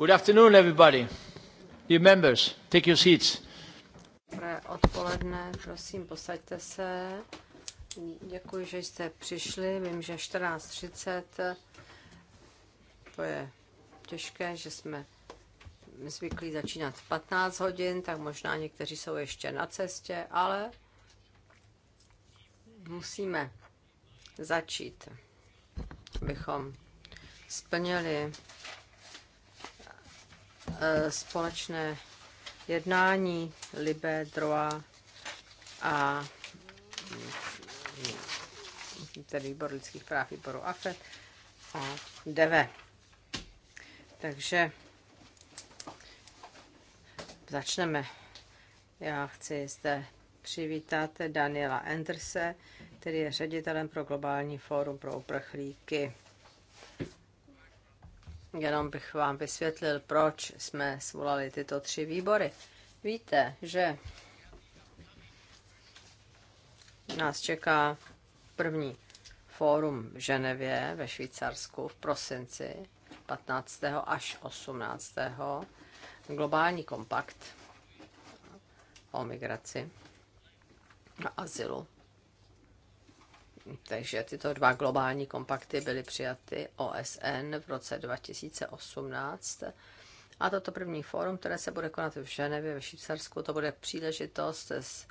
Good afternoon, everybody. Dear members, take your seats. Dobré odpoledne, prosím, posaďte se. Děkuji, že jste přišli. Vím, že 14.30 to je těžké, že jsme zvyklí začínat v 15 hodin, tak možná někteří jsou ještě na cestě, ale musíme začít, abychom splnili Eh, společné jednání Libé, Droa a mm, tedy výbor lidských práv, výboru AFET a DEVE. Takže začneme. Já chci zde přivítat Daniela Enderse, který je ředitelem pro globální fórum pro uprchlíky Jenom bych vám vysvětlil, proč jsme svolali tyto tři výbory. Víte, že nás čeká první fórum v Ženevě ve Švýcarsku v prosinci 15. až 18. globální kompakt o migraci a azylu. Takže tyto dva globální kompakty byly přijaty OSN v roce 2018. A toto první fórum, které se bude konat v Ženevě ve Švýcarsku, to bude příležitost s,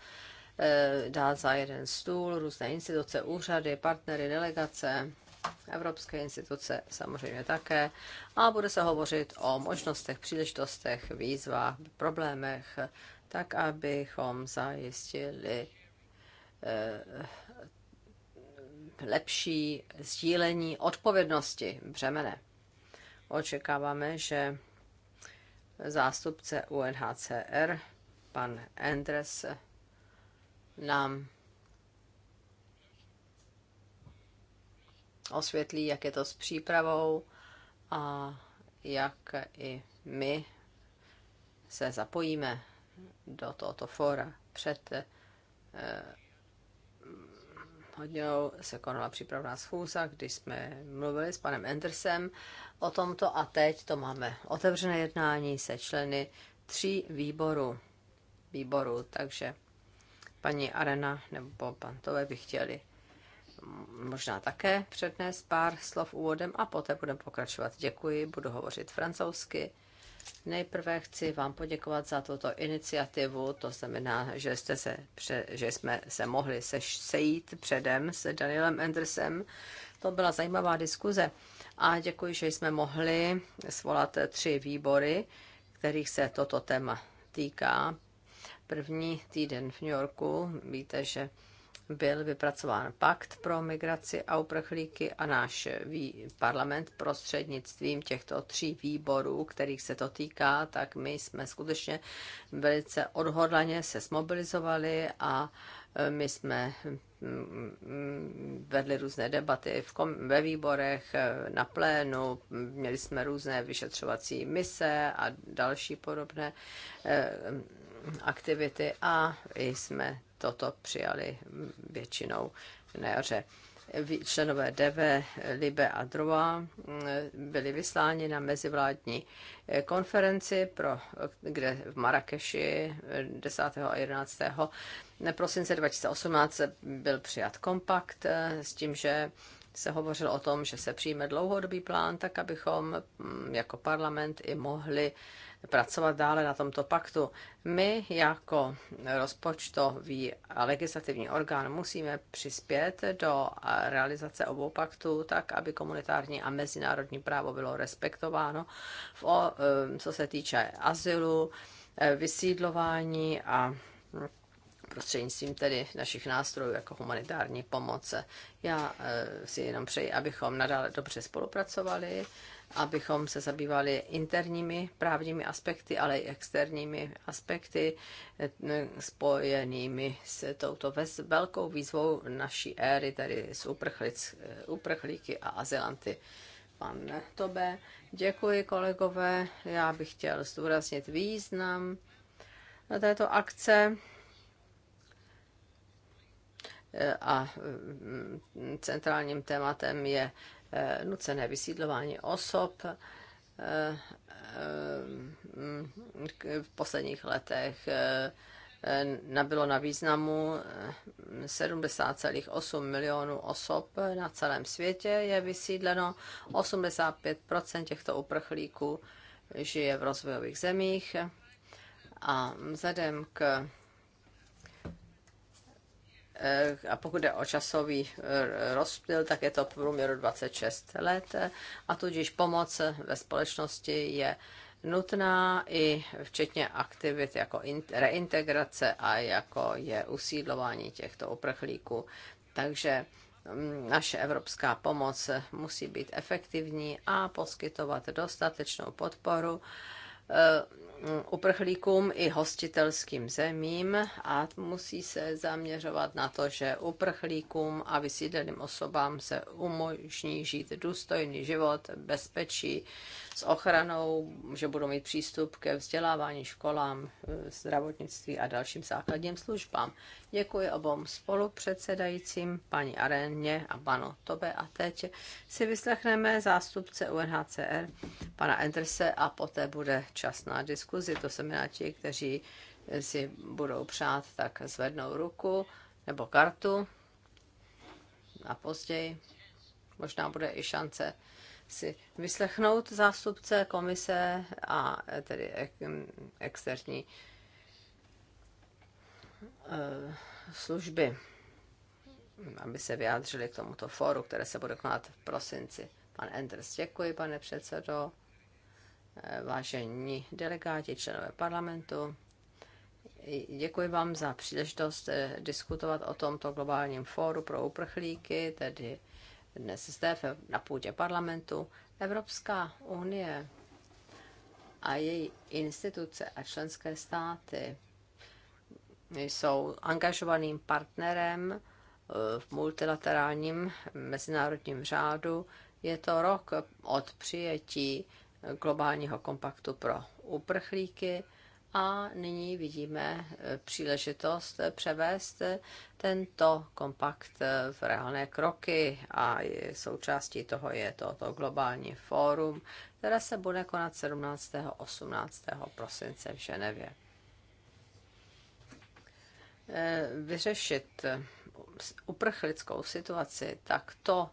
e, dát za jeden stůl různé instituce, úřady, partnery, delegace, evropské instituce samozřejmě také. A bude se hovořit o možnostech, příležitostech, výzvách, problémech, tak abychom zajistili e, lepší sdílení odpovědnosti břemene. Očekáváme, že zástupce UNHCR, pan Endres, nám osvětlí, jak je to s přípravou a jak i my se zapojíme do tohoto fora. před eh, hodinou se konala přípravná schůza, kdy jsme mluvili s panem Endersem o tomto a teď to máme otevřené jednání se členy tří výborů. výborů takže paní Arena nebo pan Tové by chtěli možná také přednést pár slov úvodem a poté budeme pokračovat. Děkuji, budu hovořit francouzsky. Nejprve chci vám poděkovat za tuto iniciativu, to znamená, že, jste se, že jsme se mohli sejít předem s Danielem Andersem. To byla zajímavá diskuze a děkuji, že jsme mohli svolat tři výbory, kterých se toto téma týká. První týden v New Yorku, víte, že byl vypracován pakt pro migraci a uprchlíky a náš parlament prostřednictvím těchto tří výborů, kterých se to týká, tak my jsme skutečně velice odhodlaně se smobilizovali a e, my jsme vedli různé debaty v kom- ve výborech, e, na plénu, měli jsme různé vyšetřovací mise a další podobné e, aktivity a jsme toto přijali většinou na jaře. Členové DV, Libe a Drova mm, byli vysláni na mezivládní eh, konferenci, pro, kde v Marrakeši 10. Eh, a 11. prosince 2018 byl přijat kompakt eh, s tím, že se hovořil o tom, že se přijme dlouhodobý plán, tak abychom mm, jako parlament i mohli pracovat dále na tomto paktu. My jako rozpočtový a legislativní orgán musíme přispět do realizace obou paktů tak, aby komunitární a mezinárodní právo bylo respektováno, v o, co se týče azylu, e, vysídlování a prostřednictvím tedy našich nástrojů jako humanitární pomoce. Já e, si jenom přeji, abychom nadále dobře spolupracovali abychom se zabývali interními právními aspekty, ale i externími aspekty eh, spojenými s touto velkou výzvou naší éry, tedy s eh, uprchlíky a azylanty. Pan Tobe, děkuji kolegové, já bych chtěl zdůraznit význam na této akce eh, a mm, centrálním tématem je Eh, nucené vysídlování osob eh, eh, v posledních letech nabylo na významu 70,8 milionů osob na celém světě je vysídleno. 85% těchto uprchlíků žije v rozvojových zemích a vzhledem k Eh, a pokud jde o časový eh, rozptyl, tak je to v průměru 26 let a tudíž pomoc ve společnosti je nutná i včetně aktivit jako reintegrace a jako je usídlování těchto uprchlíků. Takže mm, naše evropská pomoc musí být efektivní a poskytovat dostatečnou podporu Eh, uprchlíkům i hostitelským zemím a musí se zaměřovat na to, že uprchlíkům a vysídleným osobám se umožní žít důstojný život, bezpečí, s ochranou, že budou mít přístup ke vzdělávání, školám, e, zdravotnictví a dalším základním službám. Děkuji obom spolupředsedajícím, paní Areně a panu Tobe. A teď si vyslechneme zástupce UNHCR, pana Endrse, a poté bude čas na diskuzi. To na ti, kteří si budou přát, tak zvednou ruku nebo kartu a později možná bude i šance si vyslechnout zástupce komise a eh, tedy eh, externí eh, služby, aby se vyjádřili k tomuto fóru, které se bude konat v prosinci. Pan Enders, děkuji, pane předsedo. Vážení delegáti, členové parlamentu, děkuji vám za příležitost diskutovat o tomto globálním fóru pro uprchlíky, tedy dnes zde na půdě parlamentu, Evropská unie a její instituce a členské státy jsou angažovaným partnerem eh, v multilaterálním mezinárodním řádu. Je to rok od přijetí globálního kompaktu pro uprchlíky a nyní vidíme eh, příležitost eh, převést eh, tento kompakt v reálné kroky a součástí toho je toto globální fórum, které se bude konat 17. 18. prosince v Ženevě. Vyřešit uprchlickou situaci, tak to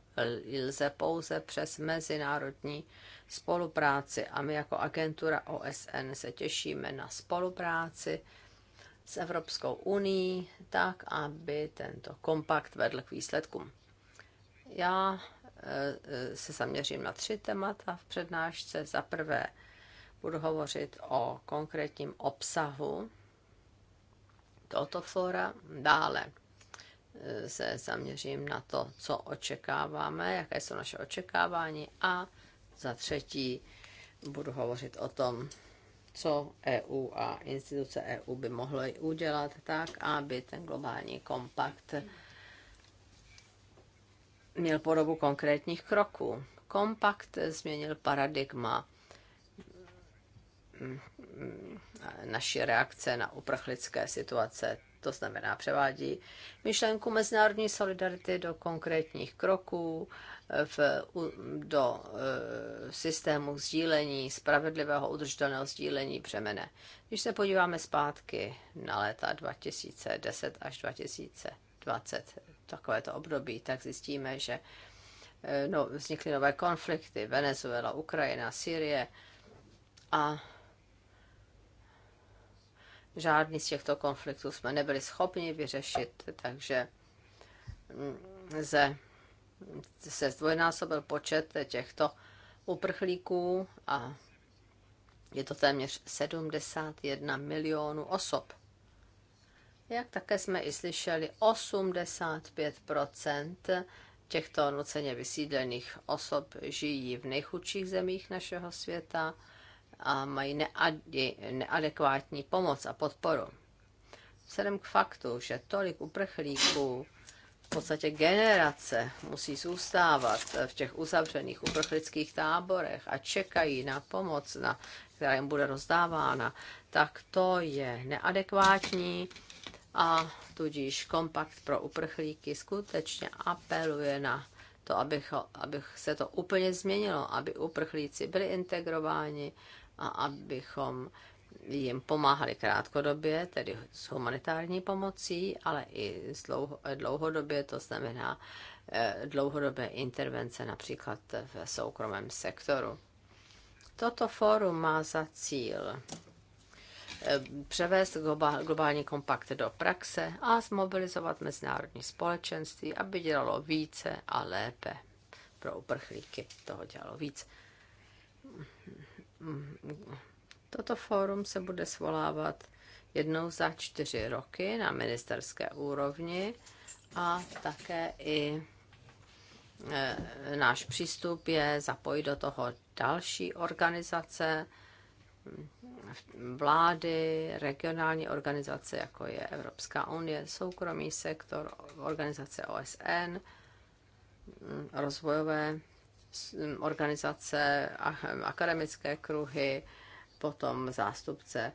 lze pouze přes mezinárodní spolupráci a my jako agentura OSN se těšíme na spolupráci s Evropskou unii, tak aby tento kompakt vedl k výsledkům. Já e, e, se zaměřím na tři témata v přednášce. Za prvé budu hovořit o konkrétním obsahu tohoto fóra. Dále e, se zaměřím na to, co očekáváme, jaké jsou naše očekávání a za třetí budu hovořit o tom, co EU a instituce EU by mohly udělat tak, aby ten globální kompakt měl podobu konkrétních kroků. Kompakt změnil paradigma naší reakce na uprchlické situace to znamená převádí myšlenku mezinárodní solidarity do konkrétních kroků, eh, v, do e, systému sdílení, spravedlivého udržitelného sdílení břemene. Když se podíváme zpátky na léta 2010 až 2020, takovéto období, tak zjistíme, že eh, no, vznikly nové konflikty, Venezuela, Ukrajina, Syrie a žádný z těchto konfliktů jsme nebyli schopni vyřešit, takže mm, ze, se zdvojnásobil počet těchto uprchlíků a je to téměř 71 milionů osob. Jak také jsme i slyšeli, 85 těchto nuceně vysídlených osob žijí v nejchudších zemích našeho světa a mají neadekvátní pomoc a podporu. Vzhledem k faktu, že tolik uprchlíků v podstatě generace musí zůstávat v těch uzavřených uprchlických táborech a čekají na pomoc, na, která jim bude rozdávána, tak to je neadekvátní a tudíž kompakt pro uprchlíky skutečně apeluje na to, abych, abych se to úplně změnilo, aby uprchlíci byli integrováni a abychom jim pomáhali krátkodobě, tedy s humanitární pomocí, ale i s dlouhodobě, to znamená eh, dlouhodobé intervence například v soukromém sektoru. Toto fórum má za cíl eh, převést globální kompakt do praxe a zmobilizovat mezinárodní společenství, aby dělalo více a lépe. Pro uprchlíky toho dělalo víc. Toto fórum se bude svolávat jednou za čtyři roky na ministerské úrovni a také i e, náš přístup je zapojit do toho další organizace, vlády, regionální organizace, jako je Evropská unie, soukromý sektor, organizace OSN, rozvojové organizace, akademické kruhy, potom zástupce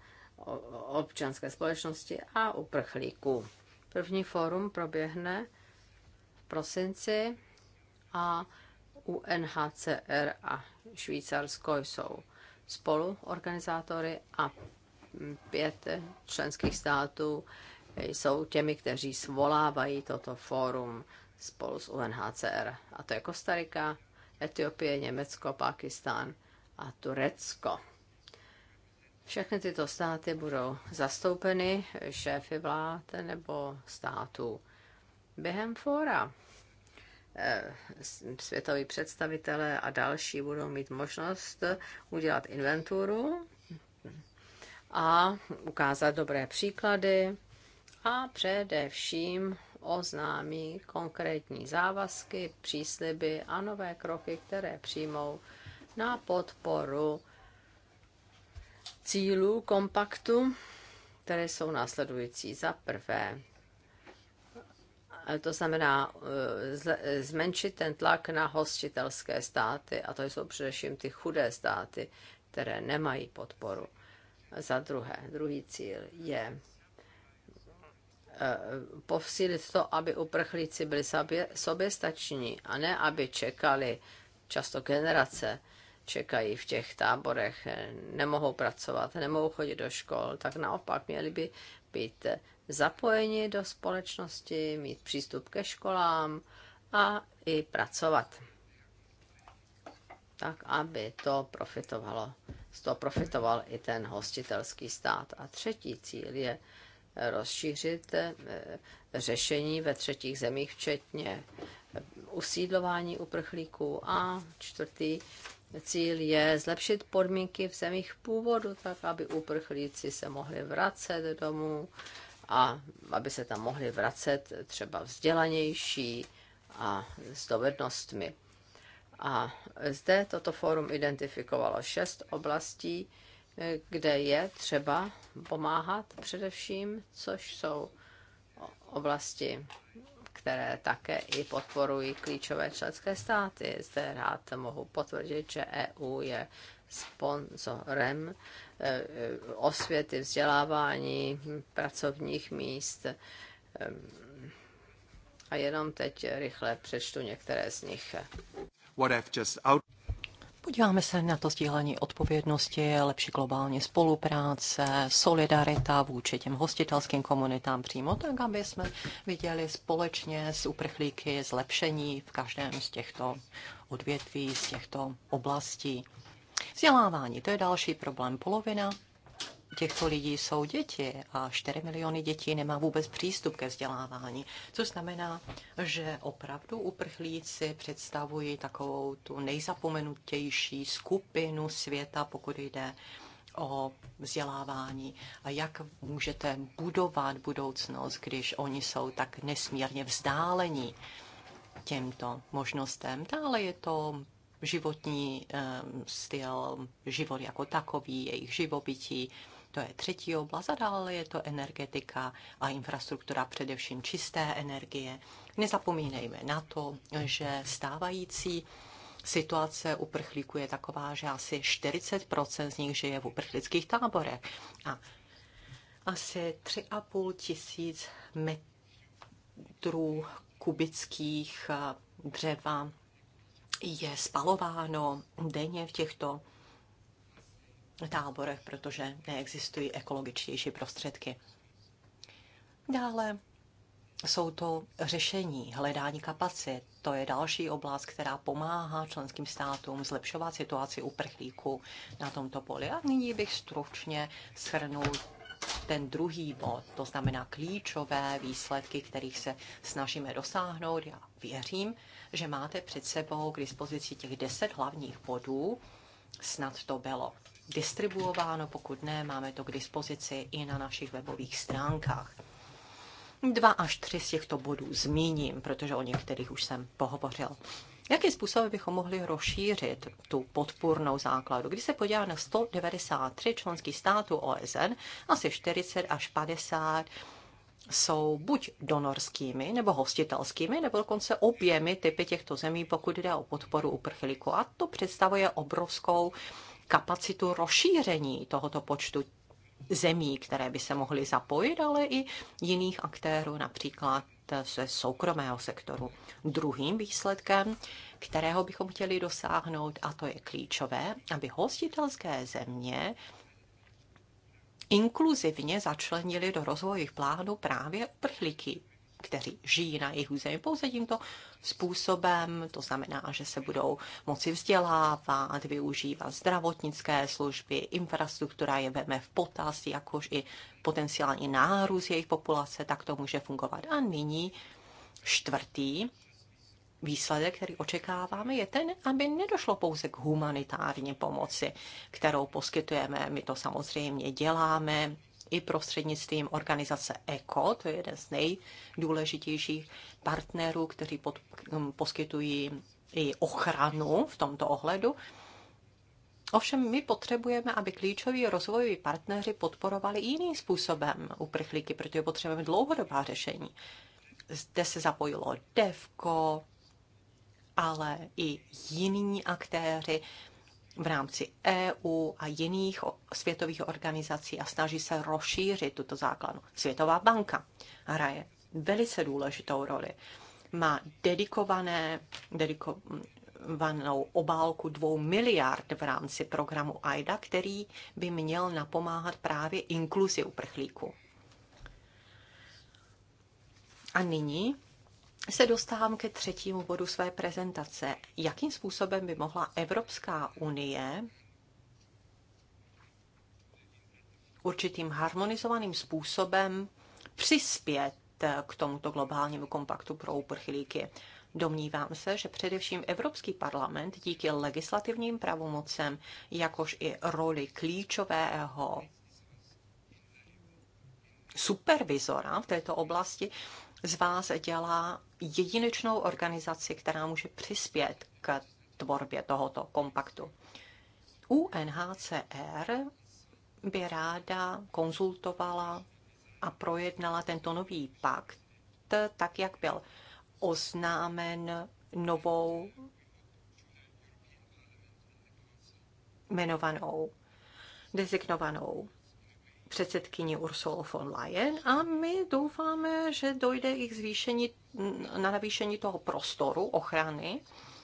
občanské společnosti a uprchlíků. První fórum proběhne v prosinci a UNHCR a Švýcarsko jsou spolu organizátory a pět členských států jsou těmi, kteří svolávají toto fórum spolu s UNHCR. A to je Kostarika, Etiopie, Německo, Pakistán a Turecko. Všechny tyto státy budou zastoupeny šéfy vlád nebo států. Během fóra eh, světoví představitelé a další budou mít možnost udělat inventuru a ukázat dobré příklady a především oznámí konkrétní závazky, přísliby a nové kroky, které přijmou na podporu cílů kompaktu, které jsou následující. Za prvé, to znamená eh, eh, zmenšit ten tlak na hostitelské státy, a to jsou především ty chudé státy, které nemají podporu. Za druhé, druhý cíl je Eh, posílit to, aby uprchlíci byli soběstační a ne, aby čekali, často generace čekají v těch táborech, nemohou pracovat, nemohou chodit do škol, tak naopak měli by být zapojeni do společnosti, mít přístup ke školám a i pracovat. Tak, aby to profitovalo, z toho profitoval i ten hostitelský stát. A třetí cíl je rozšířit eh, řešení ve třetích zemích, včetně eh, usídlování uprchlíků. A čtvrtý cíl je zlepšit podmínky v zemích původu, tak aby uprchlíci se mohli vracet domů a aby se tam mohli vracet třeba vzdělanější a s dovednostmi. A zde toto fórum identifikovalo šest oblastí, kde je třeba pomáhat především, což jsou oblasti, které také i podporují klíčové členské státy. Zde rád mohu potvrdit, že EU je sponzorem eh, osvěty, vzdělávání, pracovních míst. Eh, a jenom teď rychle přečtu některé z nich. What I've just out... Podíváme se na to sdílení odpovědnosti, lepší globální spolupráce, solidarita vůči těm hostitelským komunitám přímo, tak aby jsme viděli společně s uprchlíky zlepšení v každém z těchto odvětví, z těchto oblastí. Vzdělávání, to je další problém. Polovina těchto lidí jsou děti a 4 miliony dětí nemá vůbec přístup ke vzdělávání, což znamená, že opravdu uprchlíci představují takovou tu nejzapomenutější skupinu světa, pokud jde o vzdělávání a jak můžete budovat budoucnost, když oni jsou tak nesmírně vzdálení těmto možnostem. Dále je to životní eh, styl, život jako takový, jejich živobytí, to je třetí oblast a dále je to energetika a infrastruktura, především čisté energie. Nezapomínejme na to, že stávající Situace uprchlíků je taková, že asi 40% z nich žije v uprchlických táborech a asi 3,5 tisíc metrů kubických eh, dřeva je spalováno denně v těchto táborech, protože neexistují ekologičtější prostředky. Dále jsou to řešení, hledání kapacit. To je další oblast, která pomáhá členským státům zlepšovat situaci uprchlíků na tomto poli. A nyní bych stručně shrnul ten druhý bod, to znamená klíčové výsledky, kterých se snažíme dosáhnout. Já věřím, že máte před sebou k dispozici těch deset hlavních bodů. Snad to bylo distribuováno, pokud ne, máme to k dispozici i na našich webových stránkách. Dva až tři z těchto bodů zmíním, protože o některých už jsem pohovořil. Jaký způsob bychom mohli rozšířit tu podpůrnou základu? Když se podívá na 193 členských států OSN, asi 40 až 50 jsou buď donorskými nebo hostitelskými, nebo dokonce oběmi typy těchto zemí, pokud jde o podporu uprchlíků. A to představuje obrovskou kapacitu rozšíření tohoto počtu zemí, které by se mohly zapojit, ale i jiných aktérů, například ze soukromého sektoru. Druhým výsledkem, kterého bychom chtěli dosáhnout, a to je klíčové, aby hostitelské země inkluzivně začlenili do rozvojových plánů právě uprchlíky kteří žijí na jejich území pouze tímto způsobem, to znamená, že se budou moci vzdělávat, využívat zdravotnické služby, infrastruktura je veme v potaz, jakož i potenciální nárůst jejich populace, tak to může fungovat. A nyní čtvrtý výsledek, který očekáváme, je ten, aby nedošlo pouze k humanitární pomoci, kterou poskytujeme. My to samozřejmě děláme i prostřednictvím organizace ECO, to je jeden z nejdůležitějších partnerů, kteří pod, mm, poskytují i ochranu v tomto ohledu. Ovšem my potřebujeme, aby klíčoví rozvojoví partneři podporovali jiným způsobem uprchlíky, protože potřebujeme dlouhodobá řešení. Zde se zapojilo DEVKO, ale i jiní aktéři, v rámci EU a jiných světových organizací a snaží se rozšířit tuto základnu. Světová banka hraje velice důležitou roli. Má dedikované, dedikovanou obálku dvou miliard v rámci programu AIDA, který by měl napomáhat právě inkluzi uprchlíků. A nyní se dostávám ke třetímu bodu své prezentace. Jakým způsobem by mohla Evropská unie určitým harmonizovaným způsobem přispět k tomuto globálnímu kompaktu pro uprchlíky. Domnívám se, že především Evropský parlament díky legislativním pravomocem, jakož i roli klíčového supervizora v této oblasti z vás dělá jedinečnou organizaci, která může přispět k tvorbě tohoto kompaktu. UNHCR by ráda konzultovala a projednala tento nový pakt, tak jak byl oznámen novou jmenovanou, designovanou předsedkyni Ursula von Leyen a my doufáme, že dojde i k zvýšení, na navýšení toho prostoru ochrany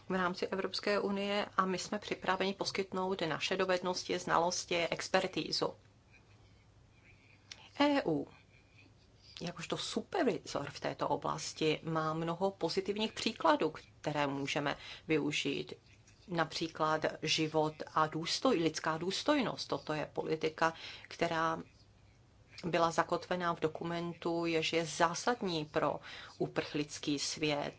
v rámci Evropské unie a my jsme připraveni poskytnout naše dovednosti, znalosti, expertízu. EU jakožto supervisor v této oblasti má mnoho pozitivních příkladů, které můžeme využít. Například život a důstoj, lidská důstojnost. Toto je politika, která byla zakotvená v dokumentu, jež je zásadní pro uprchlický svět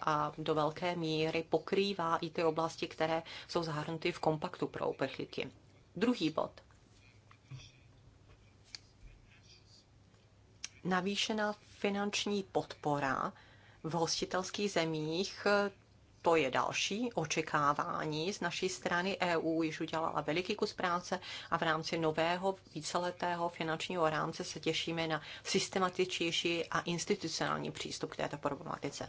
a do velké míry pokrývá i ty oblasti, které jsou zahrnuty v kompaktu pro uprchlíky. Druhý bod. Navýšená finanční podpora v hostitelských zemích to je další očekávání z naší strany. EU již udělala veliký kus práce a v rámci nového víceletého finančního rámce se těšíme na systematičnější a institucionální přístup k této problematice.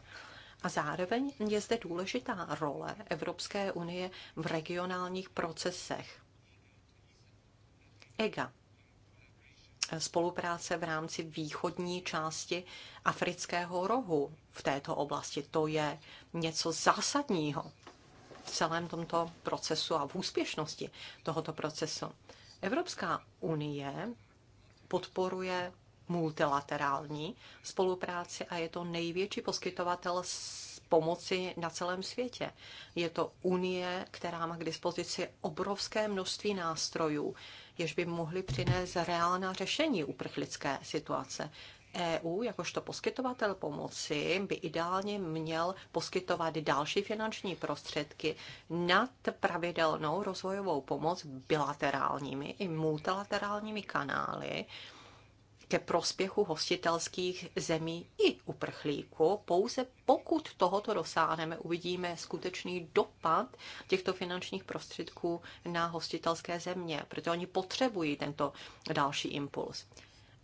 A zároveň je zde důležitá role Evropské unie v regionálních procesech. EGA spolupráce v rámci východní části afrického rohu v této oblasti. To je něco zásadního v celém tomto procesu a v úspěšnosti tohoto procesu. Evropská unie podporuje multilaterální spolupráci a je to největší poskytovatel pomoci na celém světě. Je to Unie, která má k dispozici obrovské množství nástrojů, jež by mohly přinést reálná řešení uprchlické situace. EU, jakožto poskytovatel pomoci, by ideálně měl poskytovat další finanční prostředky nad pravidelnou rozvojovou pomoc bilaterálními i multilaterálními kanály, ke prospěchu hostitelských zemí i uprchlíků. Pouze pokud tohoto dosáhneme, uvidíme skutečný dopad těchto finančních prostředků na hostitelské země, protože oni potřebují tento další impuls.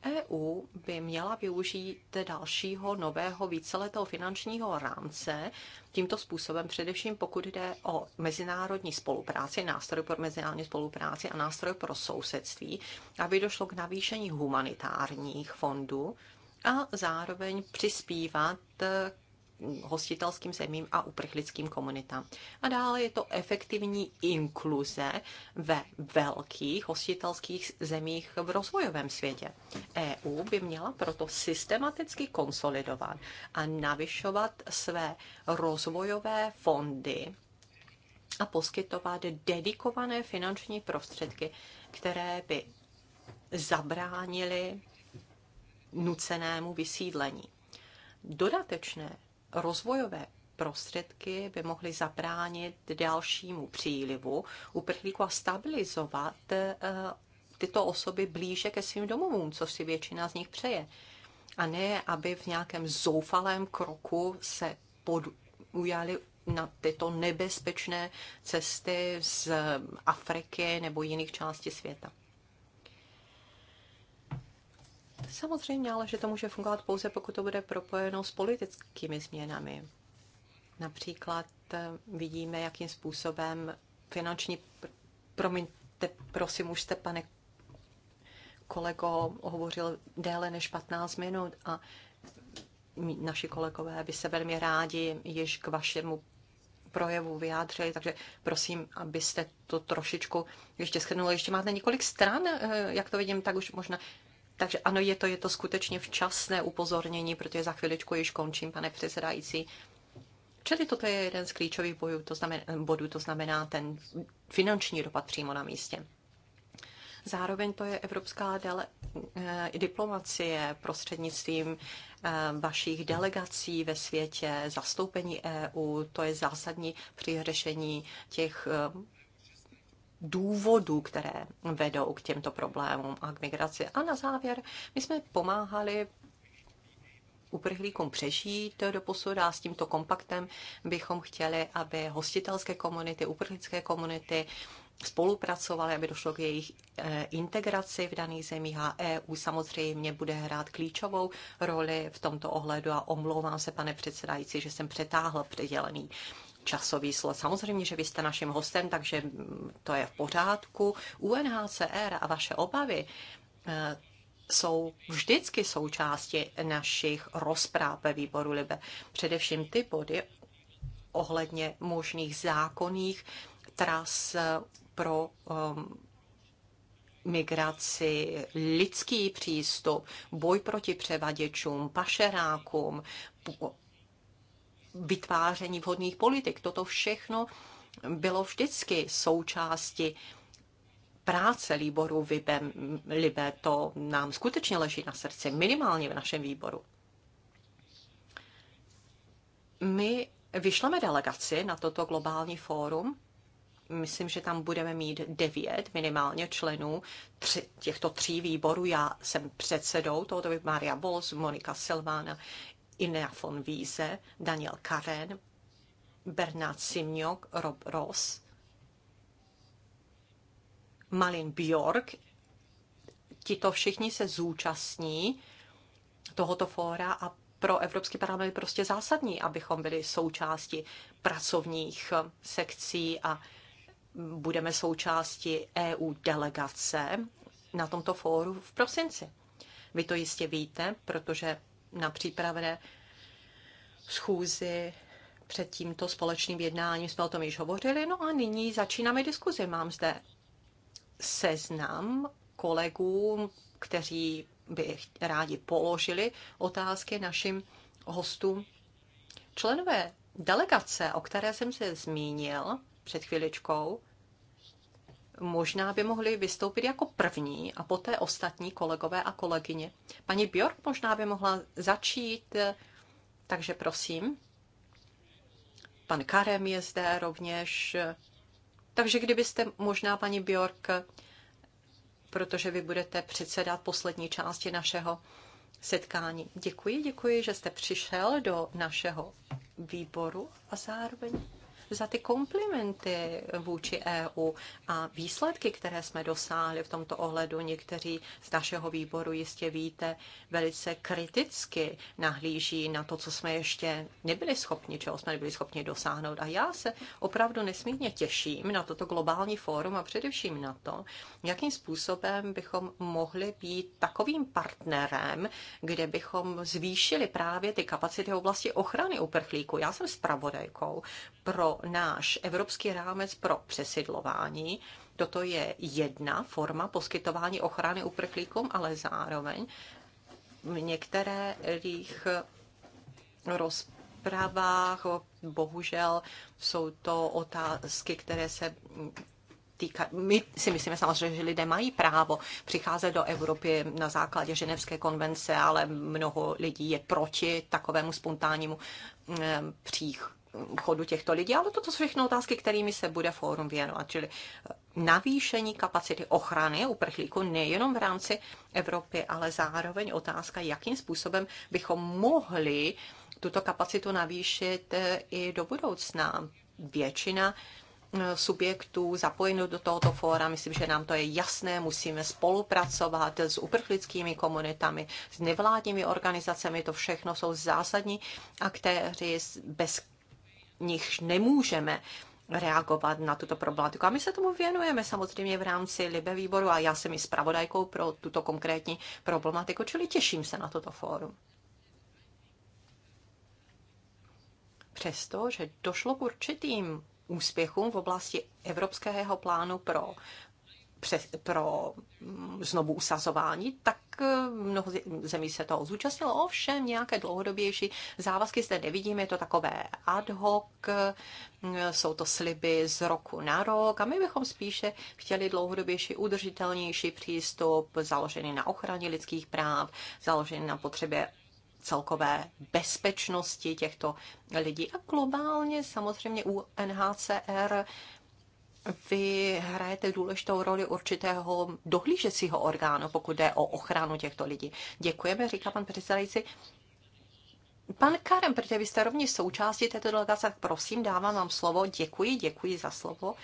EU by měla využít dalšího nového víceletého finančního rámce tímto způsobem, především pokud jde o mezinárodní spolupráci, nástroj pro mezinárodní spolupráci a nástroj pro sousedství, aby došlo k navýšení humanitárních fondů a zároveň přispívat hostitelským zemím a uprchlickým komunitám. A dále je to efektivní inkluze ve velkých hostitelských zemích v rozvojovém světě. EU by měla proto systematicky konsolidovat a navyšovat své rozvojové fondy a poskytovat dedikované finanční prostředky, které by zabránily nucenému vysídlení. Dodatečné rozvojové prostředky by mohly zabránit dalšímu přílivu uprchlíků a stabilizovat eh, tyto osoby blíže ke svým domovům, co si většina z nich přeje. A ne, aby v nějakém zoufalém kroku se ujali na tyto nebezpečné cesty z Afriky nebo jiných částí světa. Samozřejmě ale, že to může fungovat pouze, pokud to bude propojeno s politickými změnami. Například eh, vidíme, jakým způsobem finanční, promiňte, prosím, už jste, pane kolego, hovořil déle než 15 minut a naši kolegové by se velmi rádi již k vašemu projevu vyjádřili, takže prosím, abyste to trošičku ještě schrnuli. Ještě máte několik stran, eh, jak to vidím, tak už možná takže ano, je to, je to skutečně včasné upozornění, protože za chviličku již končím, pane předsedající. Čili toto je jeden z klíčových bojů, to znamená, bodů, to znamená ten finanční dopad přímo na místě. Zároveň to je evropská dele, eh, diplomacie prostřednictvím eh, vašich delegací ve světě, zastoupení EU, to je zásadní při řešení těch eh, důvodů, které vedou k těmto problémům a k migraci. A na závěr, my jsme pomáhali uprchlíkům přežít do posud a s tímto kompaktem bychom chtěli, aby hostitelské komunity, uprchlické komunity spolupracovali, aby došlo k jejich eh, integraci v daných zemích a EU samozřejmě bude hrát klíčovou roli v tomto ohledu a omlouvám se, pane předsedající, že jsem přetáhl předělený časový slot. Samozřejmě, že vy jste naším hostem, takže mm, to je v pořádku. UNHCR a vaše obavy eh, jsou vždycky součástí našich rozpráv ve výboru Libe. Především ty body ohledně možných zákonných tras eh, pro um, migraci, lidský přístup, boj proti převaděčům, pašerákům, vytváření vhodných politik. Toto všechno bylo vždycky součástí práce výboru Libe. To nám skutečně leží na srdci, minimálně v našem výboru. My vyšleme delegaci na toto globální fórum. Myslím, že tam budeme mít devět minimálně členů tři, těchto tří výborů. Já jsem předsedou tohoto Maria Bols, Monika Silvána Inea von Wiese, Daniel Karen, Bernard Simňok, Rob Ross, Malin Bjork. Tito všichni se zúčastní tohoto fóra a pro Evropský parlament je prostě zásadní, abychom byli součástí pracovních sekcí a budeme součástí EU delegace na tomto fóru v prosinci. Vy to jistě víte, protože na přípravné schůzi před tímto společným jednáním jsme o tom již hovořili. No a nyní začínáme diskuzi. Mám zde seznam kolegů, kteří by rádi položili otázky našim hostům. Členové delegace, o které jsem se zmínil před chviličkou, možná by mohli vystoupit jako první a poté ostatní kolegové a kolegyně. Paní Bjork možná by mohla začít, eh, takže prosím. Pan Karem je zde rovněž. Eh, takže kdybyste možná, paní Bjork, protože vy budete předsedat poslední části našeho setkání. Děkuji, děkuji, že jste přišel do našeho výboru a zároveň za ty komplimenty vůči EU a výsledky, které jsme dosáhli v tomto ohledu. Někteří z našeho výboru, jistě víte, velice kriticky nahlíží na to, co jsme ještě nebyli schopni, čeho jsme nebyli schopni dosáhnout. A já se opravdu nesmírně těším na toto globální fórum a především na to, jakým způsobem bychom mohli být takovým partnerem, kde bychom zvýšili právě ty kapacity v oblasti ochrany uprchlíků. Já jsem zpravodajkou pro náš evropský rámec pro přesidlování. Toto je jedna forma poskytování ochrany uprchlíkům, ale zároveň v některých rozprávách, bohužel jsou to otázky, které se týká, my si myslíme samozřejmě, že lidé mají právo přicházet do Evropy na základě Ženevské konvence, ale mnoho lidí je proti takovému spontánnímu eh, příchodu chodu těchto lidí, ale toto jsou všechno otázky, kterými se bude fórum věnovat, čili eh, navýšení kapacity ochrany uprchlíků nejenom v rámci Evropy, ale zároveň otázka, jakým způsobem bychom mohli tuto kapacitu navýšit eh, i do budoucna. Většina eh, subjektů zapojenou do tohoto fóra. Myslím, že nám to je jasné. Musíme spolupracovat s uprchlickými komunitami, s nevládními organizacemi. To všechno jsou zásadní aktéři, bez nichž nemůžeme reagovat na tuto problematiku. A my se tomu věnujeme samozřejmě v rámci Libe výboru a já jsem i zpravodajkou pro tuto konkrétní problematiku, čili těším se na toto fórum. Přestože došlo k určitým úspěchům v oblasti Evropského plánu pro pře, pro mm, znovu usazování, tak eh, mnoho zemí se toho zúčastnilo. Ovšem nějaké dlouhodobější závazky zde nevidíme, je to takové ad hoc, eh, jsou to sliby z roku na rok a my bychom spíše chtěli dlouhodobější, udržitelnější přístup, založený na ochraně lidských práv, založený na potřebě celkové bezpečnosti těchto lidí. A globálně samozřejmě UNHCR vy hrajete důležitou roli určitého dohlížecího orgánu, pokud jde o ochranu těchto lidí. Děkujeme, říká pan předsedající. Pan Karem, protože vy jste rovněž součástí této delegace, tak prosím, dávám vám slovo. Děkuji, děkuji za slovo.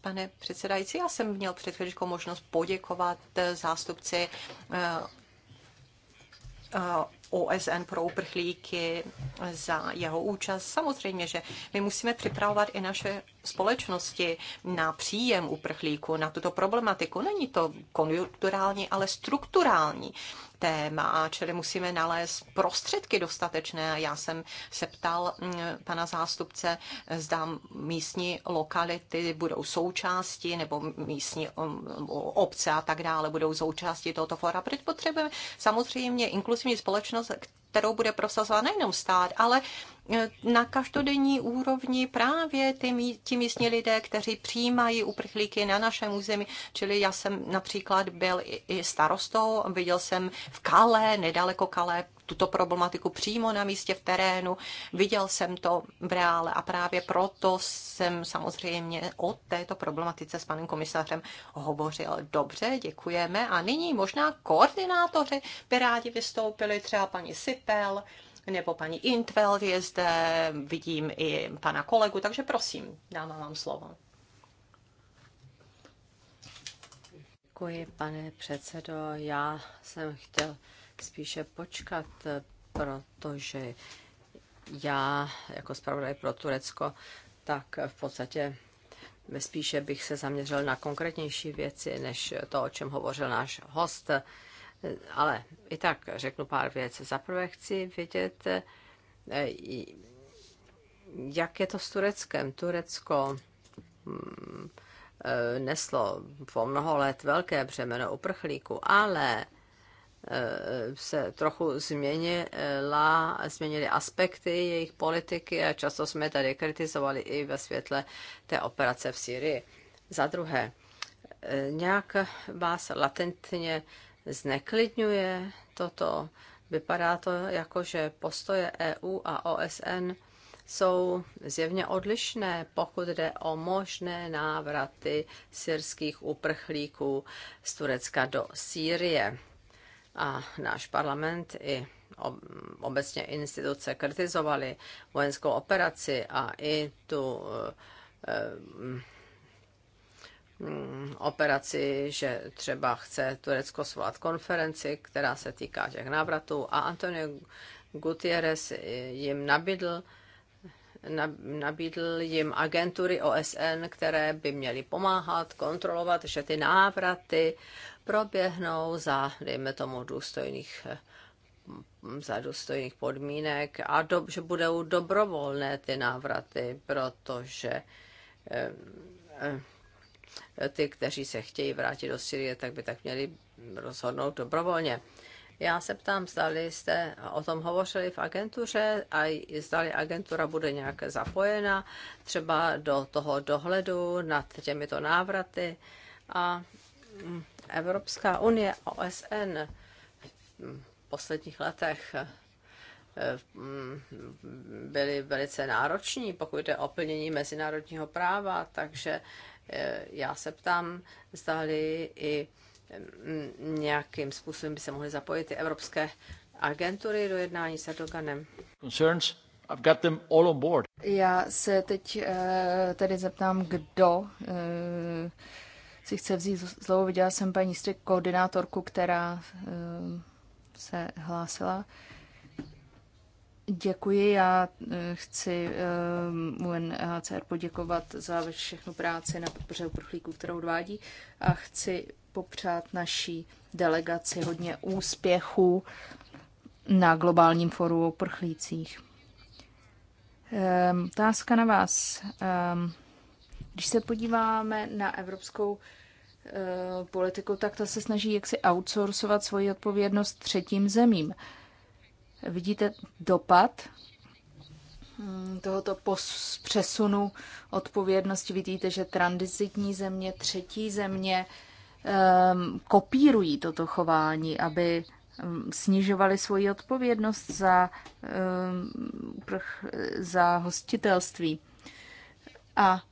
Pane předsedající, já jsem měl před chvíličkou možnost poděkovat eh, zástupci eh, eh, OSN pro uprchlíky za jeho účast. Samozřejmě, že my musíme připravovat i naše společnosti na příjem uprchlíků, na tuto problematiku. Není to konjunkturální, ale strukturální téma, čili musíme nalézt prostředky dostatečné. Já jsem se ptal mm, pana zástupce, zda místní lokality budou součástí nebo místní mm, obce a tak dále budou součástí tohoto fora. Protože potřebujeme samozřejmě inkluzivní společnost, kterou bude prosazovat nejenom stát, ale e, na každodenní úrovni právě ty, ti místní lidé, kteří přijímají uprchlíky na našem území. Čili já jsem například byl i starostou, viděl jsem v Kale, nedaleko Kale, tuto problematiku přímo na místě v terénu. Viděl jsem to v reále a právě proto jsem samozřejmě o této problematice s panem komisařem hovořil. Dobře, děkujeme. A nyní možná koordinátoři by rádi vystoupili, třeba paní Sipel nebo paní Intvel je zde, vidím i pana kolegu, takže prosím, dávám vám slovo. Děkuji, pane předsedo. Já jsem chtěl spíše počkat, protože já jako zpravodaj pro Turecko, tak v podstatě spíše bych se zaměřil na konkrétnější věci, než to, o čem hovořil náš host. Ale i tak řeknu pár věcí. Za prvé chci vědět, jak je to s Tureckem. Turecko hm, neslo po mnoho let velké břemeno uprchlíků, ale Eh, se trochu změnila, změnily aspekty jejich politiky a často jsme tady kritizovali i ve světle té operace v Syrii. Za druhé, eh, nějak vás latentně zneklidňuje toto? Vypadá to jako, že postoje EU a OSN jsou zjevně odlišné, pokud jde o možné návraty syrských uprchlíků z Turecka do Sýrie a náš parlament i obecně instituce kritizovali vojenskou operaci a i tu eh, mm, mm, operaci, že třeba chce Turecko svolat konferenci, která se týká těch návratů a Antonio Gutierrez jim nabídl, nabídl jim agentury OSN, které by měly pomáhat, kontrolovat, že ty návraty proběhnou za, dejme tomu, důstojných za důstojných podmínek a do, že budou dobrovolné ty návraty, protože eh, eh, ty, kteří se chtějí vrátit do Syrie, tak by tak měli rozhodnout dobrovolně. Já se ptám, zdali jste o tom hovořili v agentuře a zdali agentura bude nějak zapojena třeba do toho dohledu nad těmito návraty a Evropská unie a OSN v posledních letech eh, mm, byli velice nároční, pokud jde o plnění mezinárodního práva, takže eh, já se ptám, zdali i mm, nějakým způsobem by se mohly zapojit i evropské agentury do jednání s Erdoganem. Concerns? I've got them all on board. Já se teď eh, tedy zeptám, kdo si chce vzít slovo. Viděla jsem paní Strik, koordinátorku, která eh, se hlásila. Děkuji, já eh, chci eh, UNHCR poděkovat za všechnu práci na podpoře uprchlíků, kterou odvádí a chci popřát naší delegaci hodně úspěchů na globálním foru o prchlících. Otázka na vás. Když se podíváme na evropskou eh, politiku, tak ta se snaží jaksi outsourcovat svoji odpovědnost třetím zemím. Vidíte dopad hm, tohoto pos- přesunu odpovědnosti. Vidíte, že transitní země, třetí země um, kopírují toto chování, aby hm, snižovali svoji odpovědnost za, um, za hostitelství. A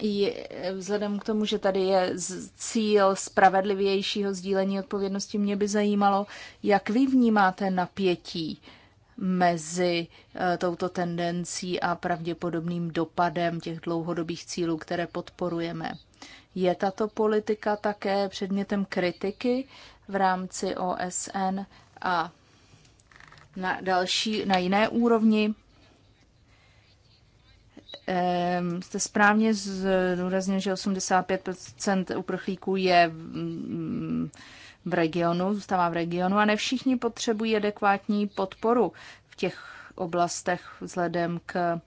je, vzhledem k tomu, že tady je cíl spravedlivějšího sdílení odpovědnosti, mě by zajímalo, jak vy vnímáte napětí mezi eh, touto tendencí a pravděpodobným dopadem těch dlouhodobých cílů, které podporujeme. Je tato politika také předmětem kritiky v rámci OSN a na další, na jiné úrovni? Ehm, jste správně zdůraznil, že 85 uprchlíků je v regionu, zůstává v regionu a ne všichni potřebují adekvátní podporu v těch oblastech vzhledem k eh,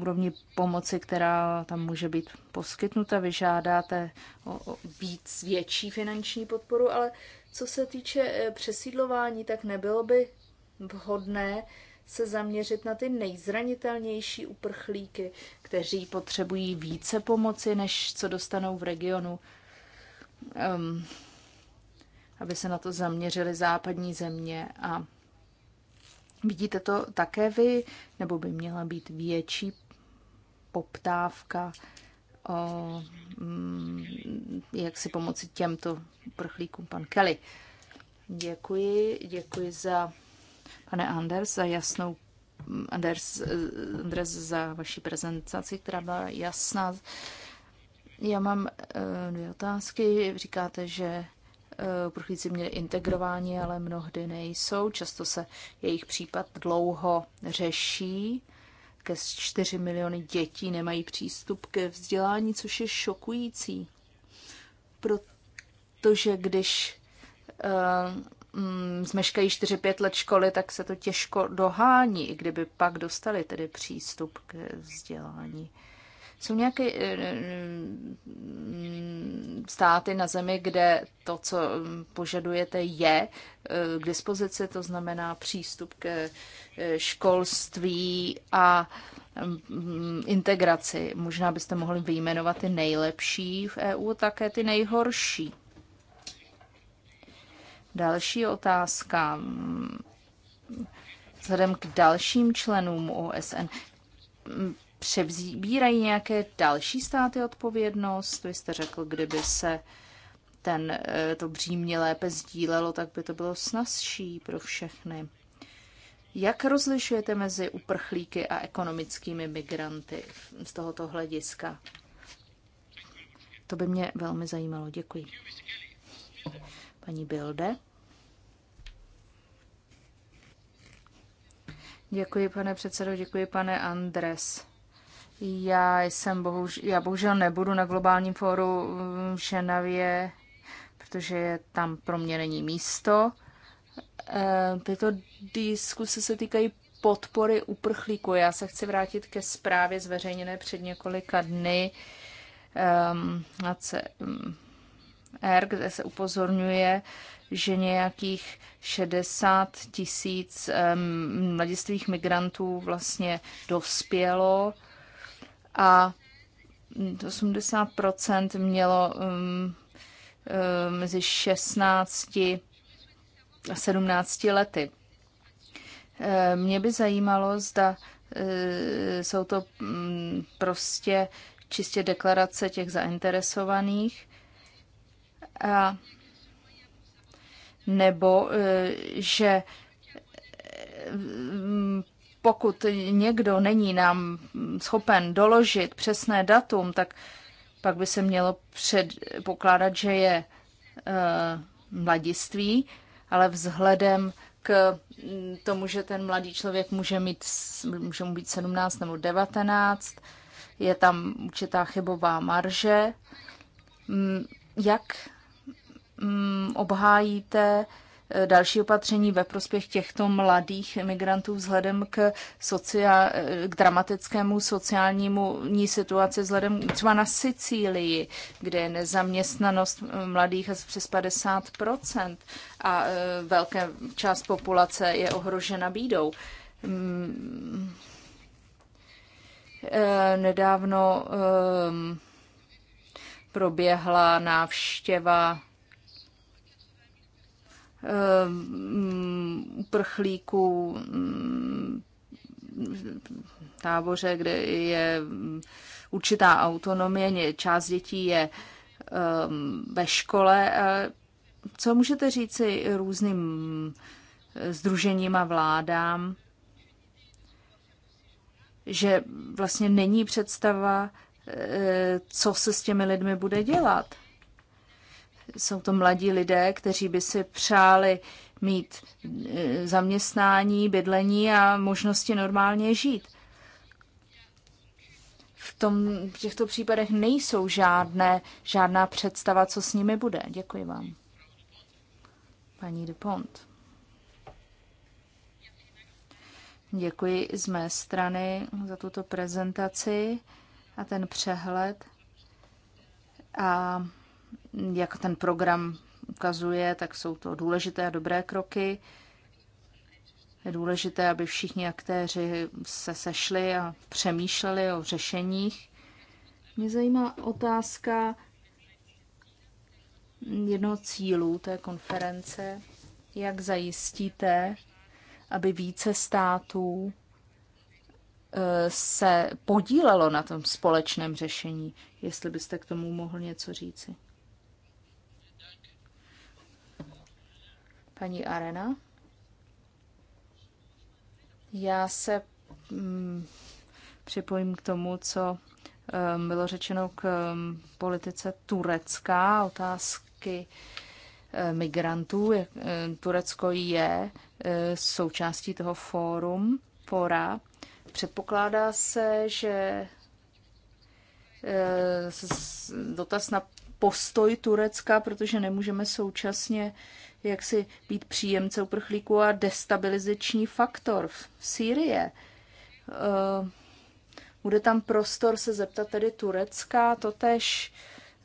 úrovni pomoci, která tam může být poskytnuta. Vyžádáte o víc větší finanční podporu, ale co se týče eh, přesídlování, tak nebylo by vhodné se zaměřit na ty nejzranitelnější uprchlíky, kteří potřebují více pomoci, než co dostanou v regionu, um, aby se na to zaměřili západní země. A vidíte to také vy, nebo by měla být větší poptávka o mm, jak si pomoci těmto uprchlíkům, pan Kelly. Děkuji, děkuji za pane Anders, za jasnou Anders, Andres, za vaši prezentaci, která byla jasná. Já mám eh, dvě otázky. Říkáte, že eh, uprchlíci měli integrování, ale mnohdy nejsou. Často se jejich případ dlouho řeší. Ke 4 miliony dětí nemají přístup ke vzdělání, což je šokující. Protože když eh, mm, zmeškají 4-5 let školy, tak se to těžko dohání, i kdyby pak dostali tedy přístup k vzdělání. Jsou nějaké eh, mm, státy na zemi, kde to, co mm, požadujete, je eh, k dispozici, to znamená přístup ke eh, školství a mm, integraci. Možná byste mohli vyjmenovat ty nejlepší v EU, také ty nejhorší. Další otázka. Vzhledem k dalším členům OSN, převzbírají nějaké další státy odpovědnost? Vy jste řekl, kdyby se ten, eh, to břímě lépe sdílelo, tak by to bylo snazší pro všechny. Jak rozlišujete mezi uprchlíky a ekonomickými migranty z tohoto hlediska? To by mě velmi zajímalo. Děkuji paní Bilde. Děkuji, pane předsedo, děkuji, pane Andres. Já jsem bohužel, já bohužel nebudu na globálním fóru v Ženavě, protože tam pro mě není místo. Eh, tyto diskuse se týkají podpory uprchlíků. Já se chci vrátit ke zprávě zveřejněné před několika dny um, R, kde se upozorňuje, že nějakých 60 tisíc mladistvých migrantů vlastně dospělo a 80 mělo mezi 16 a 17 lety. Mě by zajímalo, zda eh, jsou to mm, prostě čistě deklarace těch zainteresovaných, a nebo e, že e, pokud někdo není nám schopen doložit přesné datum, tak pak by se mělo předpokládat, že je e, mladiství, ale vzhledem k tomu, že ten mladý člověk může, mít, může mu být 17 nebo 19, je tam určitá chybová marže. Jak Mm, obhájíte eh, další opatření ve prospěch těchto mladých imigrantů vzhledem k, socia- eh, k dramatickému sociálnímu ní situaci, vzhledem třeba na Sicílii, kde je nezaměstnanost eh, mladých asi přes 50 a velká část populace je ohrožena bídou. Mm, nedávno ehm, proběhla návštěva Eh, uprchlíků mm, táboře, kde je mm, určitá autonomie, část dětí je eh, ve škole. Eh, co můžete říci různým združením a vládám, že vlastně není představa, co se s těmi lidmi bude dělat? Jsou to mladí lidé, kteří by si přáli mít e, zaměstnání, bydlení a možnosti normálně žít. V, tom, v těchto případech nejsou žádné, žádná představa, co s nimi bude. Děkuji vám. Paní Dupont. Děkuji z mé strany za tuto prezentaci a ten přehled. A jak ten program ukazuje, tak jsou to důležité a dobré kroky. Je důležité, aby všichni aktéři se sešli a přemýšleli o řešeních. Mě zajímá otázka jednoho cílu té konference. Jak zajistíte, aby více států eh, se podílelo na tom společném řešení? Jestli byste k tomu mohl něco říci. Paní Arena. Já se mm, připojím k tomu, co um, bylo řečeno k um, politice Turecka, otázky um, migrantů. Je, eh, Turecko je um, součástí toho fórum PORA. Předpokládá se, že dotaz na postoj Turecka, protože nemůžeme současně jak si být příjemce uprchlíků a destabilizační faktor v Sýrie. Eh, bude tam prostor se zeptat tedy Turecka, totež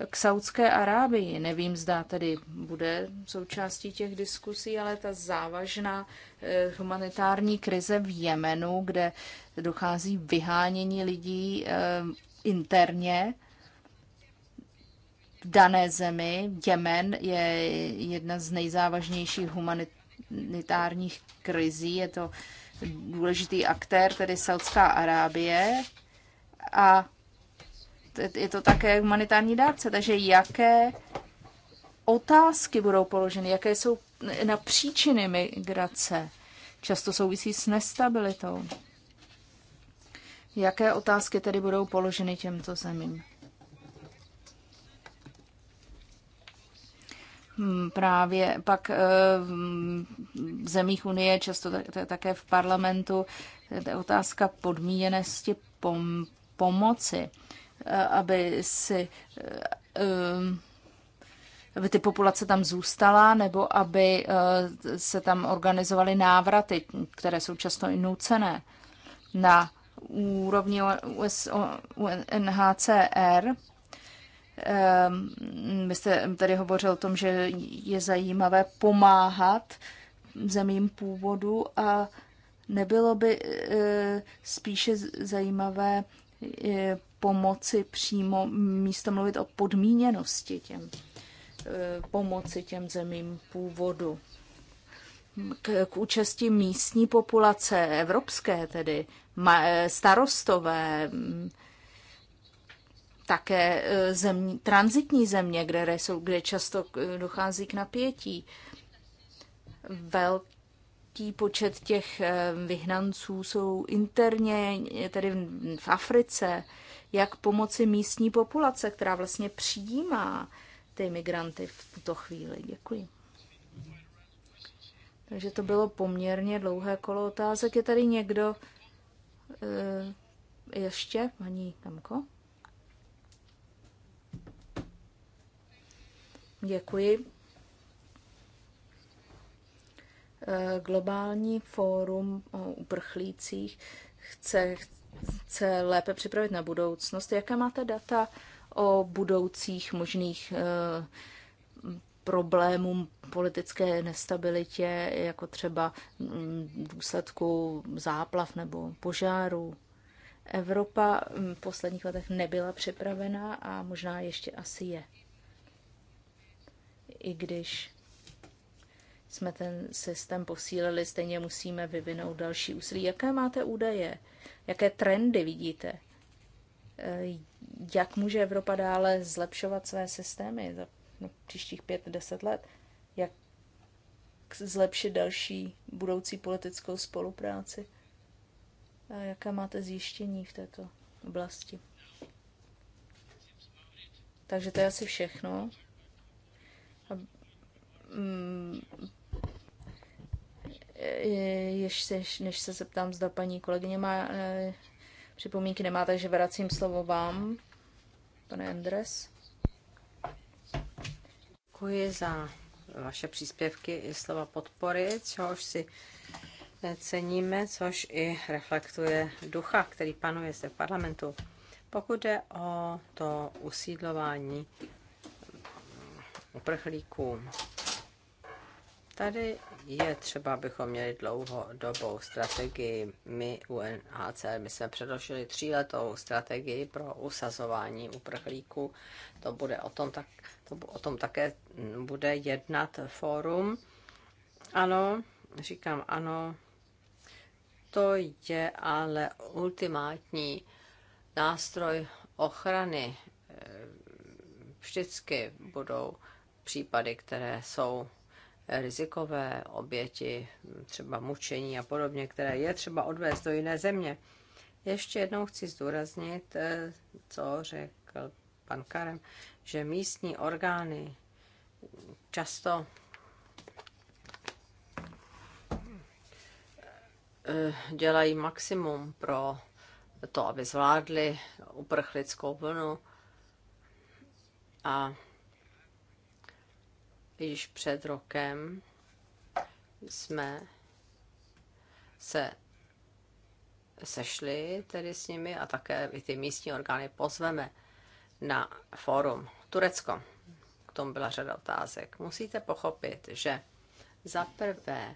k Saudské Arábii. Nevím, zda tedy bude součástí těch diskusí, ale ta závažná eh, humanitární krize v Jemenu, kde dochází vyhánění lidí eh, interně, v dané zemi. Jemen je jedna z nejzávažnějších humanitárních krizí. Je to důležitý aktér, tedy Saudská Arábie. A je to také humanitární dárce. Takže jaké otázky budou položeny, jaké jsou na příčiny migrace. Často souvisí s nestabilitou. Jaké otázky tedy budou položeny těmto zemím? Hm, právě pak eh, v zemích Unie, často také v parlamentu, je otázka podmíněnosti pomoci, eh, aby si eh, aby ty populace tam zůstala, nebo aby se tam organizovaly návraty, které jsou často i nucené. Na úrovni UNHCR Ehm, vy jste tady hovořil o tom, že je zajímavé pomáhat zemím původu a nebylo by eh, spíše zajímavé eh, pomoci přímo místo mluvit o podmíněnosti těm eh, pomoci těm zemím původu. K, k účasti místní populace, evropské tedy, starostové, mm, také e, zemí, transitní země, kde, jsou, kde často e, dochází k napětí. Velký počet těch e, vyhnanců jsou interně, tedy v Africe, jak pomoci místní populace, která vlastně přijímá ty migranty v tuto chvíli. Děkuji. Takže to bylo poměrně dlouhé kolo otázek. Je tady někdo ještě? Paní Kamko? Děkuji. Eh, globální fórum o uprchlících chce, chce lépe připravit na budoucnost. Jaké máte data o budoucích možných eh, problémům politické nestabilitě, jako třeba mm, důsledku záplav nebo požáru. Evropa mm, v posledních letech nebyla připravena a možná ještě asi je i když jsme ten systém posílili, stejně musíme vyvinout další úsilí. Jaké máte údaje? Jaké trendy vidíte? Eh, jak může Evropa dále zlepšovat své systémy za no, příštích pět deset let? Jak zlepšit další budoucí politickou spolupráci? A jaká máte zjištění v této oblasti? Takže to je asi všechno. Hm, jež ještě, než se zeptám, zda paní kolegyně má eh, připomínky, nemá, takže vracím slovo vám, pane Andres. Děkuji za vaše příspěvky i slova podpory, což si eh, ceníme, což i reflektuje ducha, který panuje se v parlamentu. Pokud jde o to usídlování, uprchlíkům. Tady je třeba, abychom měli dlouhodobou strategii. My UNHCR, my jsme předložili tříletou strategii pro usazování uprchlíků. To bude o tom, tak, to, o tom také bude jednat fórum. Ano, říkám ano, to je ale ultimátní nástroj ochrany. Vždycky budou případy, které jsou rizikové, oběti, třeba mučení a podobně, které je třeba odvést do jiné země. Ještě jednou chci zdůraznit, eh, co řekl pan Karem, že místní orgány často eh, dělají maximum pro to, aby zvládli uprchlickou vlnu a již před rokem jsme se sešli tedy s nimi a také i ty místní orgány pozveme na fórum Turecko. K tomu byla řada otázek. Musíte pochopit, že za prvé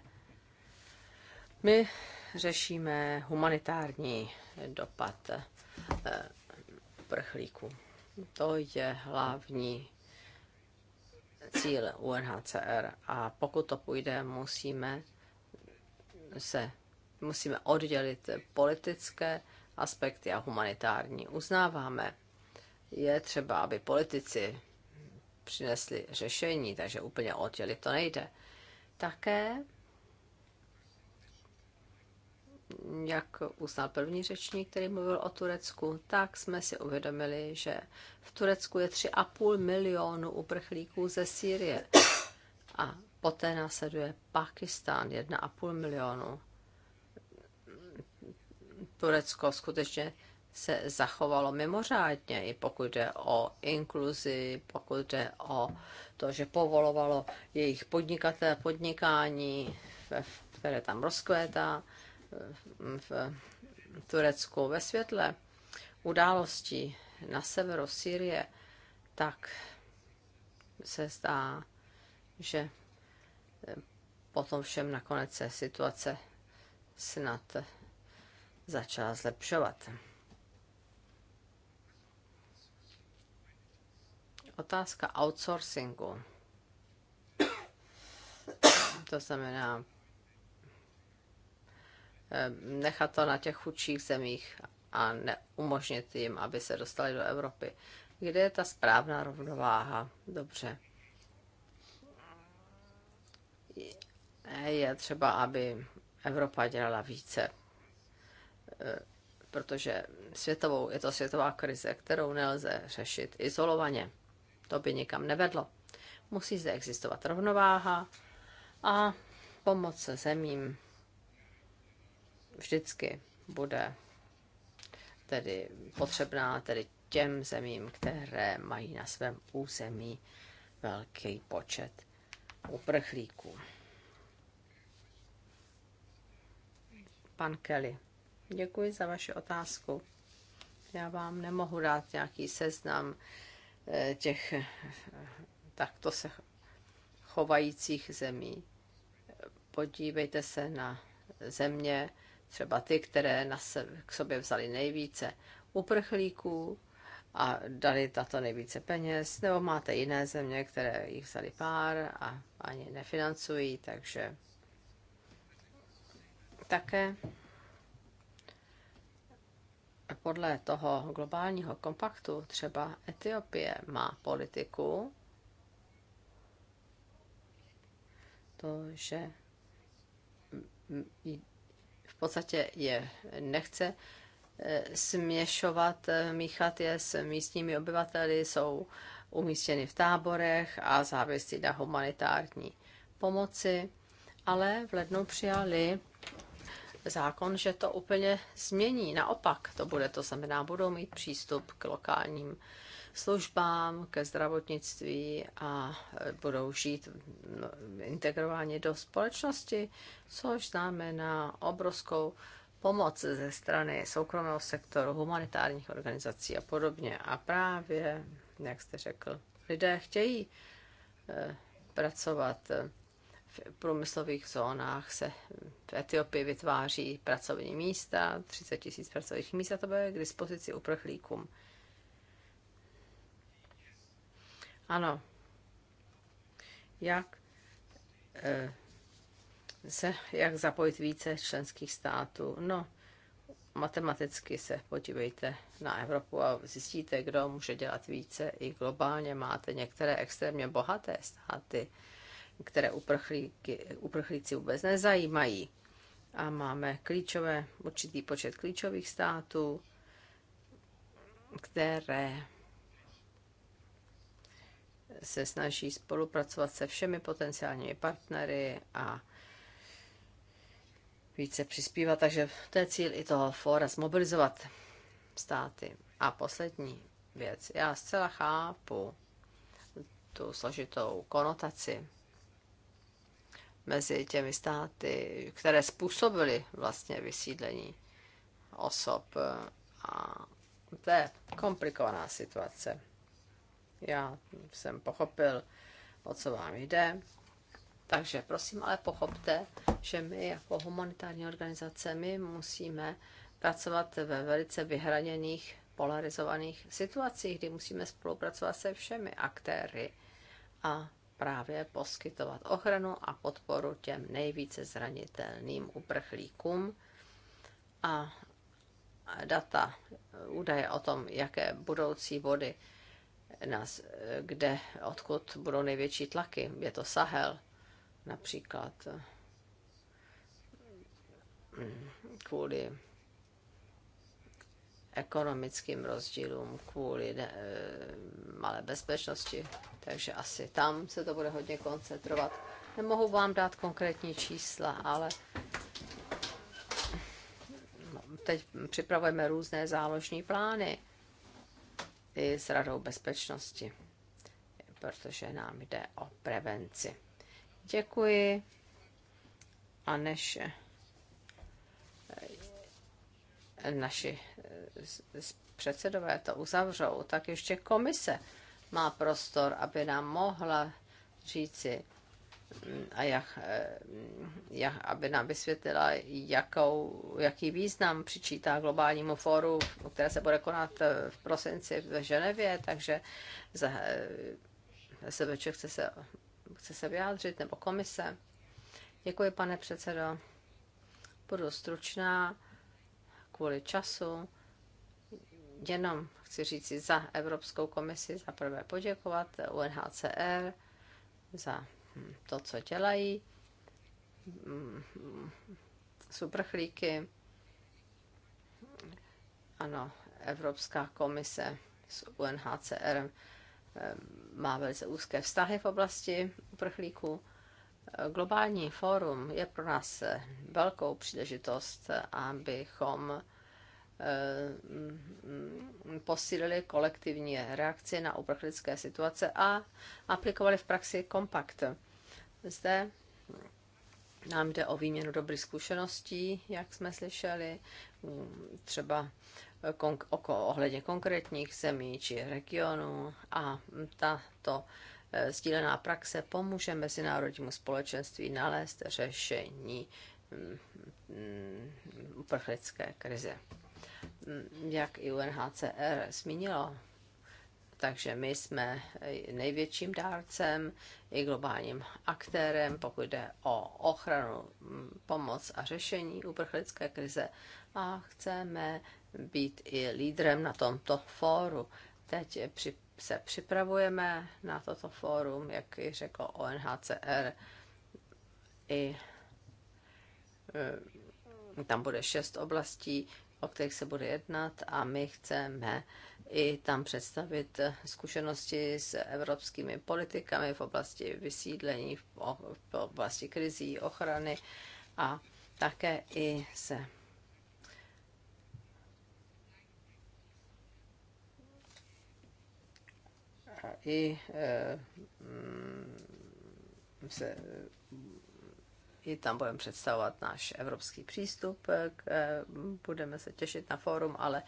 my řešíme humanitární dopad eh, prchlíků. To je hlavní cíl UNHCR a pokud to půjde, musíme se musíme oddělit politické aspekty a humanitární. Uznáváme, je třeba, aby politici přinesli řešení, takže úplně oddělit to nejde. Také jak uznal první řečník, který mluvil o Turecku, tak jsme si uvědomili, že v Turecku je 3,5 milionu uprchlíků ze Sýrie. A poté následuje Pakistán 1,5 milionu. Turecko skutečně se zachovalo mimořádně, i pokud jde o inkluzi, pokud jde o to, že povolovalo jejich podnikatel podnikání, které tam rozkvétá v Turecku ve světle událostí na severu Sýrie, tak se zdá, že potom všem nakonec se situace snad začala zlepšovat. Otázka outsourcingu. To znamená Eh, nechat to na těch chudších zemích a neumožnit jim, aby se dostali do Evropy. Kde je ta správná rovnováha? Dobře. Je třeba, aby Evropa dělala více, eh, protože světovou, je to světová krize, kterou nelze řešit izolovaně. To by nikam nevedlo. Musí zde existovat rovnováha a pomoc zemím, vždycky bude tedy potřebná tedy těm zemím, které mají na svém území velký počet uprchlíků. Pan Kelly, děkuji za vaši otázku. Já vám nemohu dát nějaký seznam eh, těch eh, takto se chovajících zemí. Podívejte se na země, třeba ty, které na se, k sobě vzali nejvíce uprchlíků a dali tato nejvíce peněz, nebo máte jiné země, které jich vzali pár a ani nefinancují, takže také podle toho globálního kompaktu třeba Etiopie má politiku, to, že v podstatě je nechce eh, směšovat, eh, míchat je s místními obyvateli, jsou umístěny v táborech a závisí na humanitární pomoci, ale v lednu přijali zákon, že to úplně změní. Naopak to bude, to znamená, budou mít přístup k lokálním službám, ke zdravotnictví a e, budou žít no, integrováni do společnosti, což znamená obrovskou pomoc ze strany soukromého sektoru, humanitárních organizací a podobně. A právě, jak jste řekl, lidé chtějí e, pracovat e, v průmyslových zónách se v Etiopii vytváří pracovní místa, 30 tisíc pracovních míst a to bude k dispozici uprchlíkům. Ano. Jak eh, se, jak zapojit více členských států? No, matematicky se podívejte na Evropu a zjistíte, kdo může dělat více. I globálně máte některé extrémně bohaté státy, které uprchlíky, uprchlíci vůbec nezajímají. A máme klíčové, určitý počet klíčových států, které se snaží spolupracovat se všemi potenciálními partnery a více přispívat. Takže to je cíl i toho fóra, zmobilizovat státy. A poslední věc. Já zcela chápu tu složitou konotaci mezi těmi státy, které způsobily vlastně vysídlení osob. A to je komplikovaná situace. Já jsem pochopil, o co vám jde. Takže prosím, ale pochopte, že my jako humanitární organizace my musíme pracovat ve velice vyhraněných, polarizovaných situacích, kdy musíme spolupracovat se všemi aktéry a právě poskytovat ochranu a podporu těm nejvíce zranitelným uprchlíkům a data, údaje o tom, jaké budoucí vody nás, kde, odkud budou největší tlaky. Je to Sahel například kvůli ekonomickým rozdílům, kvůli ne, eh, malé bezpečnosti, takže asi tam se to bude hodně koncentrovat. Nemohu vám dát konkrétní čísla, ale no, teď připravujeme různé záložní plány i s Radou bezpečnosti, protože nám jde o prevenci. Děkuji. A než eh, naši eh, předsedové to uzavřou, tak ještě komise má prostor, aby nám mohla říci, a jak, eh, jak, aby nám vysvětlila, jakou, jaký význam přičítá globálnímu fóru, které se bude konat eh, v prosinci v Ženevě, takže za, eh, SVČ chce se, chce se vyjádřit, nebo komise. Děkuji, pane předsedo. Budu stručná kvůli času. Jenom chci říct si za Evropskou komisi za prvé poděkovat UNHCR za to, co dělají suprchlíky, Ano, Evropská komise s UNHCR eh, má velice úzké vztahy v oblasti uprchlíků. Globální fórum je pro nás velkou příležitost, abychom Eh, posílili kolektivní reakci na uprchlické situace a aplikovali v praxi kompakt. Zde nám jde o výměnu dobrých zkušeností, jak jsme slyšeli, třeba ohledně konkrétních zemí či regionů a tato eh, sdílená praxe pomůže mezinárodnímu společenství nalézt řešení mm, mm, uprchlické krize jak i UNHCR zmínilo, takže my jsme největším dárcem i globálním aktérem, pokud jde o ochranu, pomoc a řešení uprchlické krize. A chceme být i lídrem na tomto fóru. Teď se připravujeme na toto fórum, jak i řekl ONHCR, i e, tam bude šest oblastí, o kterých se bude jednat a my chceme i tam představit zkušenosti s evropskými politikami v oblasti vysídlení, v oblasti krizí, ochrany a také i se i eh, mm, se i tam budeme představovat náš evropský přístup, eh, budeme se těšit na fórum, ale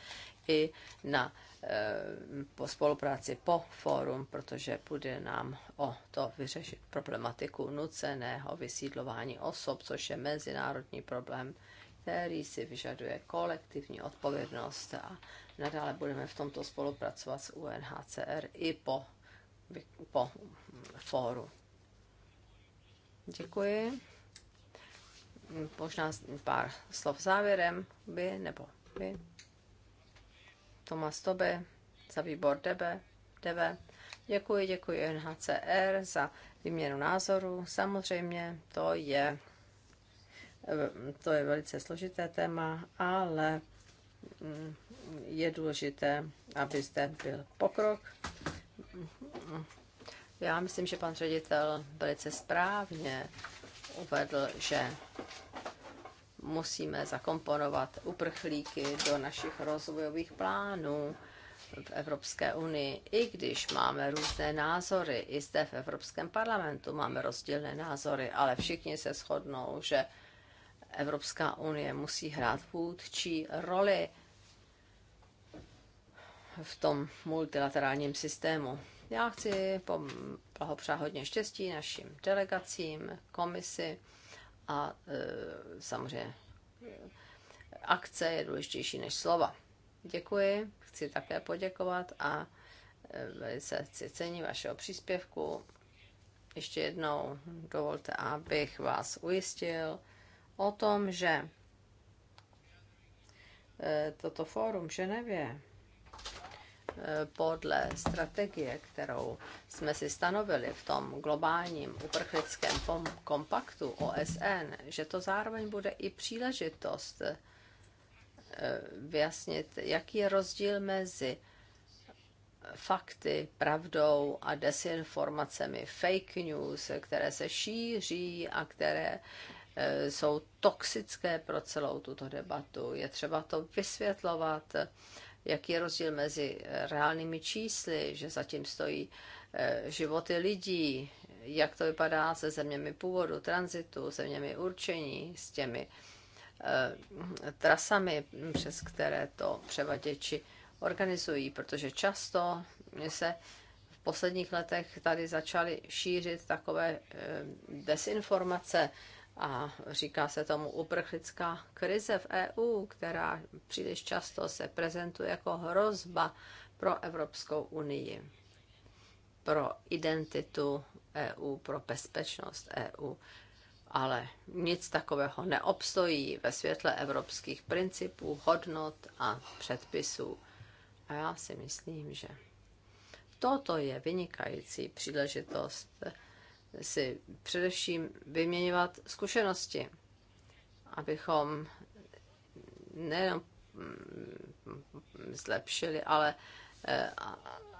i na eh, po spolupráci po fórum, protože bude nám o to vyřešit problematiku nuceného vysídlování osob, což je mezinárodní problém, který si vyžaduje kolektivní odpovědnost a nadále budeme v tomto spolupracovat s UNHCR i po, po fóru. Děkuji možná pár slov závěrem, vy nebo vy. Tomas Tobe za výbor DB, DB. Děkuji, děkuji NHCR za výměnu názoru Samozřejmě to je, to je velice složité téma, ale mm, je důležité, aby zde byl pokrok. Já myslím, že pan ředitel velice správně uvedl, že musíme zakomponovat uprchlíky do našich rozvojových plánů v Evropské unii, i když máme různé názory, i zde v Evropském parlamentu máme rozdílné názory, ale všichni se shodnou, že Evropská unie musí hrát vůdčí roli v tom multilaterálním systému. Já chci blahopřát hodně štěstí našim delegacím, komisi a e, samozřejmě e, akce je důležitější než slova. Děkuji, chci také poděkovat a e, velice si cení vašeho příspěvku. Ještě jednou dovolte, abych vás ujistil o tom, že e, toto fórum v Ženevě podle strategie, kterou jsme si stanovili v tom globálním uprchlickém kompaktu OSN, že to zároveň bude i příležitost eh, vyjasnit, jaký je rozdíl mezi fakty, pravdou a desinformacemi, fake news, které se šíří a které eh, jsou toxické pro celou tuto debatu. Je třeba to vysvětlovat jaký je rozdíl mezi eh, reálnými čísly, že zatím stojí eh, životy lidí, jak to vypadá se zeměmi původu, tranzitu, zeměmi určení, s těmi eh, trasami, přes které to převaděči organizují, protože často se v posledních letech tady začaly šířit takové desinformace, a říká se tomu uprchlická krize v EU, která příliš často se prezentuje jako hrozba pro Evropskou unii, pro identitu EU, pro bezpečnost EU. Ale nic takového neobstojí ve světle evropských principů, hodnot a předpisů. A já si myslím, že toto je vynikající příležitost si především vyměňovat zkušenosti, abychom nejenom mm, zlepšili, ale eh,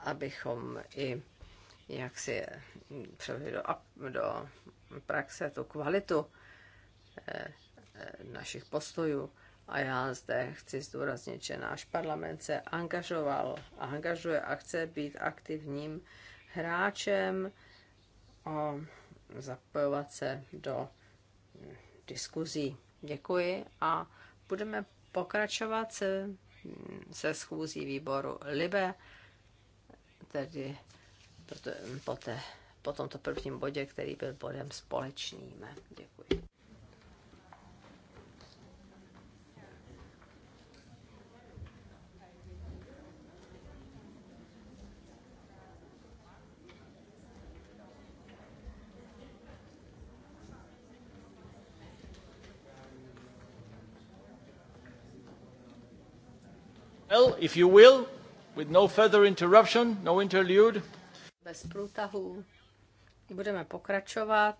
abychom i jak si mm, převedli do, do praxe tu kvalitu eh, eh, našich postojů. A já zde chci zdůraznit, že náš parlament se angažoval a angažuje a chce být aktivním hráčem a zapojovat se do diskuzí. Děkuji a budeme pokračovat se, se schůzí výboru LIBE, tedy proto, po, té, po tomto prvním bodě, který byl bodem společným. Děkuji. Well, if you will, with no further interruption, no interlude. Bez průtahu Budeme pokračovat.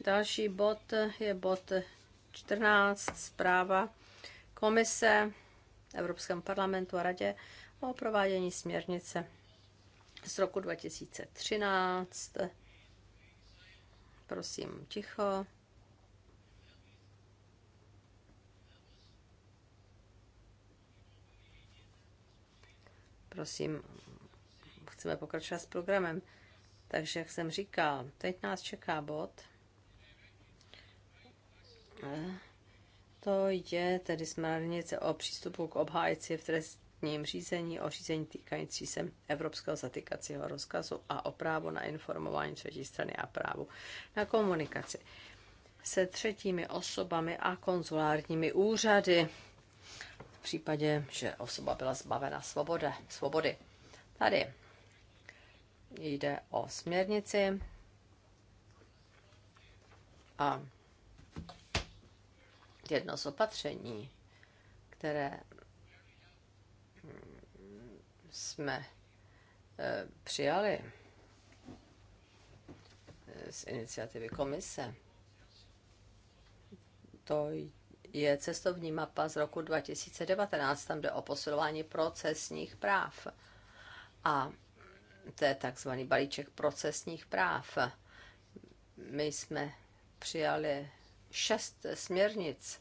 Další bod je bod 14, zpráva Komise Evropském parlamentu a Radě o provádění směrnice z roku 2013. Prosím, ticho. Prosím, chceme pokračovat s programem. Takže, jak jsem říkal, teď nás čeká bod. To je tedy směrnice o přístupu k obhájci v trestním řízení, o řízení týkající se Evropského zatýkacího rozkazu a o právo na informování třetí strany a právu na komunikaci se třetími osobami a konzulárními úřady případě, že osoba byla zbavena svobody. svobody. Tady jde o směrnici a jedno z opatření, které mm, jsme e, přijali e, z iniciativy komise, to je cestovní mapa z roku 2019. Tam jde o posilování procesních práv. A to je takzvaný balíček procesních práv. My jsme přijali šest směrnic,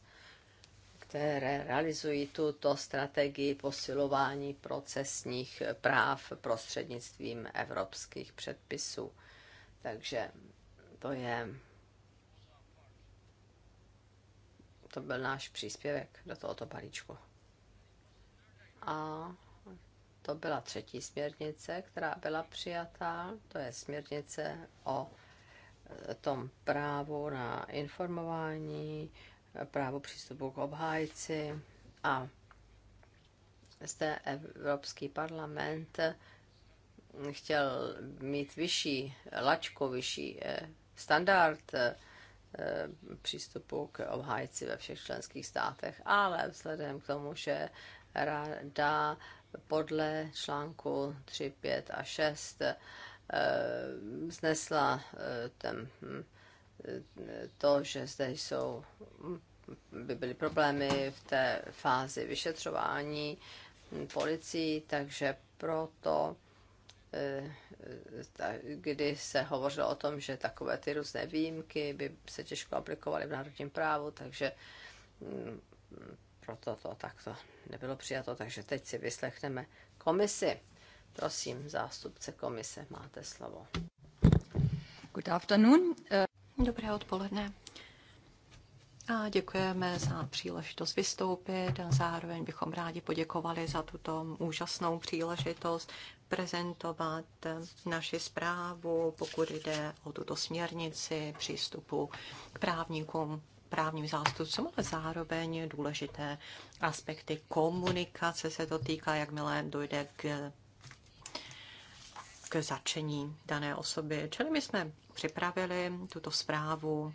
které realizují tuto strategii posilování procesních práv prostřednictvím evropských předpisů. Takže to je To byl náš příspěvek do tohoto balíčku. A to byla třetí směrnice, která byla přijatá. To je směrnice o eh, tom právu na informování, právu přístupu k obhájci a zde Evropský parlament chtěl mít vyšší lačko vyšší eh, standard eh, Eh, přístupu k obhájci ve všech členských státech, ale vzhledem k tomu, že rada podle článku 3, 5 a 6 eh, znesla eh, ten, hm, to, že zde jsou, hm, by byly problémy v té fázi vyšetřování hm, policií, takže proto Eh, kdy se hovořilo o tom, že takové ty různé výjimky by se těžko aplikovaly v národním právu, takže mm, proto to takto nebylo přijato. Takže teď si vyslechneme komisi. Prosím, zástupce komise, máte slovo. Good afternoon. Eh, Dobré odpoledne. A děkujeme za příležitost vystoupit a zároveň bychom rádi poděkovali za tuto úžasnou příležitost prezentovat naši zprávu, pokud jde o tuto směrnici přístupu k právníkům, právním zástupcům, ale zároveň důležité aspekty komunikace se to týká, jakmile dojde k k začení dané osoby. Čili my jsme připravili tuto zprávu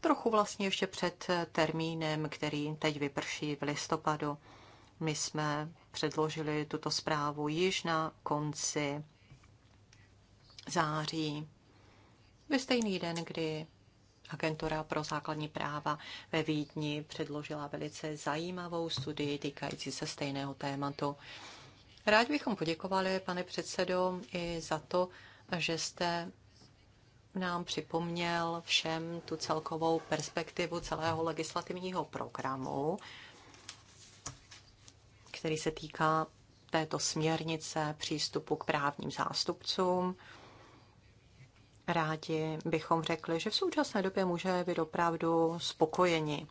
trochu vlastně ještě před eh, termínem, který teď vyprší v listopadu. My jsme předložili tuto zprávu již na konci září, ve stejný den, kdy Agentura pro základní práva ve Vídni předložila velice zajímavou studii týkající se stejného tématu. Rád bychom poděkovali, pane předsedo, i za to, že jste nám připomněl všem tu celkovou perspektivu celého legislativního programu, který se týká této směrnice přístupu k právním zástupcům. Rádi bychom řekli, že v současné době může být opravdu spokojeni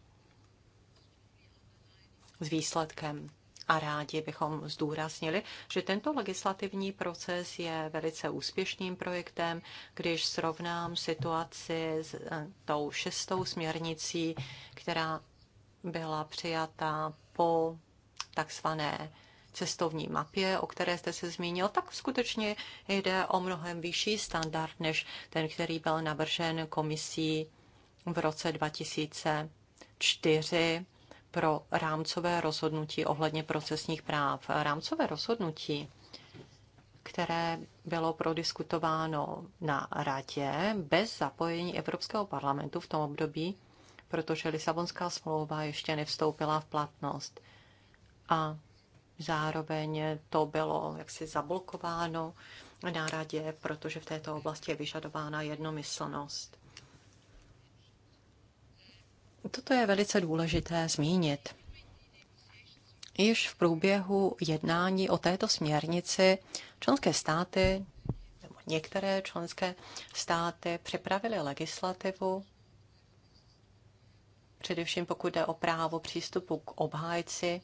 s výsledkem a rádi bychom zdůraznili, že tento legislativní proces je velice úspěšným projektem, když srovnám situaci s eh, tou šestou směrnicí, která byla přijata po takzvané cestovní mapě, o které jste se zmínil, tak skutečně jde o mnohem vyšší standard než ten, který byl navržen komisí v roce 2004 pro rámcové rozhodnutí ohledně procesních práv. Rámcové rozhodnutí, které bylo prodiskutováno na radě bez zapojení Evropského parlamentu v tom období, protože Lisabonská smlouva ještě nevstoupila v platnost. A zároveň to bylo jaksi zablokováno na radě, protože v této oblasti je vyžadována jednomyslnost. Toto je velice důležité zmínit. Již v průběhu jednání o této směrnici členské státy nebo některé členské státy připravily legislativu, především pokud jde o právo přístupu k obhájci,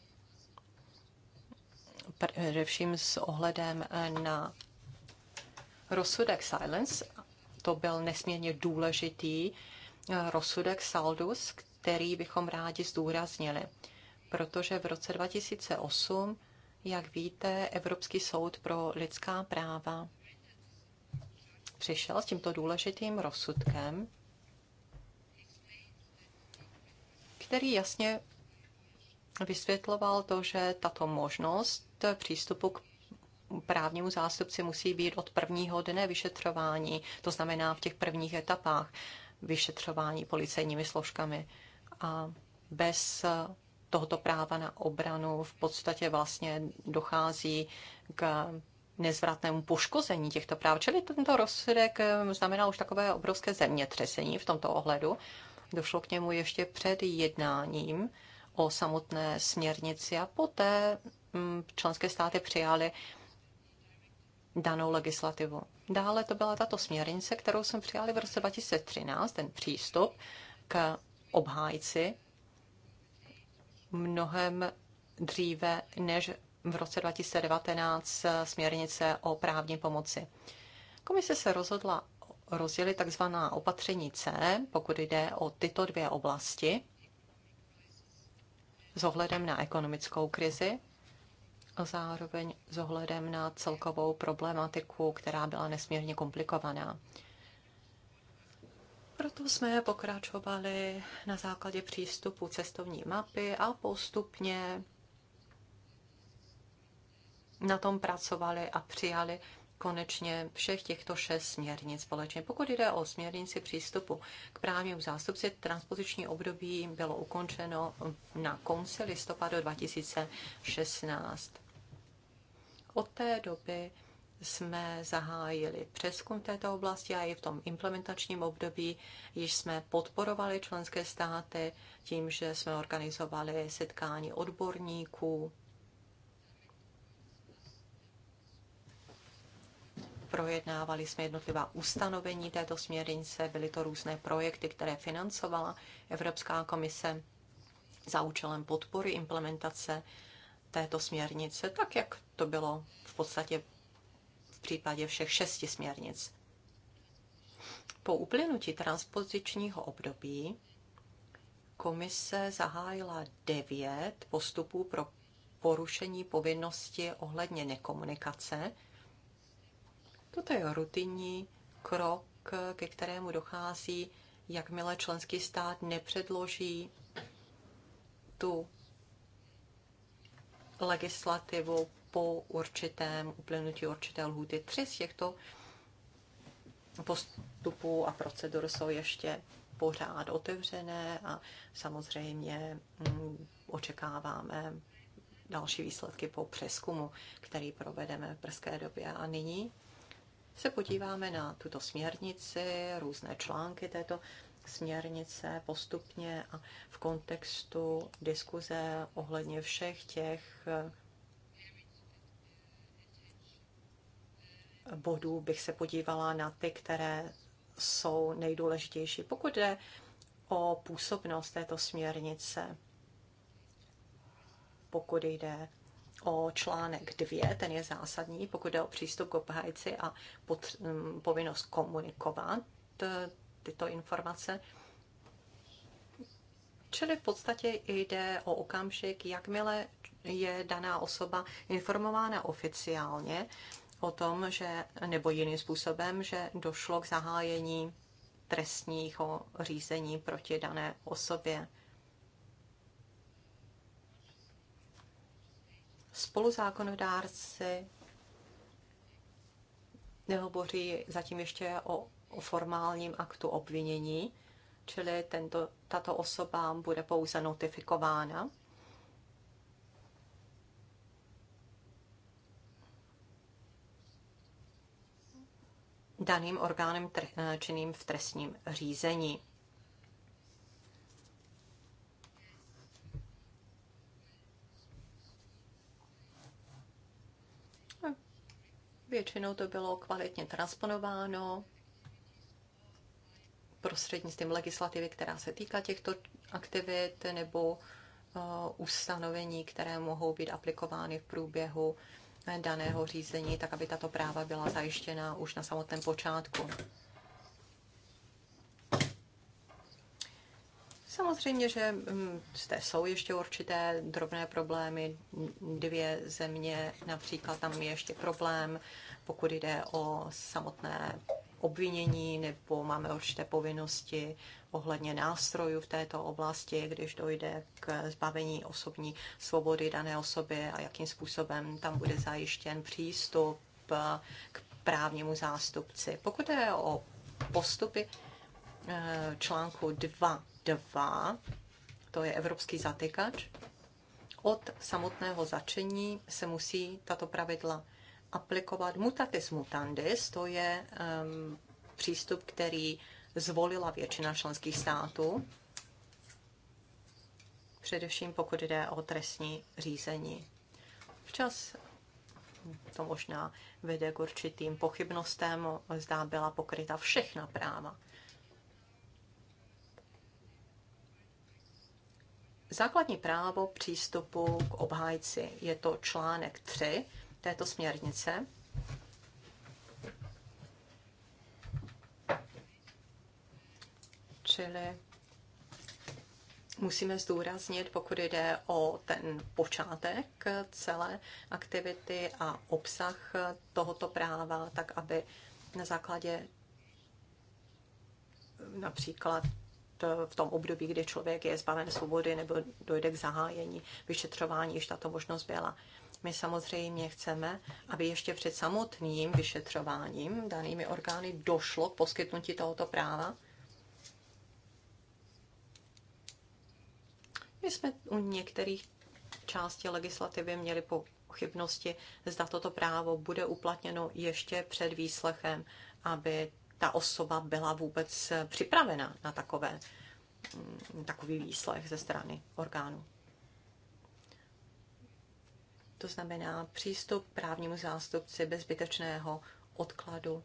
především s ohledem na rozsudek Silence. To byl nesmírně důležitý rozsudek Saldus, který bychom rádi zdůraznili, protože v roce 2008, jak víte, Evropský soud pro lidská práva přišel s tímto důležitým rozsudkem, který jasně vysvětloval to, že tato možnost přístupu k právnímu zástupci musí být od prvního dne vyšetřování, to znamená v těch prvních etapách vyšetřování policejními složkami. A bez tohoto práva na obranu v podstatě vlastně dochází k nezvratnému poškození těchto práv. Čili tento rozsudek eh, znamená už takové obrovské zemětřesení v tomto ohledu. Došlo k němu ještě před jednáním o samotné směrnici a poté mm, členské státy přijaly danou legislativu. Dále to byla tato směrnice, kterou jsme přijali v roce 2013, ten přístup k obhájci mnohem dříve než v roce 2019 směrnice o právní pomoci. Komise se rozhodla rozdělit takzvaná opatření C, pokud jde o tyto dvě oblasti, s ohledem na ekonomickou krizi a zároveň s ohledem na celkovou problematiku, která byla nesmírně komplikovaná. Proto jsme pokračovali na základě přístupu cestovní mapy a postupně na tom pracovali a přijali konečně všech těchto šest směrnic společně. Pokud jde o směrnici přístupu k právnímu zástupci, transpoziční období bylo ukončeno na konci listopadu 2016. Od té doby jsme zahájili přeskum této oblasti a i v tom implementačním období již jsme podporovali členské státy tím, že jsme organizovali setkání odborníků, projednávali jsme jednotlivá ustanovení této směrnice, byly to různé projekty, které financovala Evropská komise za účelem podpory implementace této směrnice, tak jak to bylo v podstatě v případě všech šesti směrnic. Po uplynutí transpozičního období komise zahájila devět postupů pro porušení povinnosti ohledně nekomunikace. Toto je rutinní krok, ke kterému dochází, jakmile členský stát nepředloží tu legislativu po určitém uplynutí určité lhůty. Tři z těchto postupů a procedur jsou ještě pořád otevřené a samozřejmě mm, očekáváme další výsledky po přeskumu, který provedeme v brzké době. A nyní se podíváme na tuto směrnici, různé články této směrnice postupně a v kontextu diskuze ohledně všech těch eh, bodů bych se podívala na ty, které jsou nejdůležitější. Pokud jde o působnost této směrnice, pokud jde o článek 2, ten je zásadní, pokud jde o přístup k obhájci a pot, mm, povinnost komunikovat, tyto informace. Čili v podstatě jde o okamžik, jakmile je daná osoba informována oficiálně o tom, že, nebo jiným způsobem, že došlo k zahájení trestního řízení proti dané osobě. Spoluzákonodárci nehovoří zatím ještě o o formálním aktu obvinění, čili tento, tato osoba bude pouze notifikována. daným orgánem eh, činným v trestním řízení. Většinou to bylo kvalitně transponováno prostřednictvím legislativy, která se týká těchto aktivit nebo eh, ustanovení, které mohou být aplikovány v průběhu eh, daného řízení, tak aby tato práva byla zajištěna už na samotném počátku. Samozřejmě, že mm, zde jsou ještě určité drobné problémy. Dvě země, například tam je ještě problém, pokud jde o samotné obvinění nebo máme určité povinnosti ohledně nástrojů v této oblasti, když dojde k zbavení osobní svobody dané osoby a jakým způsobem tam bude zajištěn přístup k právnímu zástupci. Pokud je o postupy eh, článku 2.2, to je evropský zatykač, od samotného začení se musí tato pravidla aplikovat mutatis mutandis, to je um, přístup, který zvolila většina členských států, především pokud jde o trestní řízení. Včas to možná vede k určitým pochybnostem, zdá byla pokryta všechna práva. Základní právo přístupu k obhájci je to článek 3 této směrnice. Čili musíme zdůraznit, pokud jde o ten počátek celé aktivity a obsah tohoto práva, tak aby na základě například v tom období, kdy člověk je zbaven svobody nebo dojde k zahájení vyšetřování, již tato možnost byla. My samozřejmě chceme, aby ještě před samotným vyšetřováním danými orgány došlo k poskytnutí tohoto práva. My jsme u některých částí legislativy měli pochybnosti, zda toto právo bude uplatněno ještě před výslechem, aby ta osoba byla vůbec připravena na takové, mm, takový výslech ze strany orgánů. To znamená přístup k právnímu zástupci bez zbytečného odkladu.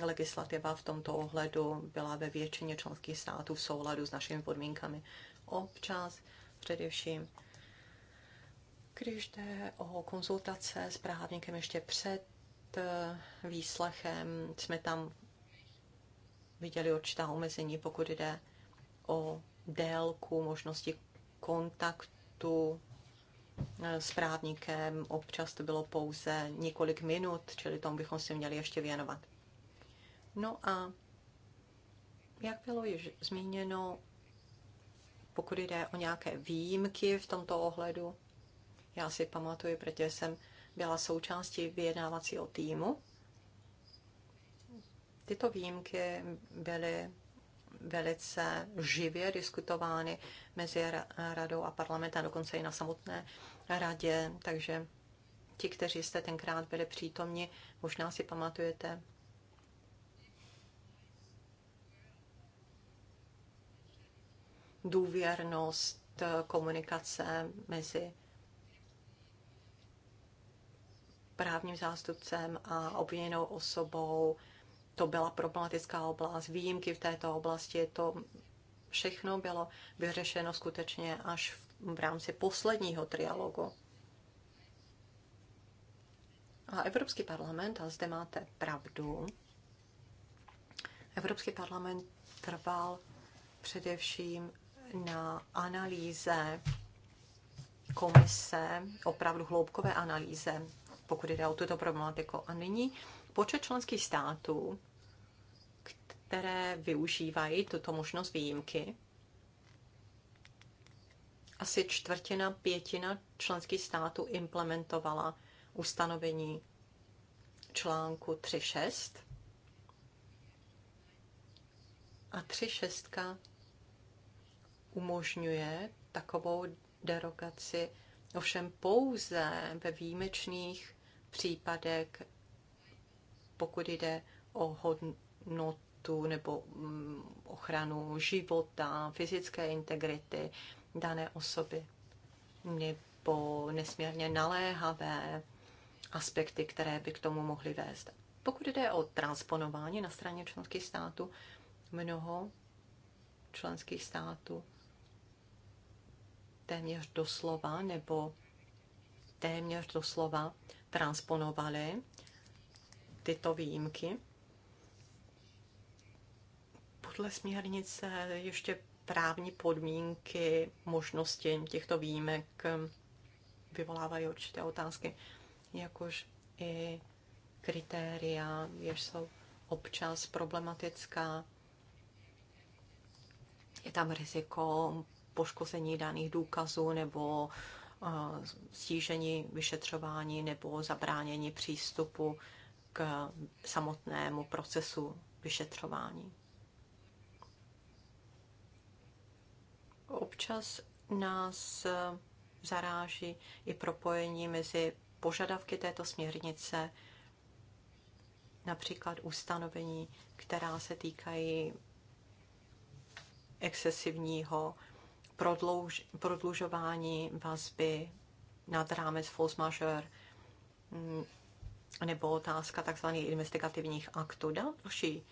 Legislativa v tomto ohledu byla ve většině členských států v souladu s našimi podmínkami. Občas především když jde o konzultace s právníkem ještě před eh, výslechem, jsme tam viděli určitá omezení, pokud jde o délku možnosti kontaktu E, s právníkem, občas to bylo pouze několik minut, čili tomu bychom si měli ještě věnovat. No a jak bylo již zmíněno, pokud jde o nějaké výjimky v tomto ohledu, já si pamatuju, protože jsem byla součástí vyjednávacího týmu. Tyto výjimky byly velice živě diskutovány mezi radou a parlamentem, dokonce i na samotné radě, takže ti, kteří jste tenkrát byli přítomni, možná si pamatujete. Důvěrnost komunikace mezi právním zástupcem a obviněnou osobou, to byla problematická oblast, výjimky v této oblasti, to všechno bylo vyřešeno skutečně až v, v rámci posledního trialogu. A Evropský parlament, a zde máte pravdu, Evropský parlament trval především na analýze komise, opravdu hloubkové analýze, pokud jde o tuto problematiku. A nyní počet členských států, které využívají tuto možnost výjimky, asi čtvrtina, pětina členských států implementovala ustanovení článku 3.6 a 3.6 umožňuje takovou derogaci ovšem pouze ve výjimečných případech pokud jde o hodnotu nebo mm, ochranu života, fyzické integrity dané osoby nebo nesmírně naléhavé aspekty, které by k tomu mohly vést. Pokud jde o transponování na straně členských států, mnoho členských států téměř doslova nebo téměř doslova transponovali tyto výjimky. Podle směrnice ještě právní podmínky, možnosti těchto výjimek vyvolávají určité otázky, jakož i kritéria, jež jsou občas problematická. Je tam riziko poškození daných důkazů nebo eh, stížení vyšetřování nebo zabránění přístupu k samotnému procesu vyšetřování. Občas nás zaráží i propojení mezi požadavky této směrnice, například ustanovení, která se týkají excesivního prodlouž, prodlužování vazby nad rámec force majeure, nebo otázka tzv. investigativních aktů, další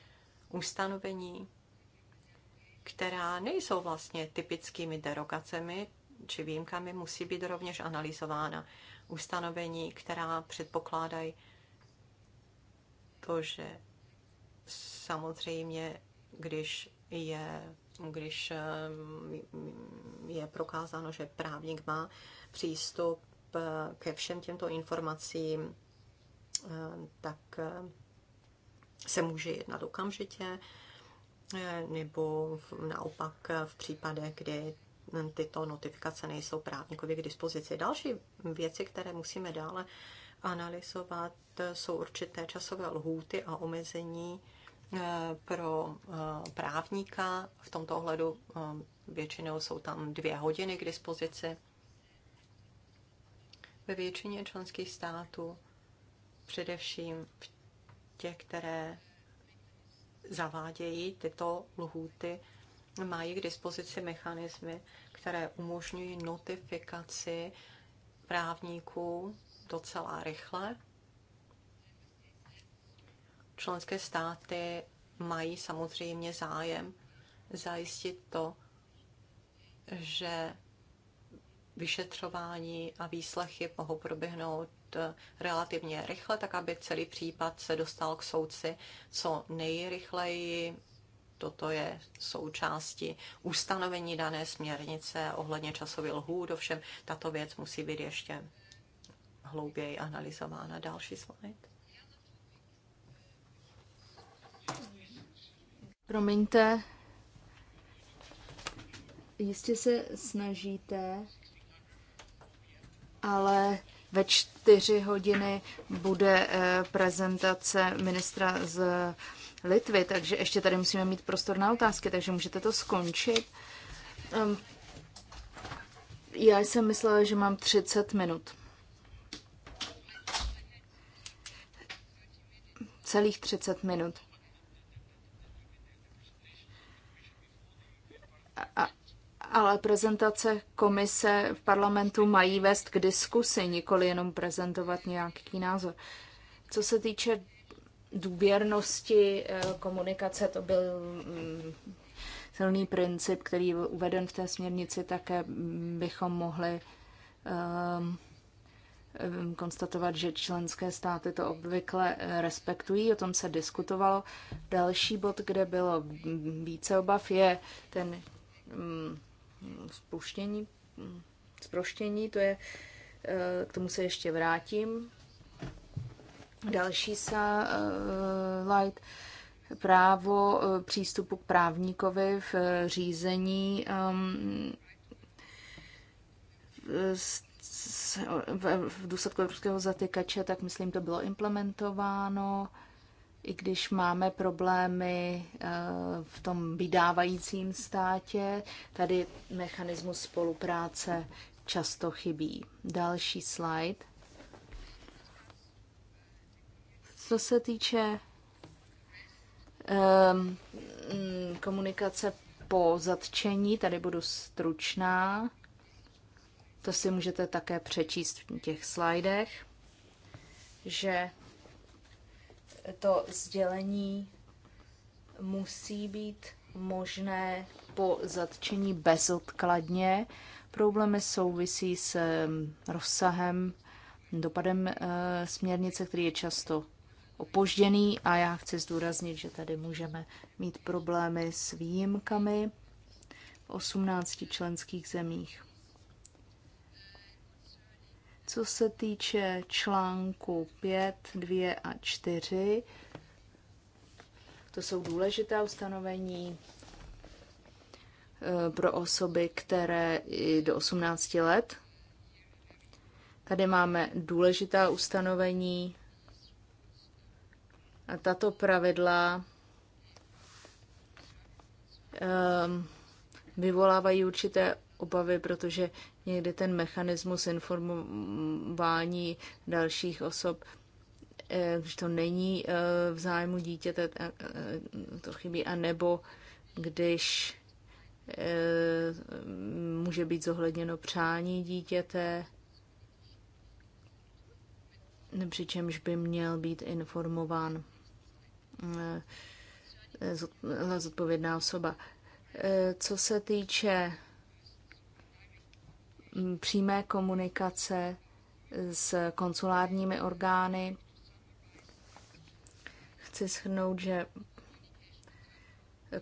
ustanovení, která nejsou vlastně typickými derogacemi či výjimkami, musí být rovněž analyzována. Ustanovení, která předpokládají to, že samozřejmě, když je když eh, je prokázáno, že právník má přístup eh, ke všem těmto informacím Eh, tak eh, se může jednat okamžitě, eh, nebo naopak v případech, kdy tyto notifikace nejsou právníkovi k dispozici. Další věci, které musíme dále analyzovat, jsou určité časové lhůty a omezení pro právníka. V tomto ohledu většinou jsou tam dvě hodiny k dispozici. Ve většině členských států především v těch, které zavádějí tyto lhůty, mají k dispozici mechanismy, které umožňují notifikaci právníků docela rychle. Členské státy mají samozřejmě zájem zajistit to, že vyšetřování a výslechy mohou proběhnout eh, relativně rychle, tak aby celý případ se dostal k soudci co nejrychleji. Toto je součástí ustanovení dané směrnice ohledně časově lhů, dovšem tato věc musí být ještě hlouběji analyzována. Další slide. Promiňte, jistě se snažíte ale ve čtyři hodiny bude eh, prezentace ministra z Litvy, takže ještě tady musíme mít prostor na otázky, takže můžete to skončit. Já jsem myslela, že mám 30 minut. Celých 30 minut. A, ale prezentace komise v parlamentu mají vést k diskusi, nikoli jenom prezentovat nějaký názor. Co se týče důvěrnosti eh, komunikace, to byl mm, silný princip, který byl uveden v té směrnici, také bychom mohli ehm, ehm, konstatovat, že členské státy to obvykle eh, respektují, o tom se diskutovalo. Další bod, kde bylo více obav, je ten mm, spuštění, sproštění, mm, to je, eh, k tomu se ještě vrátím. Další sa eh, light právo eh, přístupu k právníkovi v řízení ehm, v důsledku evropského zatykače, tak myslím, to bylo implementováno i když máme problémy eh, v tom vydávajícím státě, tady mechanismus spolupráce často chybí. Další slide. Co se týče um, komunikace po zatčení, tady budu stručná. To si můžete také přečíst v těch slidech, že to sdělení musí být možné po zatčení bezodkladně. Problémy souvisí s rozsahem, dopadem eh, směrnice, který je často opožděný a já chci zdůraznit, že tady můžeme mít problémy s výjimkami v 18 členských zemích. Co se týče článku 5, 2 a 4, to jsou důležitá ustanovení eh, pro osoby, které i do 18 let. Tady máme důležitá ustanovení a tato pravidla ehm, vyvolávají určité obavy, protože někdy ten mechanismus informování dalších osob, eh, když to není eh, v zájmu dítěte, eh, to chybí, a nebo když může být zohledněno přání dítěte, přičemž by měl být informován zodpovědná osoba. Co se týče přímé komunikace s konsulárními orgány. Chci shrnout, že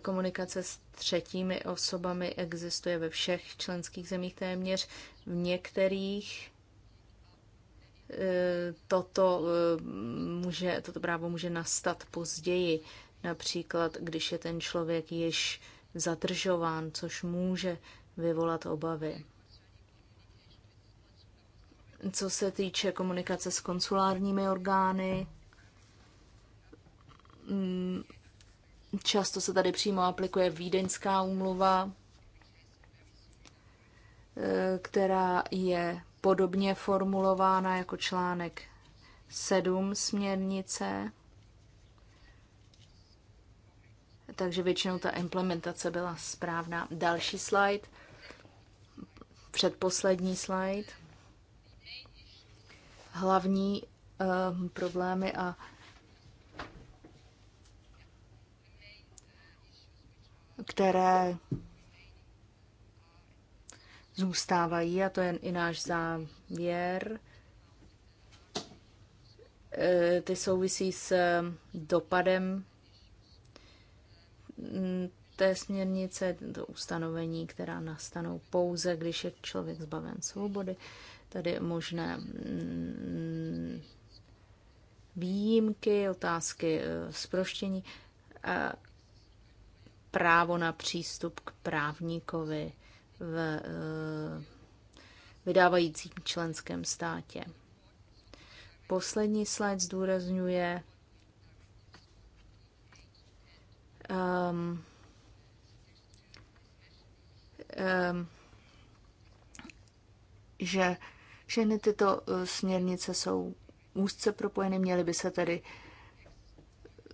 komunikace s třetími osobami existuje ve všech členských zemích téměř. V některých e, toto, e, může, toto právo může nastat později, například když je ten člověk již zadržován, což může vyvolat obavy co se týče komunikace s konsulárními orgány. Mm, často se tady přímo aplikuje Vídeňská úmluva, e, která je podobně formulována jako článek 7 směrnice. Takže většinou ta implementace byla správná. Další slide, předposlední slide hlavní uh, problémy a které zůstávají, a to je i náš závěr, e, ty souvisí s dopadem mm, té směrnice, to ustanovení, která nastanou pouze, když je člověk zbaven svobody, Tady možné mm, výjimky, otázky eh, zproštění, eh, právo na přístup k právníkovi v eh, vydávajícím členském státě. Poslední slide zdůrazňuje um, um, že všechny tyto eh, směrnice jsou úzce propojeny, měly by se tedy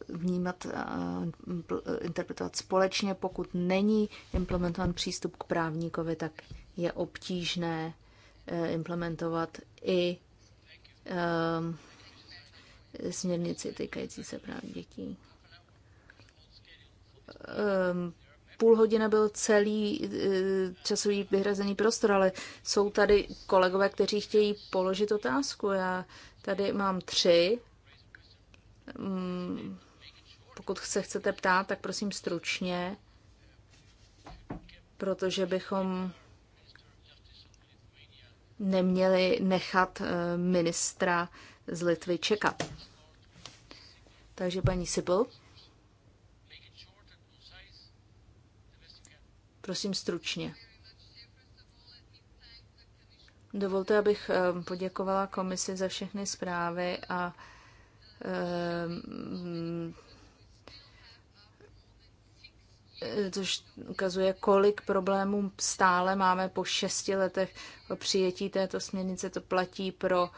vnímat a eh, interpretovat společně. Pokud není implementovan přístup k právníkovi, tak je obtížné eh, implementovat i ehm, směrnici týkající se práv dětí. Ehm, půl hodina byl celý eh, časový vyhrazený prostor, ale jsou tady kolegové, kteří chtějí položit otázku. Já tady mám tři. Mm, pokud se chcete ptát, tak prosím stručně, protože bychom neměli nechat eh, ministra z Litvy čekat. Takže paní Sybil. Prosím stručně. Dovolte, abych poděkovala komisi za všechny zprávy a což ukazuje, kolik problémů stále máme po šesti letech o přijetí této směrnice. To platí pro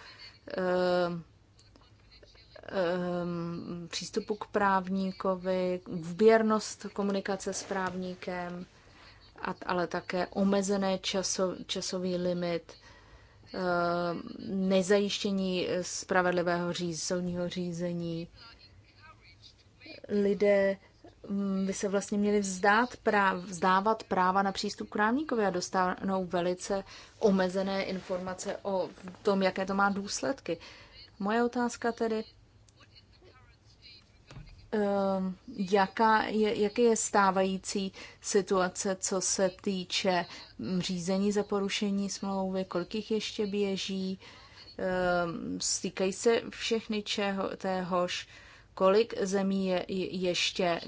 přístupu k právníkovi, vběrnost komunikace s právníkem, ale také omezené časo, časový limit, eh, nezajištění eh, spravedlivého říz, soudního řízení. Lidé mm, by se vlastně měli vzdát práv, vzdávat práva na přístup k právníkovi a dostanou velice omezené informace o tom, jaké to má důsledky. Moje otázka tedy, Ehm, jaká je, jaký je stávající situace, co se týče mm, řízení za porušení smlouvy, kolik jich ještě běží, ehm, stýkají se všechny čeho, téhož, kolik zemí je, ještě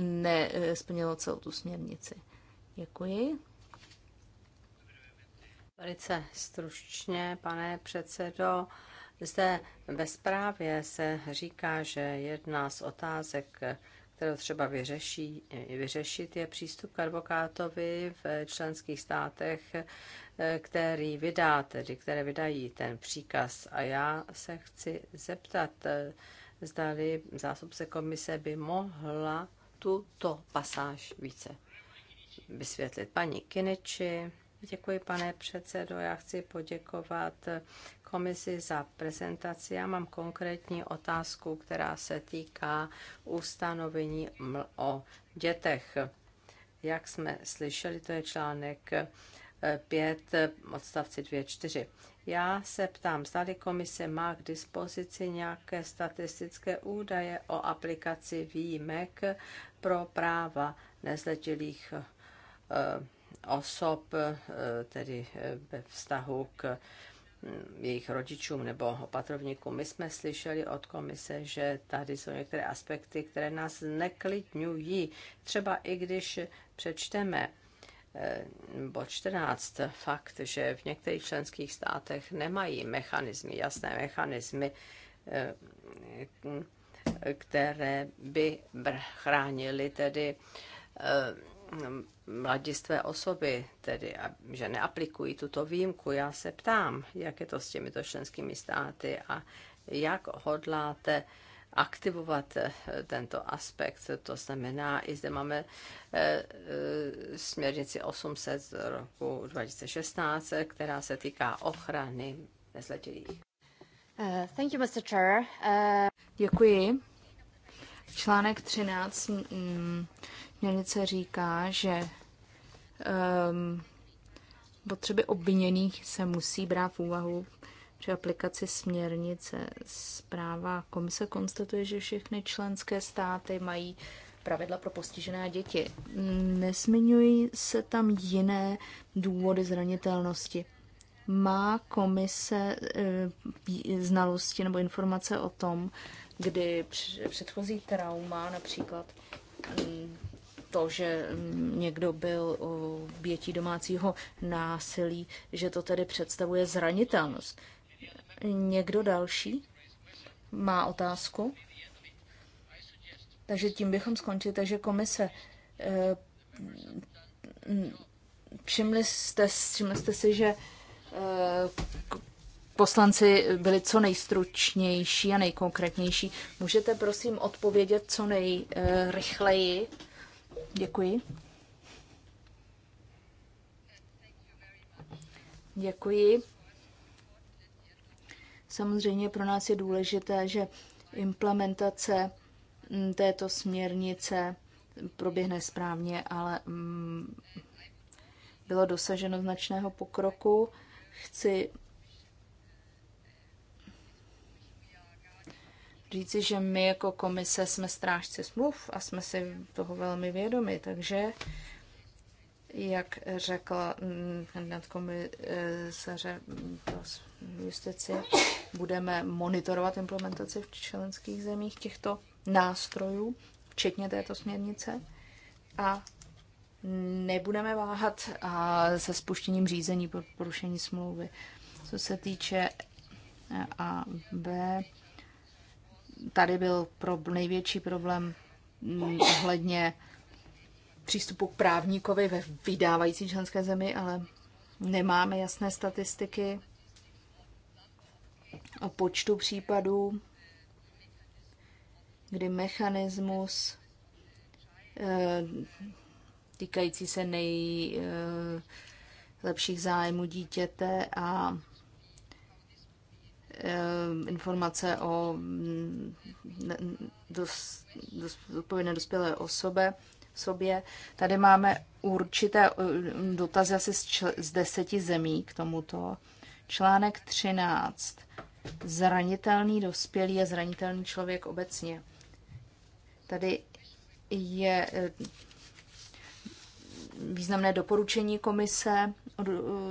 nesplnilo ne, eh, celou tu směrnici. Děkuji. Velice stručně, pane předsedo. Zde ve zprávě se říká, že jedna z otázek, kterou třeba vyřeší, vyřešit, je přístup k advokátovi v členských státech, který vydá, tedy které vydají ten příkaz. A já se chci zeptat, zdali zástupce komise by mohla tuto pasáž více vysvětlit. Paní Kineči, děkuji pane předsedo, já chci poděkovat komisi za prezentaci. Já mám konkrétní otázku, která se týká ustanovení o dětech. Jak jsme slyšeli, to je článek 5 eh, odstavci 2.4. Já se ptám, zdali komise má k dispozici nějaké statistické údaje o aplikaci výjimek pro práva nezletilých eh, osob, eh, tedy ve vztahu k jejich rodičům nebo opatrovníkům. My jsme slyšeli od komise, že tady jsou některé aspekty, které nás neklidňují. Třeba i když přečteme eh, bod 14 fakt, že v některých členských státech nemají mechanizmy, jasné mechanizmy, eh, které by chránily tedy eh, mladistvé osoby, tedy že neaplikují tuto výjimku. Já se ptám, jak je to s těmito členskými státy a jak hodláte aktivovat eh, tento aspekt. To znamená, i zde máme eh, eh, směrnici 800 z roku 2016, která se týká ochrany nezletilých. Uh, thank you, Mr. Chair. Uh... Děkuji. Článek 13 Směrnice říká, že um, potřeby obviněných se musí brát v úvahu při aplikaci směrnice. Zpráva komise konstatuje, že všechny členské státy mají pravidla pro postižené děti. Nesmiňují se tam jiné důvody zranitelnosti. Má komise eh, znalosti nebo informace o tom, kdy předchozí trauma, například mm, to, že někdo byl bětí domácího násilí, že to tedy představuje zranitelnost. Někdo další má otázku? Takže tím bychom skončili. Takže komise, eh, všimli jste, všimli jste si, že eh, poslanci byli co nejstručnější a nejkonkrétnější. Můžete prosím odpovědět co nejrychleji Děkuji. Děkuji. Samozřejmě pro nás je důležité, že implementace mm, této směrnice proběhne správně, ale mm, bylo dosaženo značného pokroku. Chci říci, že my jako komise jsme strážci smluv a jsme si toho velmi vědomi, takže jak řekla mm, kandidát komisaře pro mm, justici, budeme monitorovat implementaci v členských zemích těchto nástrojů, včetně této směrnice, a nebudeme váhat se spuštěním řízení pro porušení smlouvy. Co se týče a B, tady byl pro největší problém mm, ohledně přístupu k právníkovi ve vydávající členské zemi, ale nemáme jasné statistiky o počtu případů, kdy mechanismus eh, týkající se nejlepších eh, zájmů dítěte a Eh, informace o zodpovědné mm, dos, dospělé osobe, sobě. Tady máme určité eh, dotazy asi z, čl, z deseti zemí k tomuto. Článek 13. Zranitelný dospělý a zranitelný člověk obecně. Tady je eh, významné doporučení komise o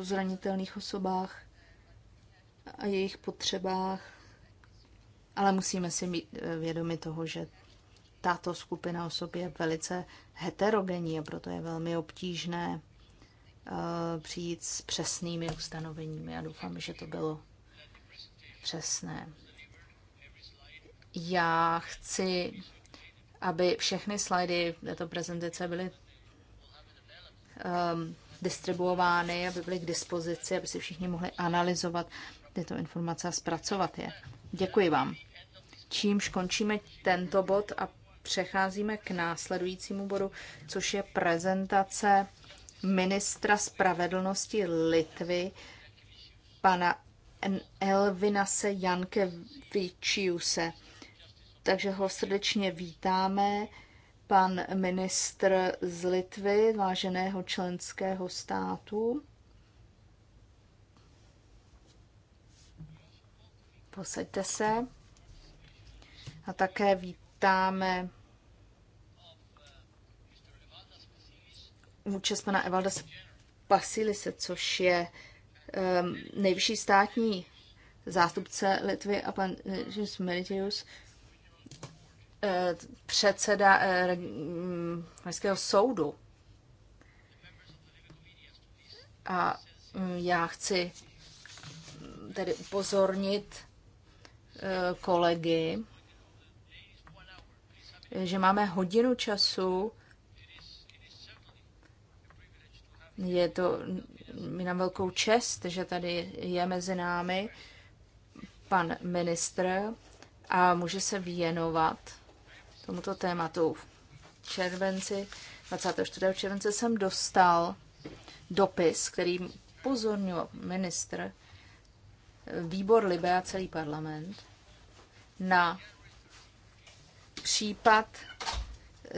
zranitelných osobách a jejich potřebách, ale musíme si být eh, vědomi toho, že tato skupina osob je velice heterogenní a proto je velmi obtížné eh, přijít s přesnými ustanoveními. Já doufám, že to bylo přesné. Já chci, aby všechny slajdy této prezentace byly um, distribuovány, aby byly k dispozici, aby si všichni mohli analyzovat tyto informace a zpracovat je. Děkuji vám. Čímž končíme tento bod a přecházíme k následujícímu bodu, což je prezentace ministra spravedlnosti Litvy, pana Elvinase Jankevičiuse. Takže ho srdečně vítáme, pan ministr z Litvy, váženého členského státu. Posaďte se. A také vítáme účast pana Evalda Pasilise, což je um, nejvyšší státní zástupce Litvy a pan eh, Jims Meritius, eh, předseda eh, mm, Městského soudu. A mm, já chci tedy upozornit kolegy, že máme hodinu času. Je to mi nám velkou čest, že tady je mezi námi pan ministr a může se věnovat tomuto tématu. V červenci, 24. července jsem dostal dopis, který pozornil ministr, výbor Libe a celý parlament – na případ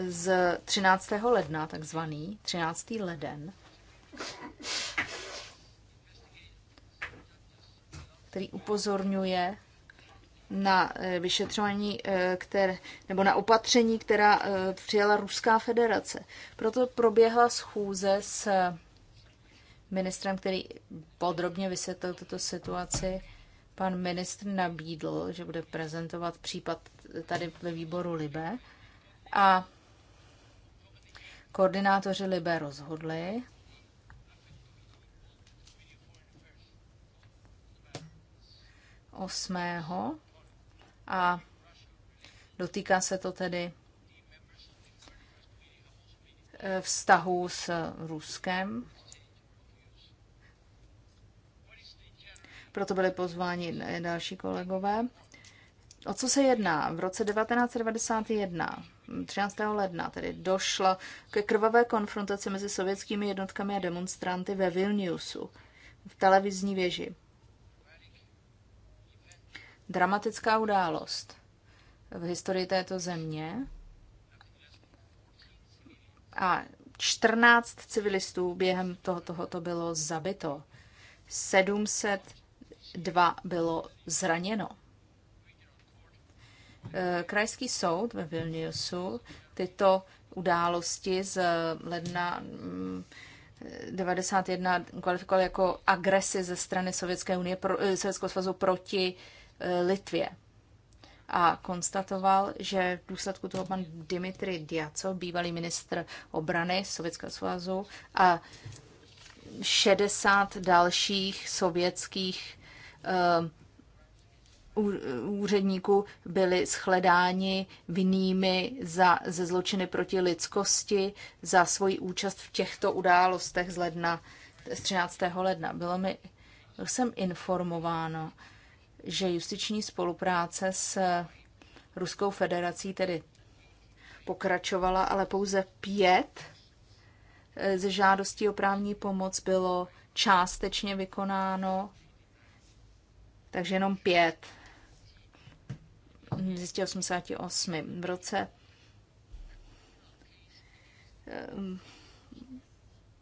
z 13. ledna, takzvaný 13. leden, který upozorňuje na eh, vyšetřování, eh, které, nebo na opatření, která eh, přijala Ruská federace. Proto proběhla schůze s ministrem, který podrobně vysvětlil tuto situaci Pan ministr nabídl, že bude prezentovat případ tady ve výboru Libe a koordinátoři Libe rozhodli, osmého a dotýká se to tedy eh, vztahu s Ruskem. proto byli pozváni další kolegové. O co se jedná? V roce 1991, 13. ledna, tedy došlo ke krvavé konfrontaci mezi sovětskými jednotkami a demonstranty ve Vilniusu, v televizní věži. Dramatická událost v historii této země. A 14 civilistů během toho, tohoto bylo zabito. 700 dva bylo zraněno. E, krajský soud ve Vilniusu tyto události z ledna 91 mm, e, kvalifikoval jako agresi ze strany Sovětské unie, e, Sovětského svazu proti Litvě. A konstatoval, že v důsledku toho pan Dimitri Diaco, bývalý ministr obrany Sovětského svazu a 60 dalších sovětských Eh, úředníků byli shledáni vinnými za, ze zločiny proti lidskosti za svoji účast v těchto událostech z ledna, z 13. ledna. Bylo mi, byl jsem informováno, že justiční spolupráce s Ruskou federací tedy pokračovala, ale pouze pět eh, ze žádostí o právní pomoc bylo částečně vykonáno takže jenom pět z 288 v roce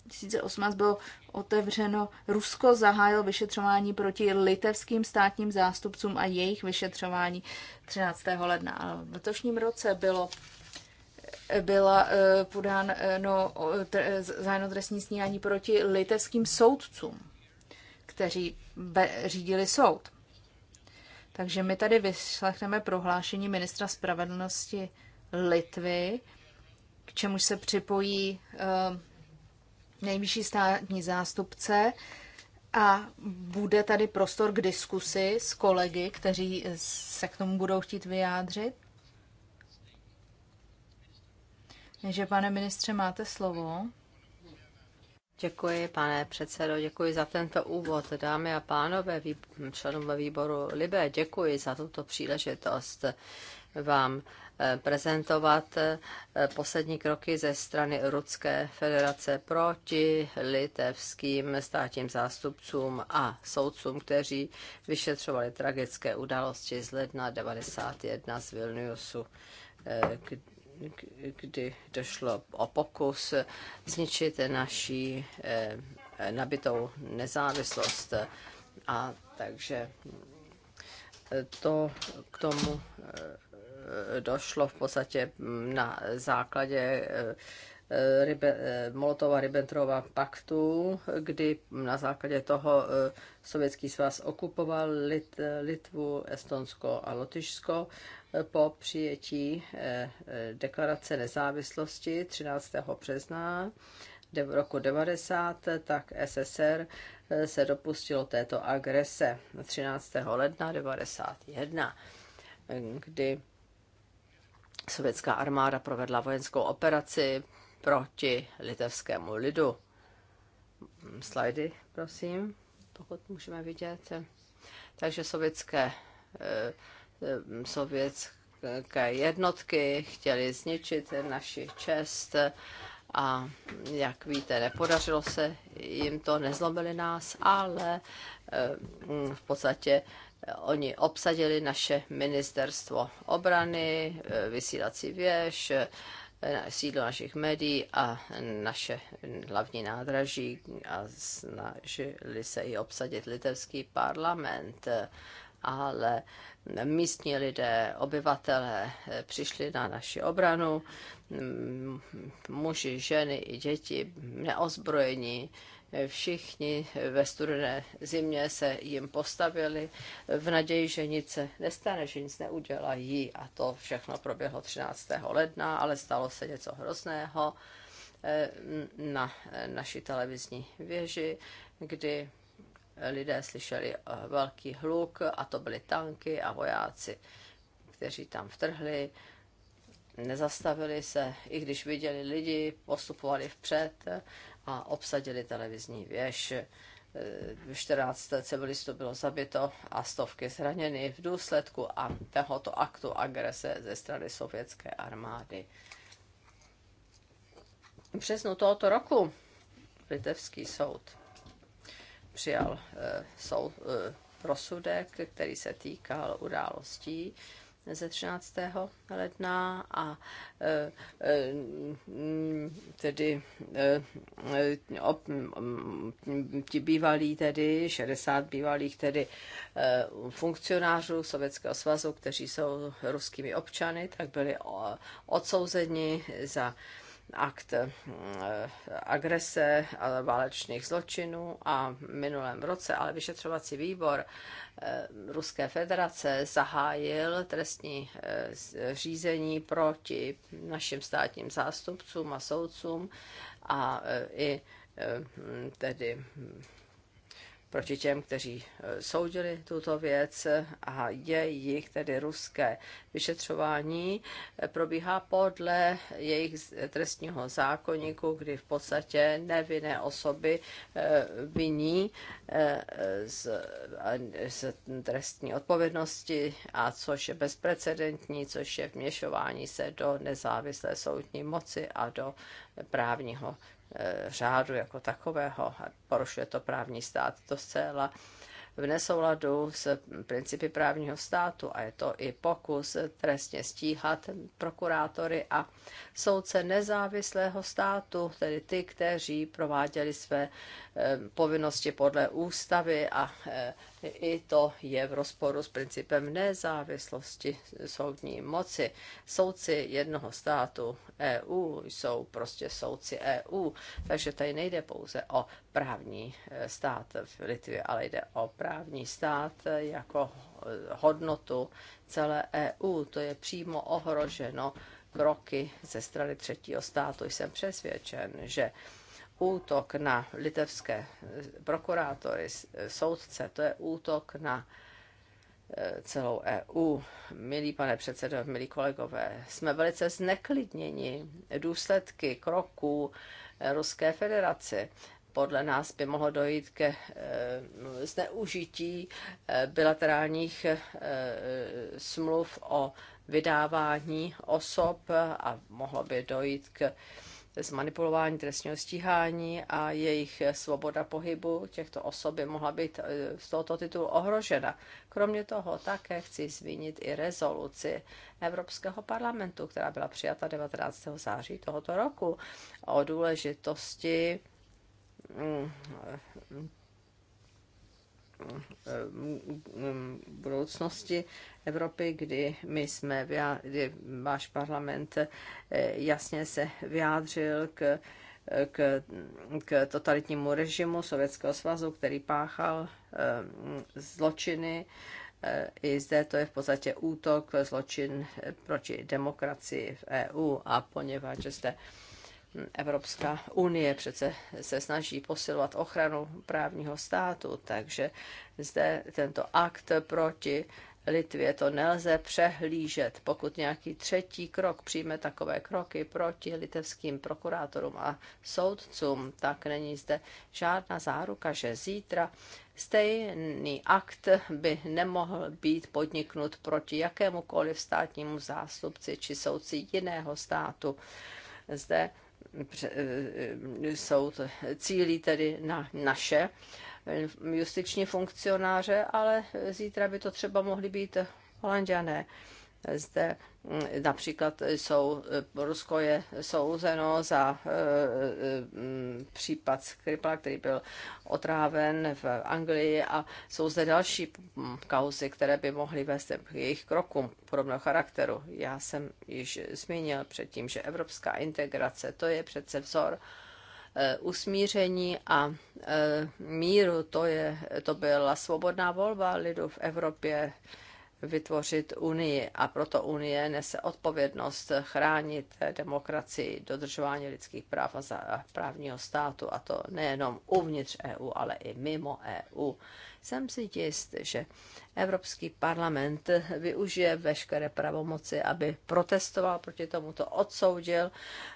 2018 ehm, bylo otevřeno, Rusko zahájilo vyšetřování proti litevským státním zástupcům a jejich vyšetřování 13. ledna. A v letošním roce bylo byla eh, podán eh, no, zájemno trestní stíhání proti litevským soudcům, kteří be, řídili soud. Takže my tady vyslechneme prohlášení ministra spravedlnosti Litvy, k čemuž se připojí eh, nejvyšší státní zástupce a bude tady prostor k diskusi s kolegy, kteří se k tomu budou chtít vyjádřit. Takže, pane ministře, máte slovo. Děkuji, pane předsedo, děkuji za tento úvod. Dámy a pánové, členové výboru Libe, děkuji za tuto příležitost vám eh, prezentovat eh, poslední kroky ze strany Ruské federace proti litevským státním zástupcům a soudcům, kteří vyšetřovali tragické události z ledna 91 z Vilniusu eh, kdy došlo o pokus zničit naší eh, nabitou nezávislost. A takže eh, to k tomu eh, došlo v podstatě mm, na základě Eh, Ribe, eh, Molotova Ribbentrova paktu, kdy na základě toho eh, Sovětský svaz okupoval Lit, Litvu, Estonsko a Lotyšsko po přijetí deklarace nezávislosti 13. března v roku 90, tak SSR se dopustilo této agrese 13. ledna 91, kdy sovětská armáda provedla vojenskou operaci proti litevskému lidu. Slajdy, prosím, pokud můžeme vidět. Takže sovětské, eh, eh, sovětské jednotky chtěly zničit naši čest a jak víte, nepodařilo se jim to, nezlomili nás, ale eh, v podstatě oni obsadili naše ministerstvo obrany, vysílací věž, sídlo našich médií a naše hlavní nádraží a snažili se i obsadit litevský parlament, ale místní lidé, obyvatelé přišli na naši obranu, muži, ženy i děti neozbrojení všichni ve studené zimě se jim postavili v naději, že nic se nestane, že nic neudělají a to všechno proběhlo 13. ledna, ale stalo se něco hrozného eh, na naší televizní věži, kdy lidé slyšeli eh, velký hluk a to byly tanky a vojáci, kteří tam vtrhli. Nezastavili se, i když viděli lidi, postupovali vpřed a obsadili televizní věž. 14 eh, civilistů bylo zabito a stovky zraněny v důsledku a tohoto aktu agrese ze strany sovětské armády. V březnu tohoto roku litevský soud přijal eh, soud, eh, rozsudek, který se týkal událostí, ze 13. ledna a e, e, tedy e, ti bývalí tedy, 60 bývalých tedy funkcionářů Sovětského svazu, kteří jsou ruskými občany, tak byli odsouzeni za akt eh, agrese a válečných zločinů a v minulém roce, ale vyšetřovací výbor eh, Ruské federace zahájil trestní eh, řízení proti našim státním zástupcům a soudcům a i tedy hm, proti těm, kteří e, soudili tuto věc a jejich, tedy ruské vyšetřování, e, probíhá podle jejich e, trestního zákoníku, kdy v podstatě nevinné osoby viní z, z trestní odpovědnosti, a což je bezprecedentní, což je vměšování se do nezávislé soudní moci a do právního Eh, řádu jako takového. a Porušuje to právní stát, to zcela v nesouladu s principy právního státu a je to i pokus trestně stíhat prokurátory a soudce nezávislého státu, tedy ty, kteří prováděli své eh, povinnosti podle ústavy a eh, i to je v rozporu s principem nezávislosti soudní moci. Soudci jednoho státu EU jsou prostě soudci EU, takže tady nejde pouze o právní eh, stát v Litvě, ale jde o právní stát jako hodnotu celé EU. To je přímo ohroženo kroky ze strany třetího státu. Jsem přesvědčen, že útok na litevské prokurátory, soudce, to je útok na eh, celou EU. Milí pane předsedo, milí kolegové, jsme velice zneklidněni důsledky kroků eh, Ruské federace podle nás by mohlo dojít ke eh, zneužití eh, bilaterálních eh, smluv o vydávání osob a mohlo by dojít k zmanipulování trestního stíhání a jejich svoboda pohybu těchto osob by mohla být z tohoto titulu ohrožena. Kromě toho také chci zmínit i rezoluci Evropského parlamentu, která byla přijata 19. září tohoto roku o důležitosti Eh, budoucnosti Evropy, kdy my jsme, kdy váš parlament eh, jasně se vyjádřil k, k, k totalitnímu režimu Sovětského svazu, který páchal eh, zločiny. I zde to je v podstatě útok, zločin proti demokracii v EU a poněvadž jste Evropská unie přece se snaží posilovat ochranu právního státu, takže zde tento akt proti Litvě to nelze přehlížet. Pokud nějaký třetí krok přijme takové kroky proti litevským prokurátorům a soudcům, tak není zde žádná záruka, že zítra stejný akt by nemohl být podniknut proti jakémukoliv státnímu zástupci či soudci jiného státu. Zde Eh, eh, soud cílí tedy na naše justiční funkcionáře, ale zítra by to třeba mohli být holanděné zde mm, například jsou, eh, Rusko je souzeno za eh, eh, mm, případ Skripla, který byl otráven v Anglii a jsou zde další mm, kauzy, které by mohly vést k jejich krokům podobného charakteru. Já jsem již zmínil předtím, že evropská integrace, to je přece vzor usmíření a míru, to, je, to byla svobodná volba lidu v Evropě vytvořit Unii a proto Unie nese odpovědnost chránit demokracii, dodržování lidských práv a právního státu a to nejenom uvnitř EU, ale i mimo EU. Jsem si jist, že Evropský parlament využije veškeré pravomoci, aby protestoval proti tomuto, odsoudil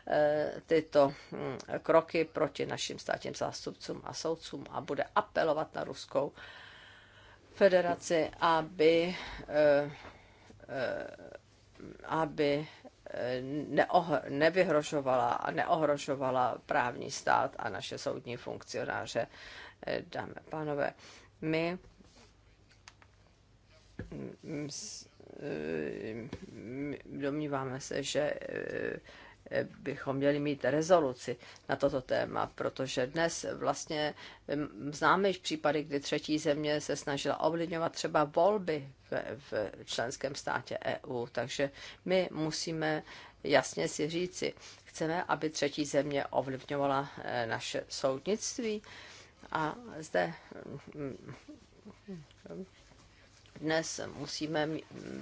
eh, tyto hm, kroky proti našim státním zástupcům a soudcům a bude apelovat na ruskou federaci, aby, eh, eh, aby eh, neohr, nevyhrožovala a neohrožovala právní stát a naše soudní funkcionáře. Dámy pánové, mm, my domníváme se, že bychom měli mít rezoluci na toto téma, protože dnes vlastně známe již případy, kdy třetí země se snažila ovlivňovat třeba volby v, v členském státě EU, takže my musíme jasně si říci, chceme, aby třetí země ovlivňovala eh, naše soudnictví a zde mm, mm, dnes musíme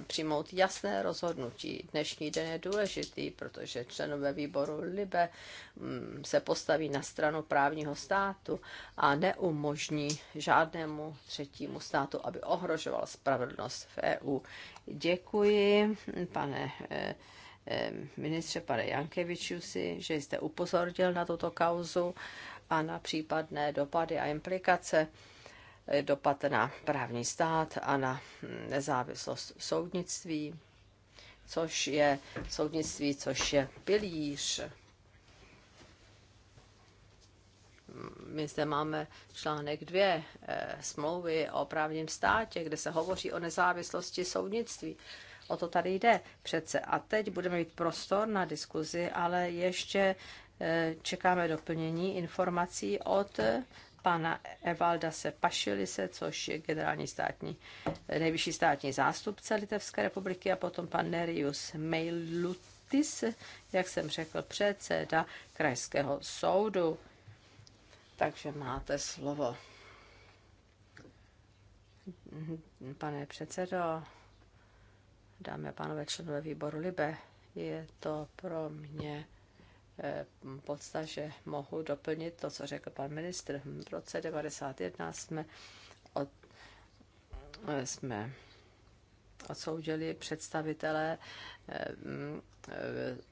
přijmout jasné rozhodnutí. Dnešní den je důležitý, protože členové výboru Libe mm, se postaví na stranu právního státu a neumožní žádnému třetímu státu, aby ohrožoval spravedlnost v EU. Děkuji, pane eh, eh, ministře, pane Jankeviču, si, že jste upozornil na tuto kauzu a na případné dopady a implikace. Eh, dopad na právní stát a na hm, nezávislost soudnictví, což je soudnictví, což je pilíř. My zde máme článek 2 eh, smlouvy o právním státě, kde se hovoří o nezávislosti soudnictví. O to tady jde přece. A teď budeme mít prostor na diskuzi, ale ještě eh, čekáme doplnění informací od pana Evalda se Pašilise, což je generální státní, nejvyšší státní zástupce Litevské republiky a potom pan Nerius Meilutis, jak jsem řekl, předseda krajského soudu. Takže máte slovo. Pane předsedo, dámy a pánové členové výboru Libe, je to pro mě Eh, podsta, že mohu doplnit to, co řekl pan ministr. V roce 1991 jsme, od, eh, jsme odsoudili představitele eh,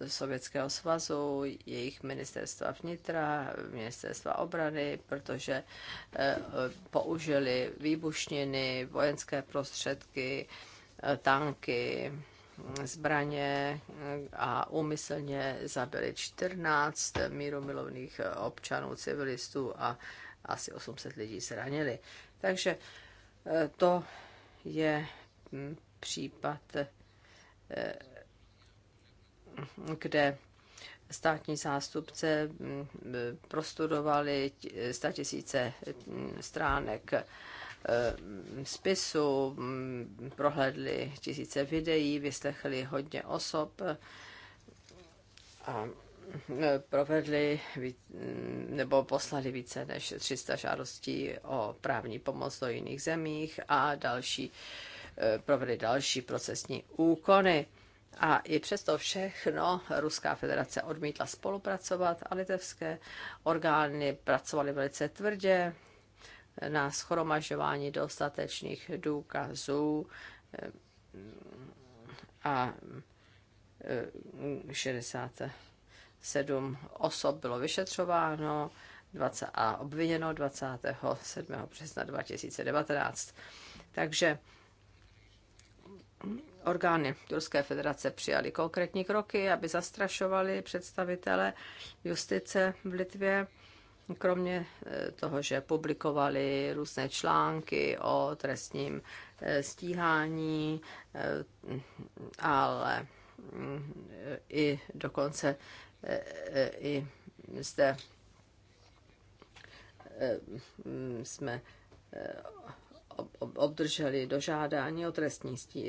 Sovětského svazu, jejich ministerstva vnitra, ministerstva obrany, protože použili výbušniny, vojenské prostředky, tanky, zbraně eh, a úmyslně zabili 14 míromilovných občanů, civilistů a asi 800 lidí zranili. Takže eh, to je hm, případ, eh, kde státní zástupce hm, prostudovali 000 hm, stránek Eh, spisu, mm, prohlédli tisíce videí, vyslechli hodně osob a eh, provedli mm, nebo poslali více než 300 žádostí o právní pomoc do jiných zemích a další, eh, provedli další procesní úkony. A i přesto všechno Ruská federace odmítla spolupracovat a litevské orgány pracovaly velice tvrdě na schromažování dostatečných důkazů eh, a 67 eh, osob bylo vyšetřováno a obviněno 27. března 2019. Takže orgány Turské federace přijali konkrétní kroky, aby zastrašovali představitele justice v Litvě kromě eh, toho, že publikovali různé články o trestním eh, stíhání, eh, ale mm, i dokonce i zde mm, jsme obdrželi dožádání o trestní stí,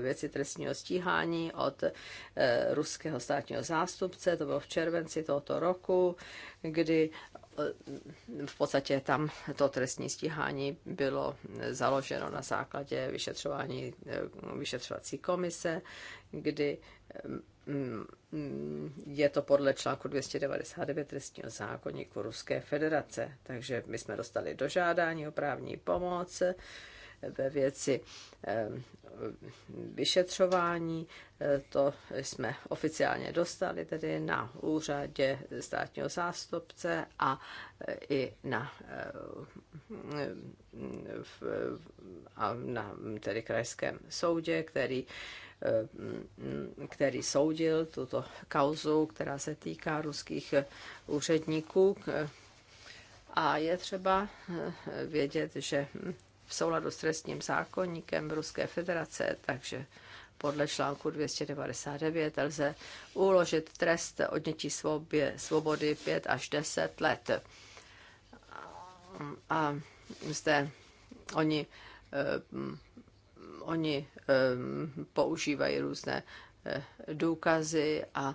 věci trestního stíhání od ruského státního zástupce, to bylo v červenci tohoto roku, kdy Eh, v podstatě tam to trestní stíhání bylo založeno na základě vyšetřování eh, vyšetřovací komise, kdy eh, mm, je to podle článku 299 trestního zákonníku Ruské federace. Takže my jsme dostali dožádání o právní pomoc, ve věci eh, vyšetřování. Eh, to jsme oficiálně dostali tedy na úřadě státního zástupce a eh, i na, a na tedy krajském soudě, který který soudil tuto kauzu, která se týká ruských úředníků. A je třeba vědět, že hm, v souladu s trestním zákonníkem Ruské federace, takže podle článku 299 lze uložit trest odnětí svobody 5 až 10 let. A zde oni, eh, oni eh, používají různé eh, důkazy a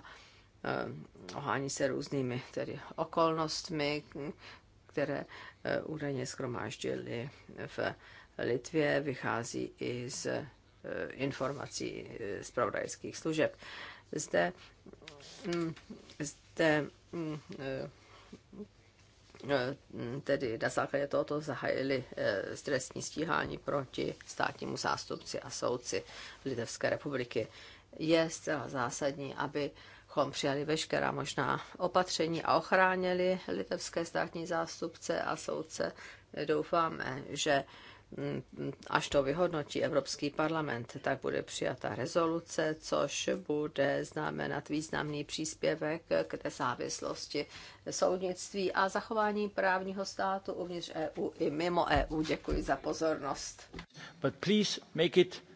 ohání se různými tedy okolnostmi, které eh, údajně schromáždili v Litvě, vychází i z eh, informací eh, z pravdajských služeb. Zde, mm, zde mm, mm, tedy na základě tohoto zahájili stresní stíhání proti státnímu zástupci a soudci Litevské republiky. Je zcela zásadní, aby abychom přijali veškerá možná opatření a ochránili litevské státní zástupce a soudce. Doufáme, že mm, až to vyhodnotí Evropský parlament, tak bude přijata rezoluce, což bude znamenat významný příspěvek k nezávislosti soudnictví a zachování právního státu uvnitř EU i mimo EU. Děkuji za pozornost. But please make it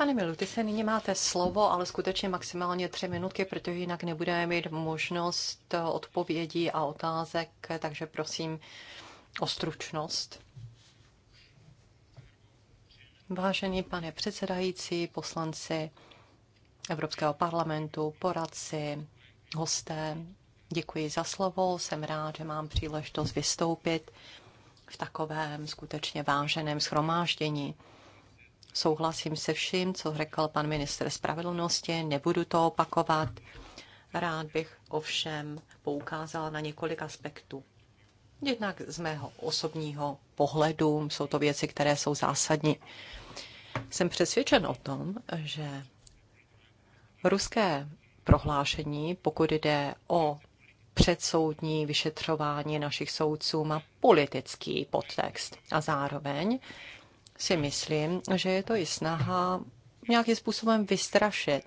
Pane Milu, ty se nyní máte slovo, ale skutečně maximálně tři minutky, protože jinak nebudeme mít možnost eh, odpovědí a otázek, takže prosím o stručnost. Vážený pane předsedající, poslanci Evropského parlamentu, poradci, hosté, děkuji za slovo. Jsem rád, že mám příležitost vystoupit v takovém skutečně váženém schromáždění. Souhlasím se vším, co řekl pan ministr spravedlnosti, nebudu to opakovat. Rád bych ovšem poukázal na několik aspektů. Jednak z mého osobního pohledu jsou to věci, které jsou zásadní. Jsem přesvědčen o tom, že ruské prohlášení, pokud jde o předsoudní vyšetřování našich soudců, má politický podtext a zároveň si myslím, že je to i snaha nějakým způsobem vystrašit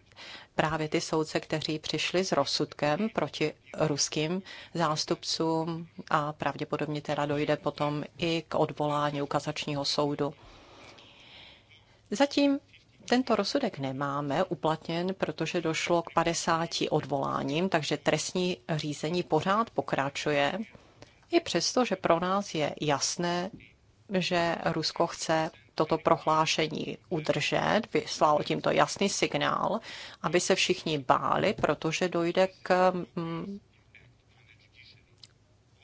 právě ty soudce, kteří přišli s rozsudkem proti ruským zástupcům a pravděpodobně teda dojde potom i k odvolání ukazačního soudu. Zatím tento rozsudek nemáme uplatněn, protože došlo k 50 odvoláním, takže trestní řízení pořád pokračuje. I přesto, že pro nás je jasné, že Rusko chce toto prohlášení udržet, vyslalo tímto jasný signál, aby se všichni báli, protože dojde k, mm,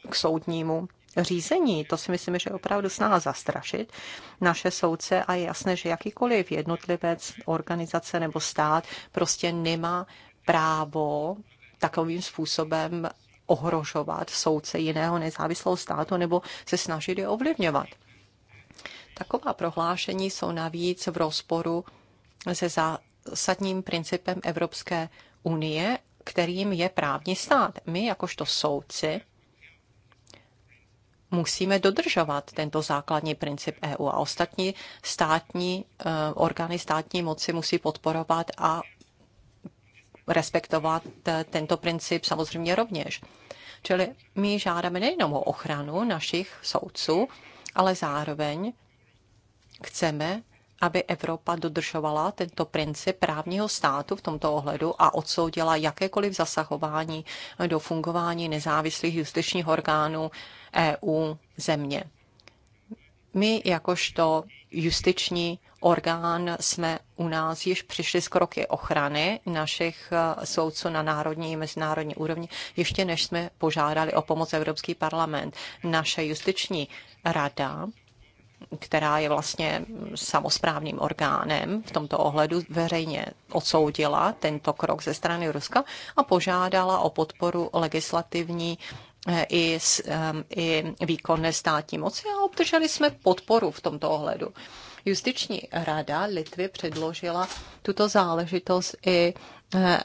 k soudnímu řízení. To si myslím, že je opravdu snaha zastrašit naše soudce a je jasné, že jakýkoliv jednotlivec, organizace nebo stát prostě nemá právo takovým způsobem ohrožovat soudce jiného nezávislého státu nebo se snažit je ovlivňovat. Taková prohlášení jsou navíc v rozporu se zásadním principem Evropské unie, kterým je právní stát. My, jakožto soudci, musíme dodržovat tento základní princip EU a ostatní státní eh, orgány státní moci musí podporovat a respektovat eh, tento princip samozřejmě rovněž. Čili my žádáme nejenom o ochranu našich soudců, ale zároveň Chceme, aby Evropa dodržovala tento princip právního státu v tomto ohledu a odsoudila jakékoliv zasahování do fungování nezávislých justičních orgánů EU země. My jakožto justiční orgán jsme u nás již přišli z kroky ochrany našich eh, soudců na národní i mezinárodní úrovni, ještě než jsme požádali o pomoc Evropský parlament. Naše justiční rada která je vlastně samozprávným orgánem v tomto ohledu, veřejně odsoudila tento krok ze strany Ruska a požádala o podporu legislativní eh, i, eh, i výkonné státní moci a obdrželi jsme podporu v tomto ohledu. Justiční rada Litvy předložila tuto záležitost i eh,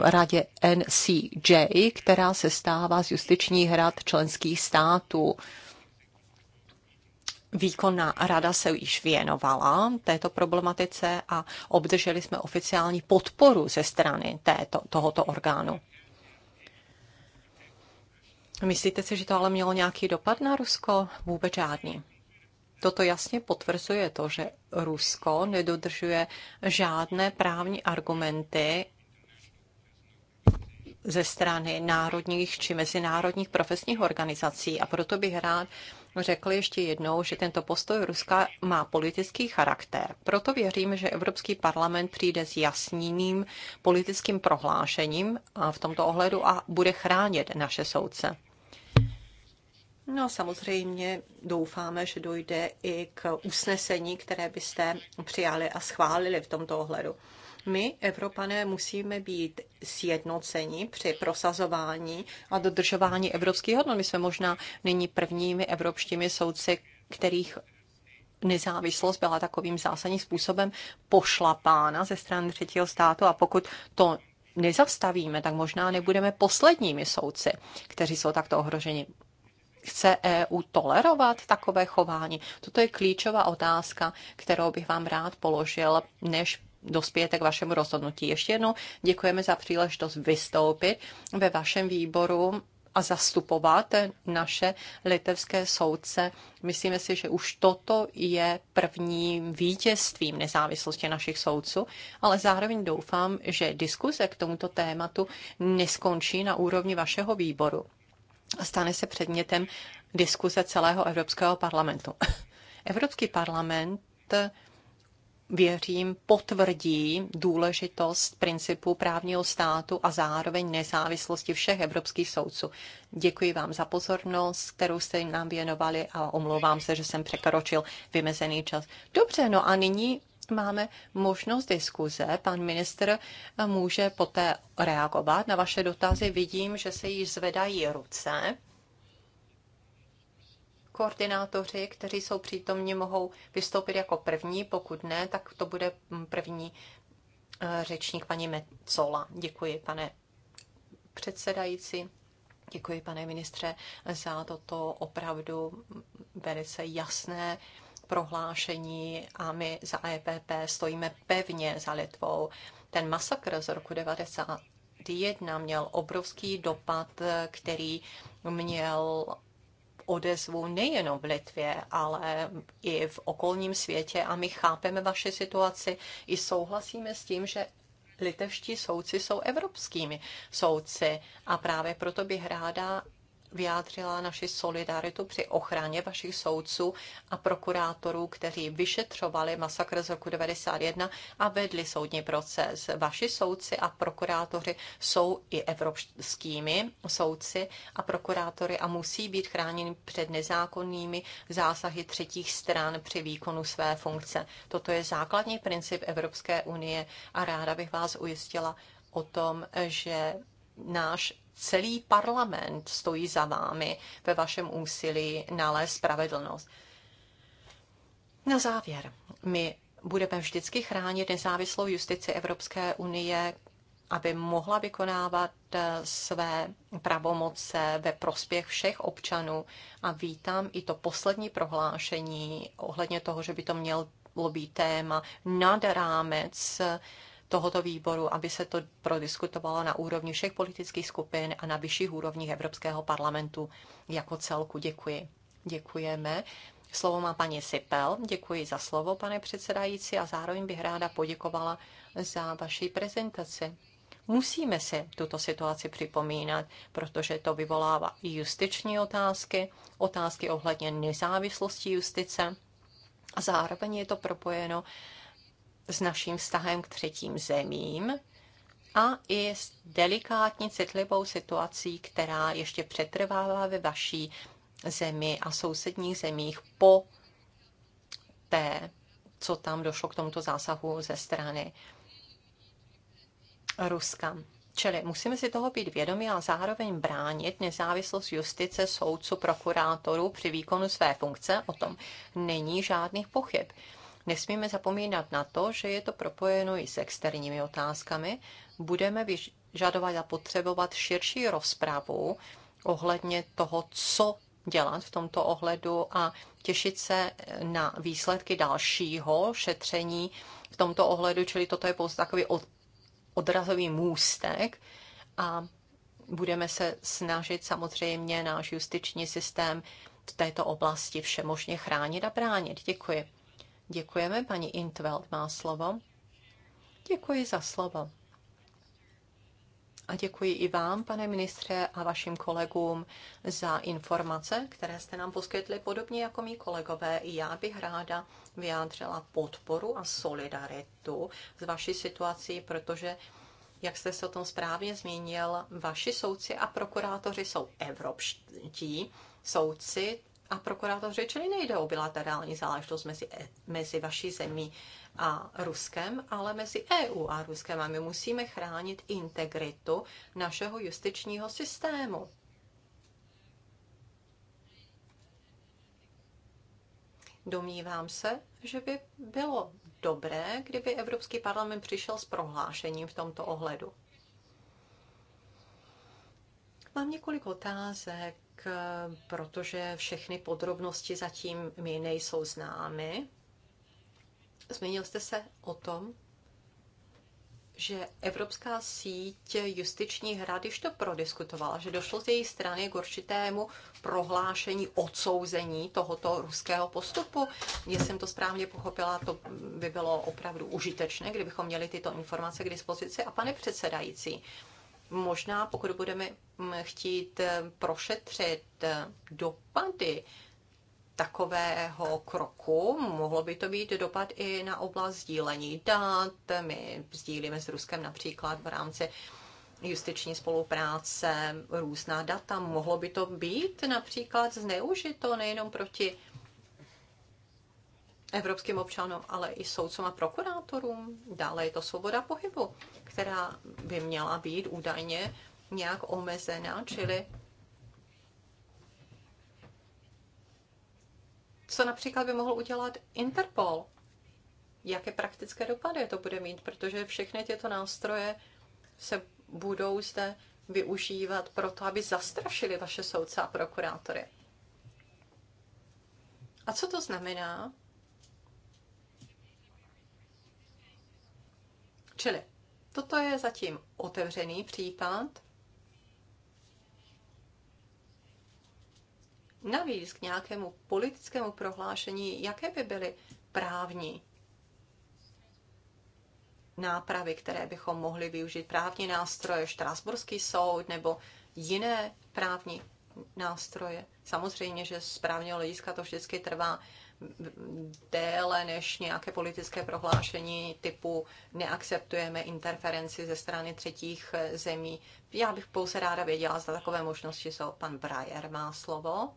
radě NCJ, která se stává z justičních rad členských států Výkonná rada se již věnovala této problematice a obdrželi jsme oficiální podporu ze strany této, tohoto orgánu. Myslíte si, že to ale mělo nějaký dopad na Rusko? Vůbec žádný. Toto jasně potvrzuje to, že Rusko nedodržuje žádné právní argumenty ze strany národních či mezinárodních profesních organizací a proto bych rád řekl ještě jednou, že tento postoj Ruska má politický charakter. Proto věřím, že Evropský parlament přijde s jasným politickým prohlášením a v tomto ohledu a bude chránit naše soudce. No samozřejmě doufáme, že dojde i k usnesení, které byste přijali a schválili v tomto ohledu. My, Evropané, musíme být sjednoceni při prosazování a dodržování evropských hodnot. My jsme možná nyní prvními evropskými soudci, kterých nezávislost byla takovým zásadním způsobem pošlapána ze strany třetího státu a pokud to nezastavíme, tak možná nebudeme posledními soudci, kteří jsou takto ohroženi. Chce EU tolerovat takové chování? Toto je klíčová otázka, kterou bych vám rád položil, než dospějete k vašemu rozhodnutí. Ještě jednou děkujeme za příležitost vystoupit ve vašem výboru a zastupovat naše litevské soudce. Myslíme si, že už toto je prvním vítězstvím nezávislosti našich soudců, ale zároveň doufám, že diskuze k tomuto tématu neskončí na úrovni vašeho výboru a stane se předmětem diskuze celého Evropského parlamentu. Evropský parlament věřím, potvrdí důležitost principu právního státu a zároveň nezávislosti všech evropských soudců. Děkuji vám za pozornost, kterou jste nám věnovali a omlouvám se, že jsem překročil vymezený čas. Dobře, no a nyní máme možnost diskuze. Pan minister může poté reagovat na vaše dotazy. Vidím, že se již zvedají ruce. Koordinátoři, kteří jsou přítomní, mohou vystoupit jako první, pokud ne, tak to bude první eh, řečník paní Mecola. Děkuji, pane předsedající. Děkuji, pane ministře, za toto opravdu velice jasné prohlášení a my za EPP stojíme pevně za Litvou. Ten masakr z roku 1991 měl obrovský dopad, eh, který měl odezvu nejenom v Litvě, ale i v okolním světě a my chápeme vaše situaci i souhlasíme s tím, že litevští soudci jsou evropskými soudci a právě proto bych ráda vyjádřila naši solidaritu při ochraně vašich soudců a prokurátorů, kteří vyšetřovali masakr z roku 1991 a vedli soudní proces. Vaši soudci a prokurátoři jsou i evropskými soudci a prokurátory a musí být chráněni před nezákonnými zásahy třetích stran při výkonu své funkce. Toto je základní princip Evropské unie a ráda bych vás ujistila o tom, že náš celý parlament stojí za vámi ve vašem úsilí nalézt spravedlnost. Na závěr, my budeme vždycky chránit nezávislou justici Evropské unie, aby mohla vykonávat eh, své pravomoce ve prospěch všech občanů. A vítám i to poslední prohlášení ohledně toho, že by to mělo být téma nad rámec tohoto výboru, aby se to prodiskutovalo na úrovni všech politických skupin a na vyšších úrovních Evropského parlamentu jako celku. Děkuji. Děkujeme. Slovo má paní Sipel. Děkuji za slovo, pane předsedající, a zároveň bych ráda poděkovala za vaši prezentaci. Musíme si tuto situaci připomínat, protože to vyvolává i justiční otázky, otázky ohledně nezávislosti justice a zároveň je to propojeno s naším vztahem k třetím zemím a i s delikátní citlivou situací, která ještě přetrvává ve vaší zemi a sousedních zemích po té, co tam došlo k tomuto zásahu ze strany Ruska. Čili musíme si toho být vědomi a zároveň bránit nezávislost justice, soudcu, prokurátorů při výkonu své funkce. O tom není žádných pochyb nesmíme zapomínat na to, že je to propojeno i s externími otázkami. Budeme vyžadovat a potřebovat širší rozpravu ohledně toho, co dělat v tomto ohledu a těšit se na výsledky dalšího šetření v tomto ohledu, čili toto je pouze takový odrazový můstek a budeme se snažit samozřejmě náš justiční systém v této oblasti všemožně chránit a bránit. Děkuji. Děkujeme. Paní Intveld má slovo. Děkuji za slovo. A děkuji i vám, pane ministře, a vašim kolegům za informace, které jste nám poskytli, podobně jako mý kolegové. I já bych ráda vyjádřila podporu a solidaritu s vaší situací, protože jak jste se o tom správně zmínil, vaši soudci a prokurátoři jsou evropští soudci, a prokurátoři, čili nejde o bilaterální záležitost mezi, e- mezi vaší zemí a Ruskem, ale mezi EU a Ruskem. A my musíme chránit integritu našeho justičního systému. Domnívám se, že by bylo dobré, kdyby Evropský parlament přišel s prohlášením v tomto ohledu. Mám několik otázek Eh, protože všechny podrobnosti zatím mi nejsou známy. Zmínil jste se o tom, že Evropská síť justiční rad již to prodiskutovala, že došlo z její strany k určitému prohlášení odsouzení tohoto ruského postupu. Jestli jsem to správně pochopila, to by bylo opravdu užitečné, kdybychom měli tyto informace k dispozici. A pane předsedající, možná, pokud budeme mm, chtít eh, prošetřit eh, dopady takového kroku. Mohlo by to být dopad i na oblast sdílení dat. My sdílíme s Ruskem například v rámci justiční spolupráce různá data. Mohlo by to být například zneužito nejenom proti evropským občanům, ale i soudcům a prokurátorům. Dále je to svoboda pohybu, která by měla být údajně nějak omezená, čili co například by mohl udělat Interpol? Jaké praktické dopady to bude mít, protože všechny tyto nástroje se budou zde využívat to, aby zastrašili vaše soudce a prokurátory. A co to znamená Čili toto je zatím otevřený případ. Navíc k nějakému politickému prohlášení, jaké by byly právní nápravy, které bychom mohli využít, právní nástroje, Štrásburský soud nebo jiné právní nástroje. Samozřejmě, že z právního hlediska to vždycky trvá déle než nějaké politické prohlášení typu neakceptujeme interferenci ze strany třetích zemí. Já bych pouze ráda věděla, zda takové možnosti jsou. Pan Brajer má slovo.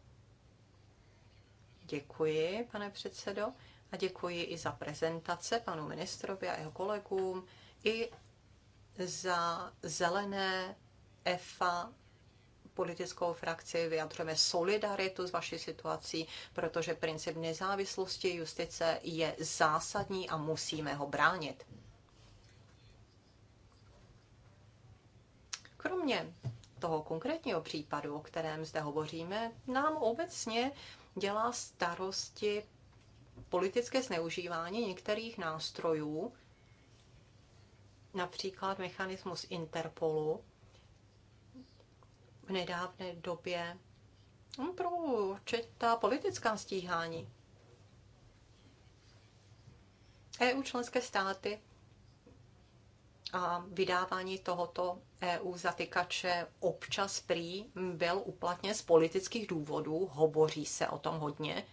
Děkuji, pane předsedo, a děkuji i za prezentace panu ministrovi a jeho kolegům, i za zelené EFA politickou frakci, vyjadřujeme solidaritu s vaší situací, protože princip nezávislosti justice je zásadní a musíme ho bránit. Kromě toho konkrétního případu, o kterém zde hovoříme, nám obecně dělá starosti politické zneužívání některých nástrojů, například mechanismus Interpolu, v nedávné době pro určitá politická stíhání. EU členské státy a vydávání tohoto EU zatykače občas prý byl uplatně z politických důvodů, hovoří se o tom hodně.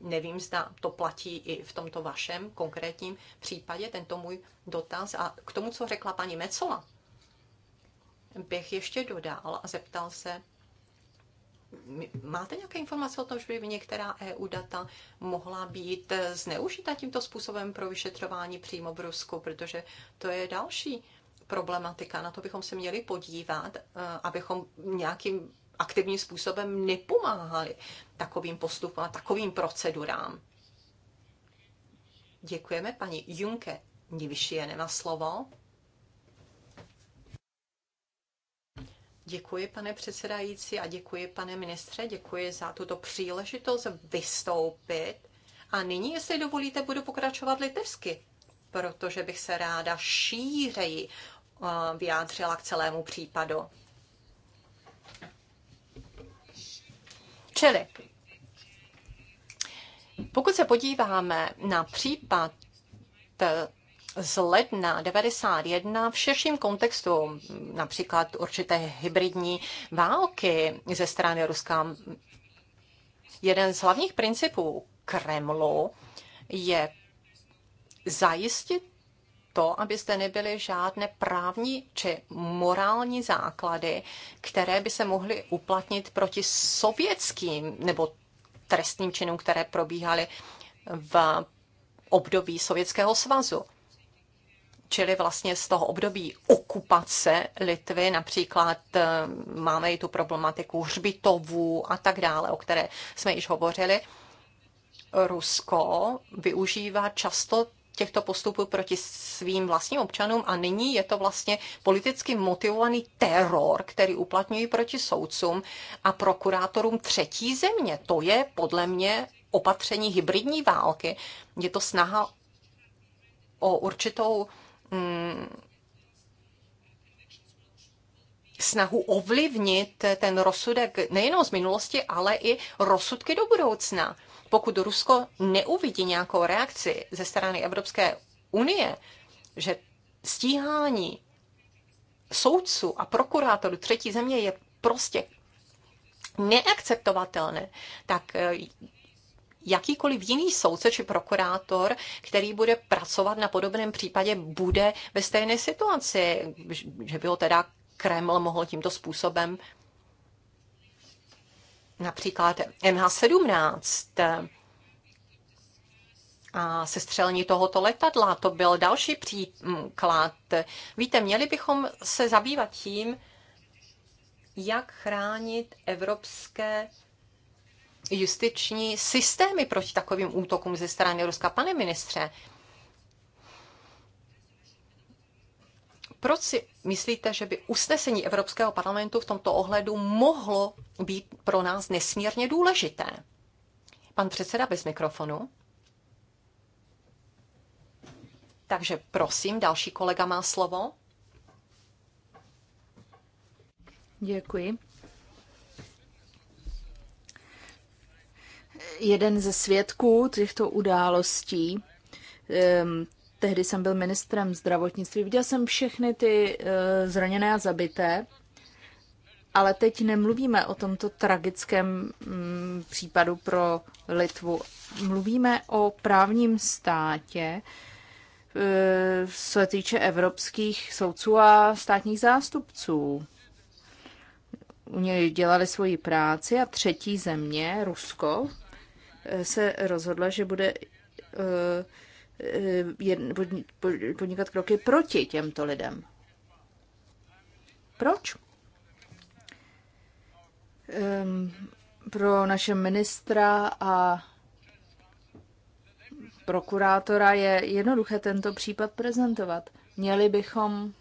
Nevím, zda to platí i v tomto vašem konkrétním případě, tento můj dotaz. A k tomu, co řekla paní Mecola, bych ještě dodal a zeptal se, máte nějaké informace o tom, že by některá EU data mohla být zneužita tímto způsobem pro vyšetřování přímo v Rusku, protože to je další problematika. Na to bychom se měli podívat, eh, abychom nějakým aktivním způsobem nepomáhali takovým postupům a takovým procedurám. Děkujeme paní Junke Nivyšie, nemá slovo. Děkuji, pane předsedající, a děkuji, pane ministře, děkuji za tuto příležitost vystoupit. A nyní, jestli dovolíte, budu pokračovat litevsky, protože bych se ráda šířeji eh, vyjádřila k celému případu. Čili, pokud se podíváme na případ z ledna 91 v širším kontextu například určité hybridní války ze strany Ruska. Jeden z hlavních principů Kremlu je zajistit to, abyste nebyly žádné právní či morální základy, které by se mohly uplatnit proti sovětským nebo trestným činům, které probíhaly v období Sovětského svazu čili vlastně z toho období okupace Litvy, například eh, máme i tu problematiku hřbitovů a tak dále, o které jsme již hovořili. Rusko využívá často těchto postupů proti svým vlastním občanům a nyní je to vlastně politicky motivovaný teror, který uplatňují proti soudcům a prokurátorům třetí země. To je podle mě opatření hybridní války. Je to snaha o určitou Mm, snahu ovlivnit ten rozsudek nejenom z minulosti, ale i rozsudky do budoucna. Pokud Rusko neuvidí nějakou reakci ze strany Evropské unie, že stíhání soudců a prokurátorů třetí země je prostě neakceptovatelné, tak jakýkoliv jiný soudce či prokurátor, který bude pracovat na podobném případě, bude ve stejné situaci, že by ho teda Kreml mohl tímto způsobem například MH17 a sestřelení tohoto letadla. To byl další příklad. Víte, měli bychom se zabývat tím, jak chránit evropské justiční systémy proti takovým útokům ze strany Ruska. Pane ministře, proč si myslíte, že by usnesení Evropského parlamentu v tomto ohledu mohlo být pro nás nesmírně důležité? Pan předseda bez mikrofonu. Takže prosím, další kolega má slovo. Děkuji. jeden ze svědků těchto událostí. Ehm, tehdy jsem byl ministrem zdravotnictví. Viděl jsem všechny ty eh, zraněné a zabité, ale teď nemluvíme o tomto tragickém mm, případu pro Litvu. Mluvíme o právním státě, eh, co se týče evropských soudců a státních zástupců. U něj dělali svoji práci a třetí země, Rusko, se rozhodla, že bude eh, eh, podnikat kroky proti těmto lidem. Proč? Ehm, pro naše ministra a prokurátora je jednoduché tento případ prezentovat. Měli bychom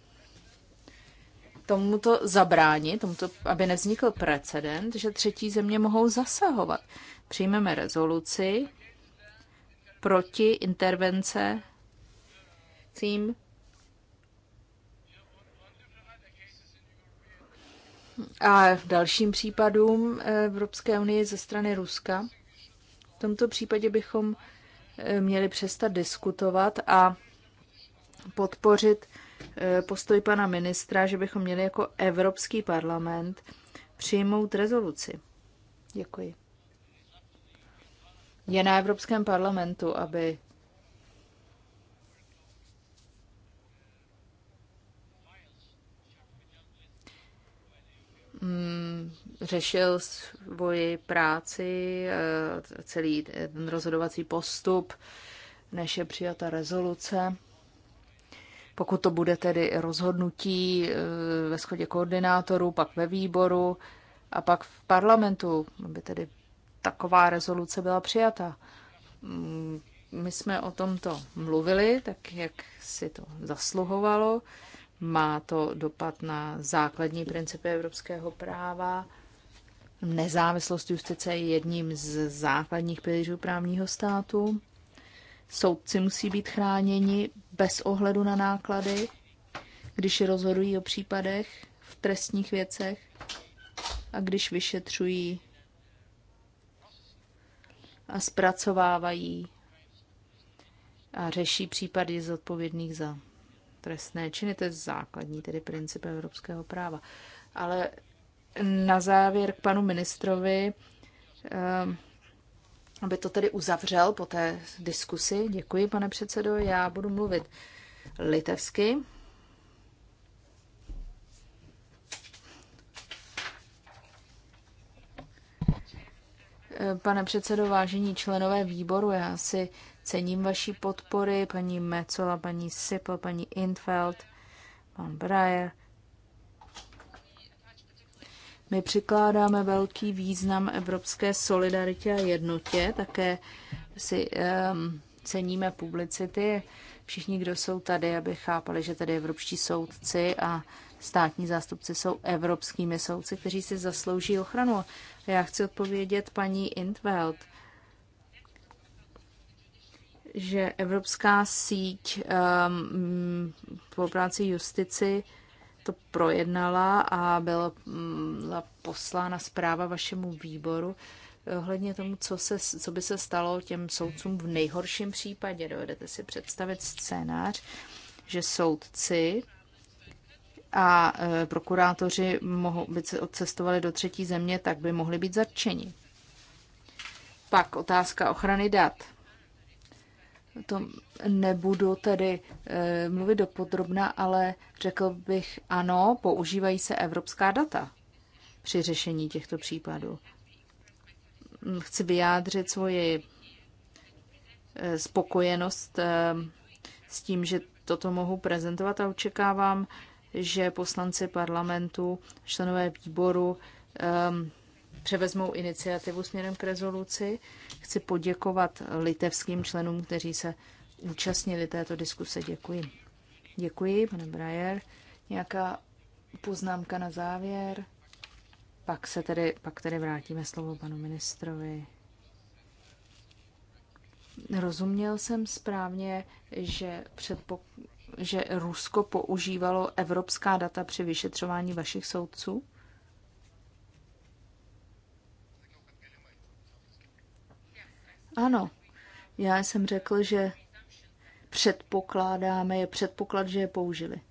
tomuto zabránit, tomuto, aby nevznikl precedent, že třetí země mohou zasahovat přijmeme rezoluci proti intervence tím a v dalším případům Evropské unie ze strany Ruska. V tomto případě bychom eh, měli přestat diskutovat a podpořit eh, postoj pana ministra, že bychom měli jako Evropský parlament přijmout rezoluci. Děkuji. Je na Evropském parlamentu, aby mm, řešil svoji práci, eh, celý ten rozhodovací postup, než je přijata rezoluce. Pokud to bude tedy rozhodnutí eh, ve shodě koordinátorů, pak ve výboru a pak v parlamentu, aby tedy taková rezoluce byla přijata. Mm, my jsme o tomto mluvili, tak jak si to zasluhovalo. Má to dopad na základní principy evropského práva. Nezávislost justice je jedním z základních pilířů právního státu. Soudci musí být chráněni bez ohledu na náklady, když rozhodují o případech v trestních věcech a když vyšetřují a zpracovávají a řeší případy zodpovědných za trestné činy. To je základní tedy princip evropského práva. Ale na závěr k panu ministrovi, ehm, aby to tedy uzavřel po té diskusi. Děkuji, pane předsedo. Já budu mluvit litevsky. Pane předsedo, vážení členové výboru, já si cením vaší podpory, paní Mecola, paní Sipl, paní Infeld, pan Breyer. My přikládáme velký význam evropské solidaritě a jednotě, také si um, ceníme publicity. Všichni, kdo jsou tady, aby chápali, že tady evropští soudci a státní zástupci jsou evropskými soudci, kteří si zaslouží ochranu. Já chci odpovědět paní Intveld, že Evropská síť um, práci justici to projednala a byla, byla poslána zpráva vašemu výboru eh, ohledně tomu, co, se, co by se stalo těm soudcům v nejhorším případě. Dovedete si představit scénář, že soudci a e, prokurátoři mohou, by se odcestovali do třetí země, tak by mohli být zatčeni. Pak otázka ochrany dat. To nebudu tedy e, mluvit do podrobna, ale řekl bych ano, používají se evropská data při řešení těchto případů. Chci vyjádřit svoji e, spokojenost e, s tím, že toto mohu prezentovat a očekávám že poslanci parlamentu, členové výboru um, převezmou iniciativu směrem k rezoluci. Chci poděkovat litevským členům, kteří se účastnili této diskuse. Děkuji. Děkuji, pane Brajer. Nějaká poznámka na závěr? Pak se tedy, pak tedy vrátíme slovo panu ministrovi. Rozuměl jsem správně, že předpok- že Rusko používalo evropská data při vyšetřování vašich soudců? Ano, já jsem řekl, že předpokládáme, je předpoklad, že je použili.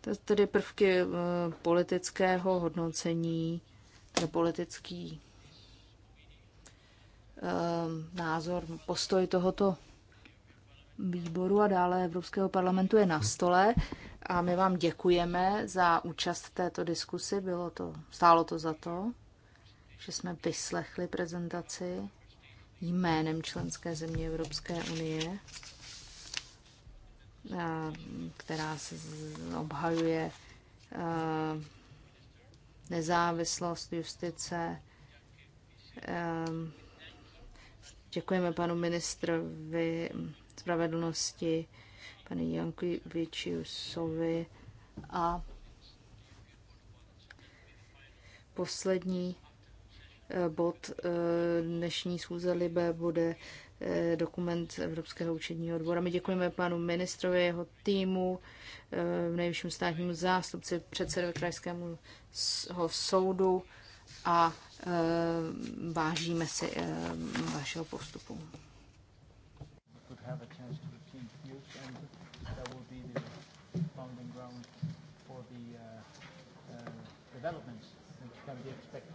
To tedy prvky eh, politického hodnocení politický ehm, názor, postoj tohoto výboru a dále Evropského parlamentu je na stole. A my vám děkujeme za účast v této diskusi. Bylo to, stálo to za to, že jsme vyslechli prezentaci jménem členské země Evropské unie, ehm, která se obhajuje ehm, nezávislost justice. Ehm, děkujeme panu ministrovi spravedlnosti, panu Jankovičiusovi a poslední eh, bod eh, dnešní schůze Libe bude Eh, dokument Evropského účetního odbora. My děkujeme panu ministrovi, jeho týmu, eh, nejvyšším státnímu zástupci, předsedovi krajskému soudu a eh, vážíme si vašeho postupu. developments which can be expected.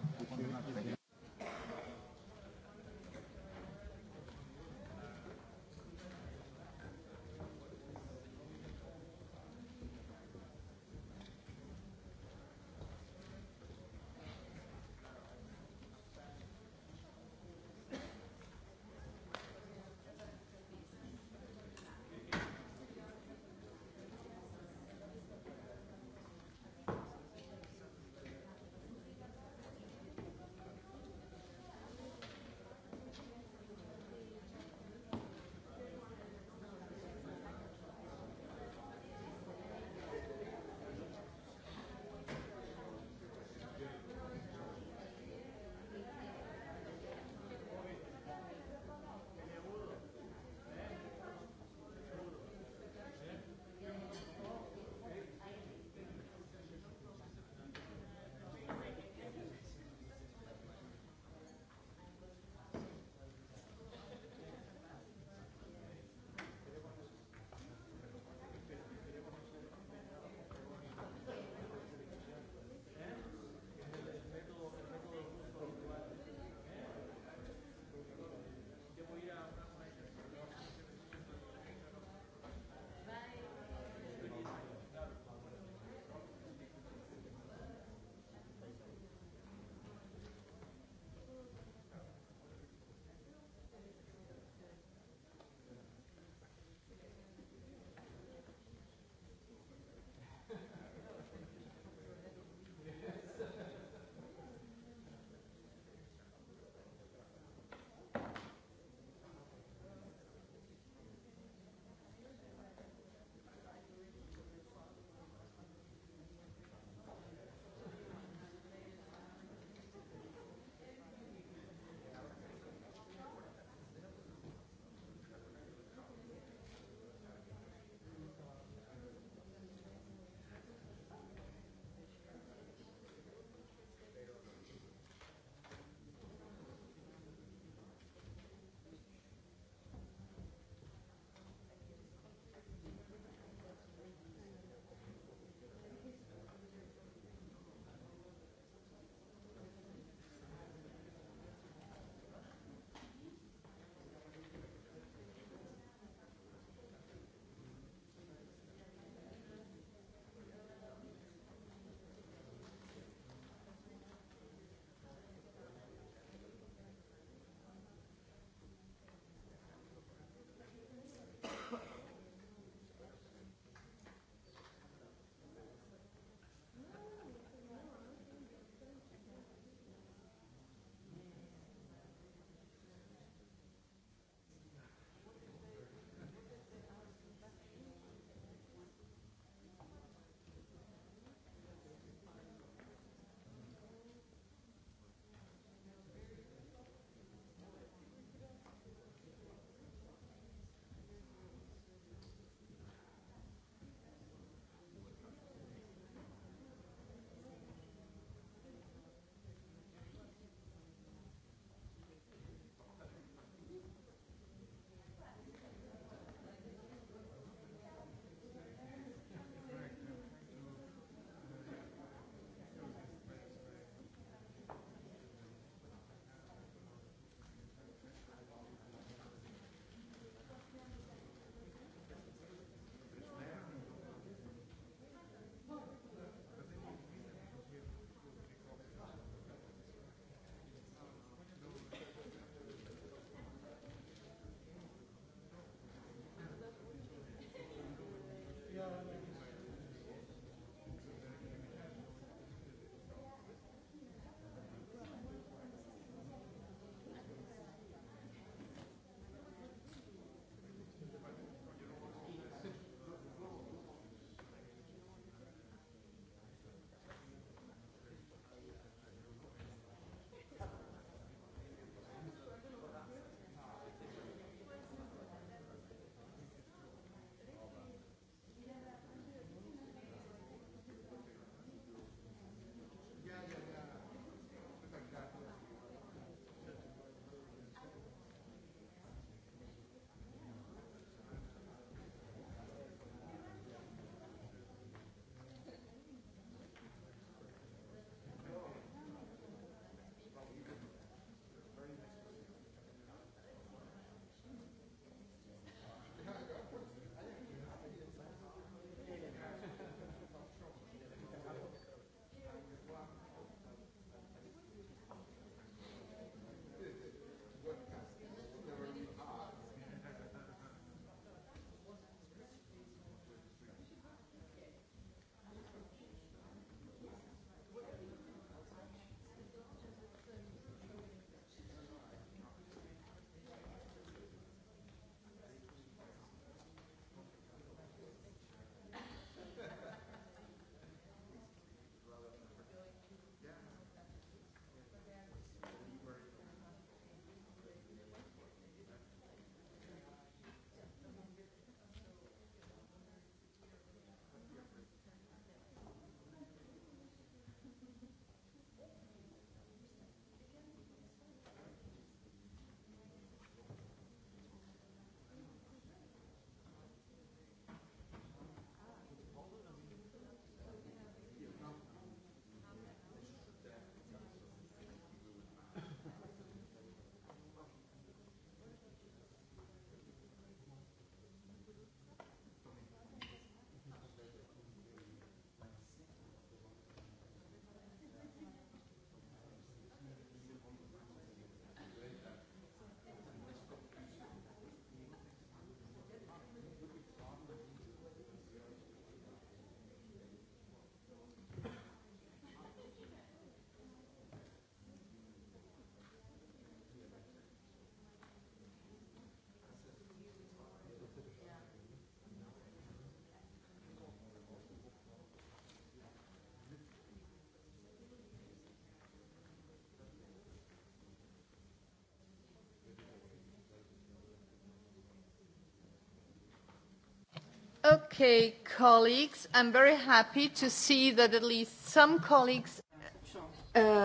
Okay, colleagues, I'm very happy to see that at least some colleagues...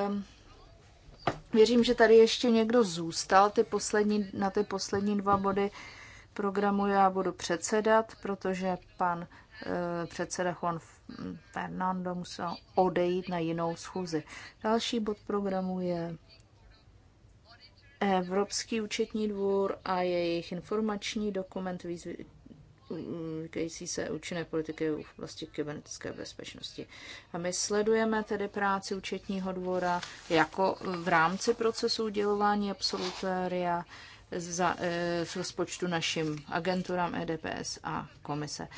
Um, věřím, že tady ještě někdo zůstal ty poslední, na ty poslední dva body programu. Já budu předsedat, protože pan uh, předseda Juan Fernando musel odejít na jinou schůzi. Další bod programu je Evropský účetní dvůr a jejich informační dokument výzvy týkající se účinné politiky v oblasti kybernetické bezpečnosti. A my sledujeme tedy práci účetního dvora jako v rámci procesu udělování absolutéria za, e, v rozpočtu našim agenturám EDPS a komise.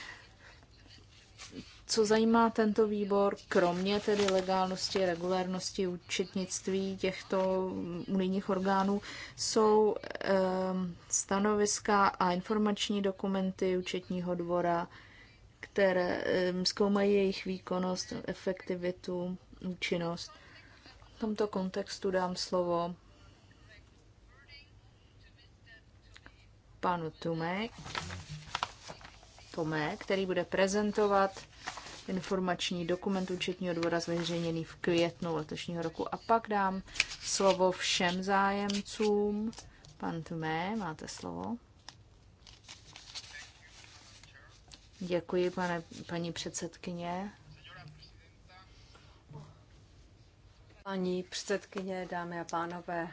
Co zajímá tento výbor, kromě tedy legálnosti, regulárnosti, účetnictví těchto unijních orgánů, jsou e, stanoviska a informační dokumenty účetního dvora, které zkoumají jejich výkonnost, efektivitu, účinnost. V tomto kontextu dám slovo panu Tume, Tome, který bude prezentovat informační dokument účetního dvora zveřejněný v květnu letošního roku. A pak dám slovo všem zájemcům Pan Tumé, máte slovo. Děkuji, pane, paní předsedkyně. Paní předsedkyně, dámy a pánové,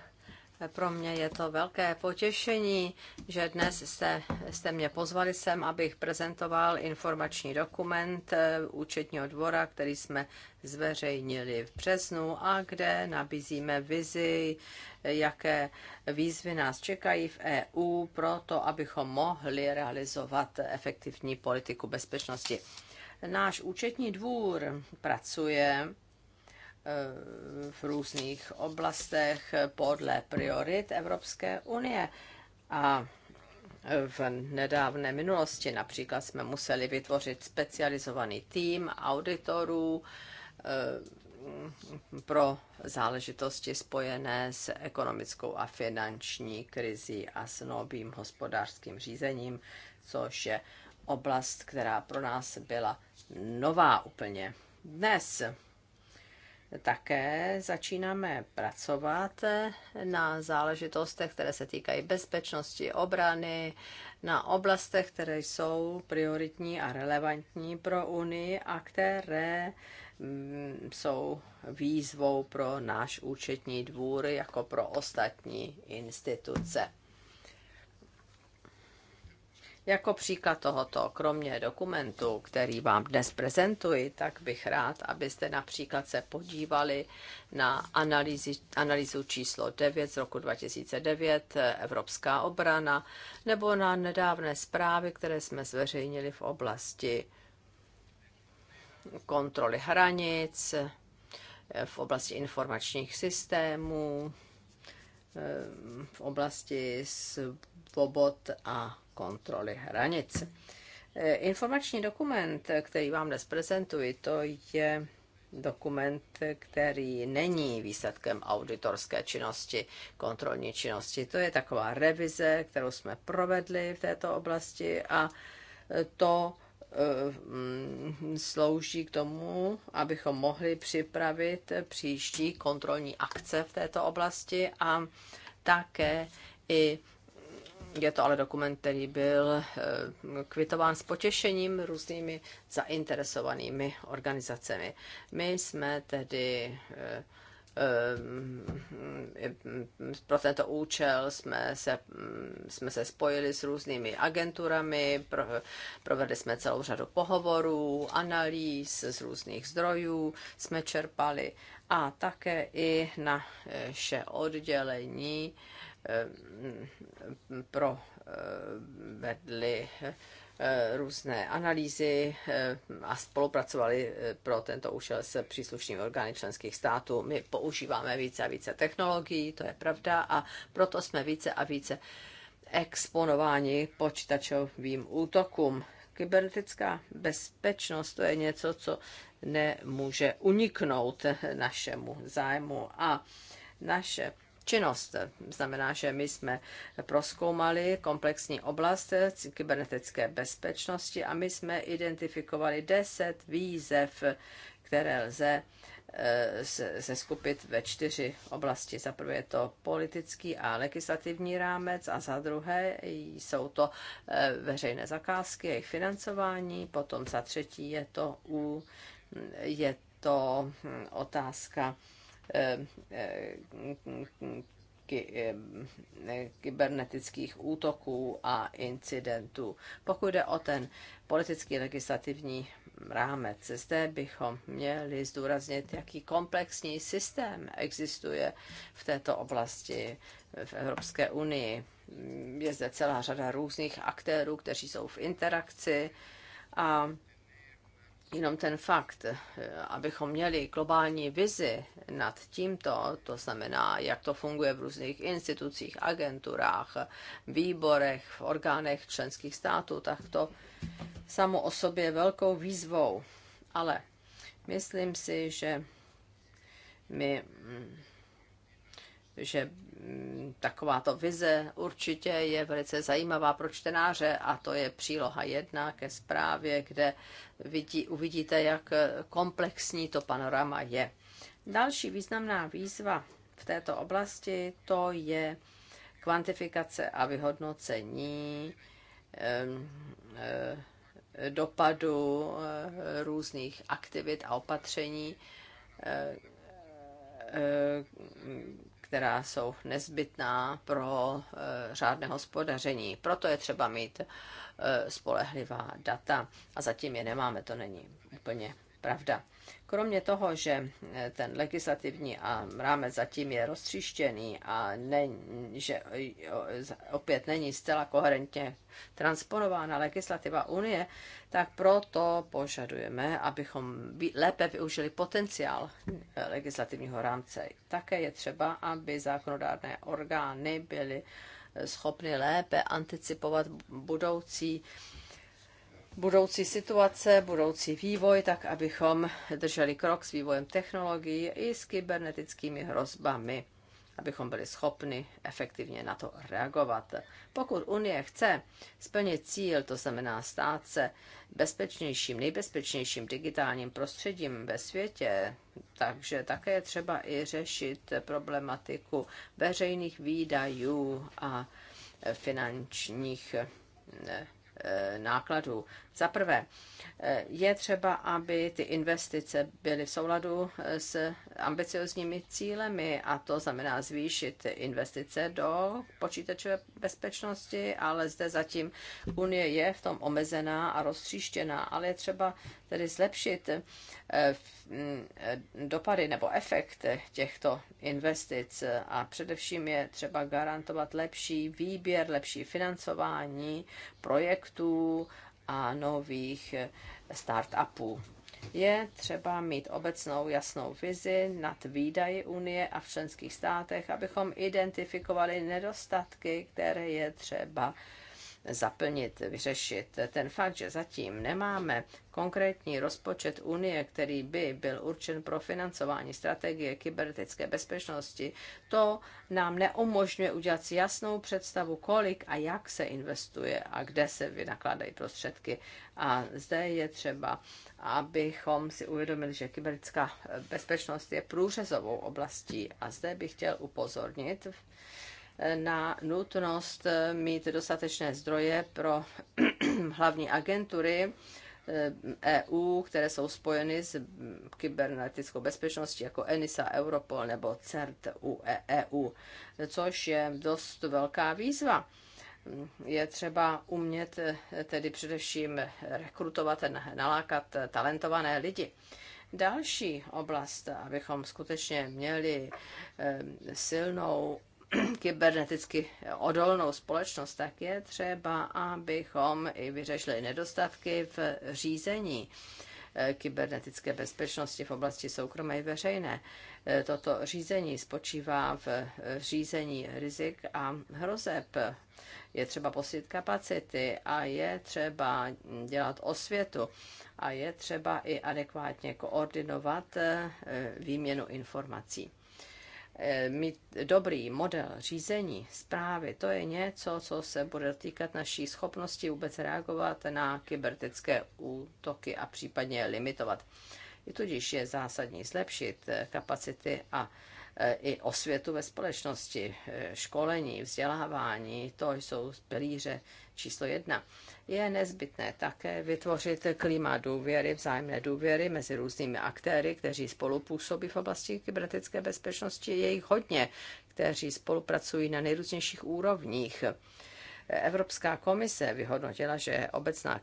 pro mě je to velké potěšení, že dnes jste, jste mě pozvali sem, abych prezentoval informační dokument eh, účetního dvora, který jsme zveřejnili v březnu a kde nabízíme vizi jaké výzvy nás čekají v EU pro to, abychom mohli realizovat efektivní politiku bezpečnosti. Náš účetní dvůr pracuje e, v různých oblastech podle priorit Evropské unie a v nedávné minulosti například jsme museli vytvořit specializovaný tým auditorů e, pro záležitosti spojené s ekonomickou a finanční krizí a s novým hospodářským řízením, což je oblast, která pro nás byla nová úplně. Dnes také začínáme pracovat na záležitostech, které se týkají bezpečnosti, obrany, na oblastech, které jsou prioritní a relevantní pro Unii a které Mm, jsou výzvou pro náš účetní dvůr jako pro ostatní instituce. Jako příklad tohoto, kromě dokumentu, který vám dnes prezentuji, tak bych rád, abyste například se podívali na analýzi, analýzu číslo 9 z roku 2009, Evropská obrana, nebo na nedávné zprávy, které jsme zveřejnili v oblasti kontroly hranic, eh, v oblasti informačních systémů, eh, v oblasti svobod a kontroly hranic. Eh, informační dokument, který vám dnes prezentuji, to je dokument, který není výsledkem auditorské činnosti, kontrolní činnosti. To je taková revize, kterou jsme provedli v této oblasti a to Eh, mm, slouží k tomu, abychom mohli připravit příští kontrolní akce v této oblasti a také i je to ale dokument, který byl eh, kvitován s potěšením různými zainteresovanými organizacemi. My jsme tedy eh, Eh, pro tento účel jsme se, jsme se spojili s různými agenturami, pro, provedli jsme celou řadu pohovorů, analýz z různých zdrojů, jsme čerpali a také i naše oddělení eh, provedli eh, Eh, různé analýzy eh, a spolupracovali eh, pro tento účel s příslušnými orgány členských států. My používáme více a více technologií, to je pravda, a proto jsme více a více exponováni počítačovým útokům. Kybernetická bezpečnost to je něco, co nemůže uniknout našemu zájmu a naše činnost. Znamená, že my jsme proskoumali komplexní oblast kybernetické bezpečnosti a my jsme identifikovali 10 výzev, které lze eh, se skupit ve čtyři oblasti. Za prvé je to politický a legislativní rámec a za druhé jsou to eh, veřejné zakázky, jejich financování, potom za třetí je to, u, je to hm, otázka Eh, eh, eh, kybernetických útoků a incidentů. Pokud jde o ten politický legislativní rámec, zde bychom měli zdůraznit, jaký komplexní systém existuje v této oblasti v Evropské unii. Je zde celá řada různých aktérů, kteří jsou v interakci a jenom ten fakt, eh, abychom měli globální vizi nad tímto, to znamená, jak to funguje v různých institucích, agenturách, výborech, v orgánech členských států, tak to samo o sobě je velkou výzvou. Ale myslím si, že my mm, že mm, takováto vize určitě je velice zajímavá pro čtenáře a to je příloha jedna ke zprávě, kde vidí, uvidíte, jak komplexní to panorama je. Další významná výzva v této oblasti to je kvantifikace a vyhodnocení eh, dopadu eh, různých aktivit a opatření, eh, která jsou nezbytná pro eh, řádné hospodaření. Proto je třeba mít eh, spolehlivá data a zatím je nemáme, to není úplně pravda. Kromě toho, že eh, ten legislativní a rámec zatím je roztříštěný a ne, že eh, opět není zcela koherentně transponována legislativa Unie, tak proto požadujeme, abychom lépe využili potenciál eh, legislativního rámce. Také je třeba, aby zákonodárné orgány byly schopny lépe anticipovat budoucí uh, budoucí situace, budoucí vývoj, tak abychom drželi krok s vývojem technologií i s kybernetickými hrozbami, abychom byli schopni efektivně na to reagovat. Pokud Unie chce splnit cíl, to znamená stát se bezpečnějším, nejbezpečnějším digitálním prostředím ve světě, takže také je třeba i řešit problematiku veřejných výdajů a finančních Eh, nákladů. Za prvé, eh, je třeba, aby ty investice byly v souladu s ambiciozními cílemi a to znamená zvýšit investice do počítačové bezpečnosti, ale zde zatím Unie je v tom omezená a roztříštěná, ale je třeba tedy zlepšit eh, mm, eh, dopady nebo efekt těchto investic a především je třeba garantovat lepší výběr, lepší financování projektů a nových eh, startupů je třeba mít obecnou jasnou vizi nad výdaji Unie a v členských státech, abychom identifikovali nedostatky, které je třeba zaplnit, vyřešit. Ten fakt, že zatím nemáme konkrétní rozpočet Unie, který by byl určen pro financování strategie kybernetické bezpečnosti, to nám neumožňuje udělat si jasnou představu, kolik a jak se investuje a kde se vynakládají prostředky. A zde je třeba, abychom si uvědomili, že kybernetická bezpečnost je průřezovou oblastí. A zde bych chtěl upozornit, na nutnost mít dostatečné zdroje pro hlavní agentury EU, eh, e které jsou spojeny s kybernetickou bezpečností, jako ENISA, Europol nebo CERT EU, e, e což je dost velká výzva je třeba umět eh, tedy především rekrutovat, eh, nalákat talentované lidi. Další oblast, abychom skutečně měli silnou kyberneticky odolnou společnost, tak je třeba, abychom i vyřešili nedostatky v řízení eh, kybernetické bezpečnosti v oblasti soukromé i veřejné. Eh, toto řízení spočívá v eh, řízení rizik a hrozeb. Je třeba posílit kapacity a je třeba dělat osvětu a je třeba i adekvátně koordinovat výměnu informací. Eh, mít dobrý model řízení, zprávy, to je něco, co se bude týkat naší schopnosti vůbec reagovat na kybernetické útoky a případně limitovat. I tudíž je zásadní zlepšit eh, kapacity a E, i osvětu ve společnosti, e, školení, vzdělávání, to jsou pilíře číslo jedna. Je nezbytné také vytvořit klima důvěry, vzájemné důvěry mezi různými aktéry, kteří spolupůsobí v oblasti kybernetické bezpečnosti. Je jich hodně, kteří spolupracují na nejrůznějších úrovních Evropská komise vyhodnotila, že obecná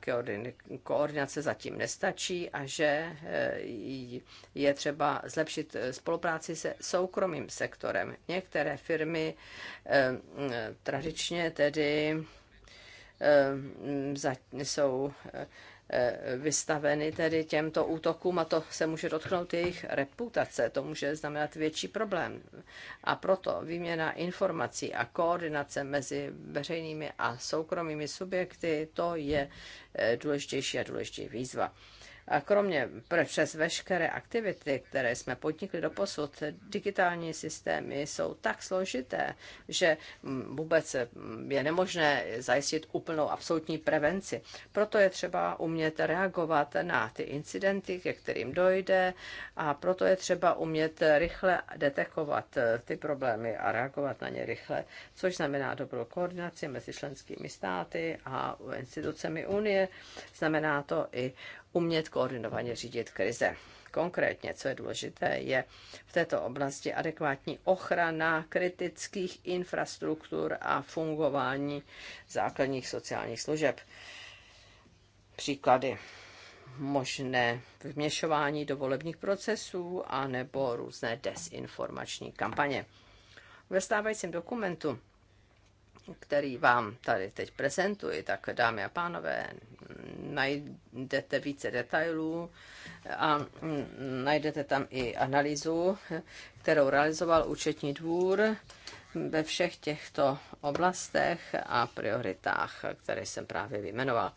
koordinace zatím nestačí a že eh, je třeba zlepšit eh, spolupráci se soukromým sektorem. Některé firmy eh, tradičně tedy jsou Eh, vystaveny tedy těmto útokům a to se může dotknout jejich reputace. To může znamenat větší problém. A proto výměna informací a koordinace mezi veřejnými a soukromými subjekty, to je eh, důležitější a důležitější výzva. A kromě přes veškeré aktivity, které jsme podnikli do posud, digitální systémy jsou tak složité, že vůbec je nemožné zajistit úplnou absolutní prevenci. Proto je třeba umět reagovat na ty incidenty, ke kterým dojde a proto je třeba umět rychle detekovat ty problémy a reagovat na ně rychle, což znamená dobrou koordinaci mezi členskými státy a institucemi Unie. Znamená to i umět koordinovaně řídit krize. Konkrétně, co je důležité, je v této oblasti adekvátní ochrana kritických infrastruktur a fungování základních sociálních služeb. Příklady možné vměšování do volebních procesů a nebo různé desinformační kampaně. Ve stávajícím dokumentu který vám tady teď prezentuji, tak dámy a pánové, najdete více detailů a najdete tam i analýzu, kterou realizoval účetní dvůr ve všech těchto oblastech a prioritách, které jsem právě vyjmenoval.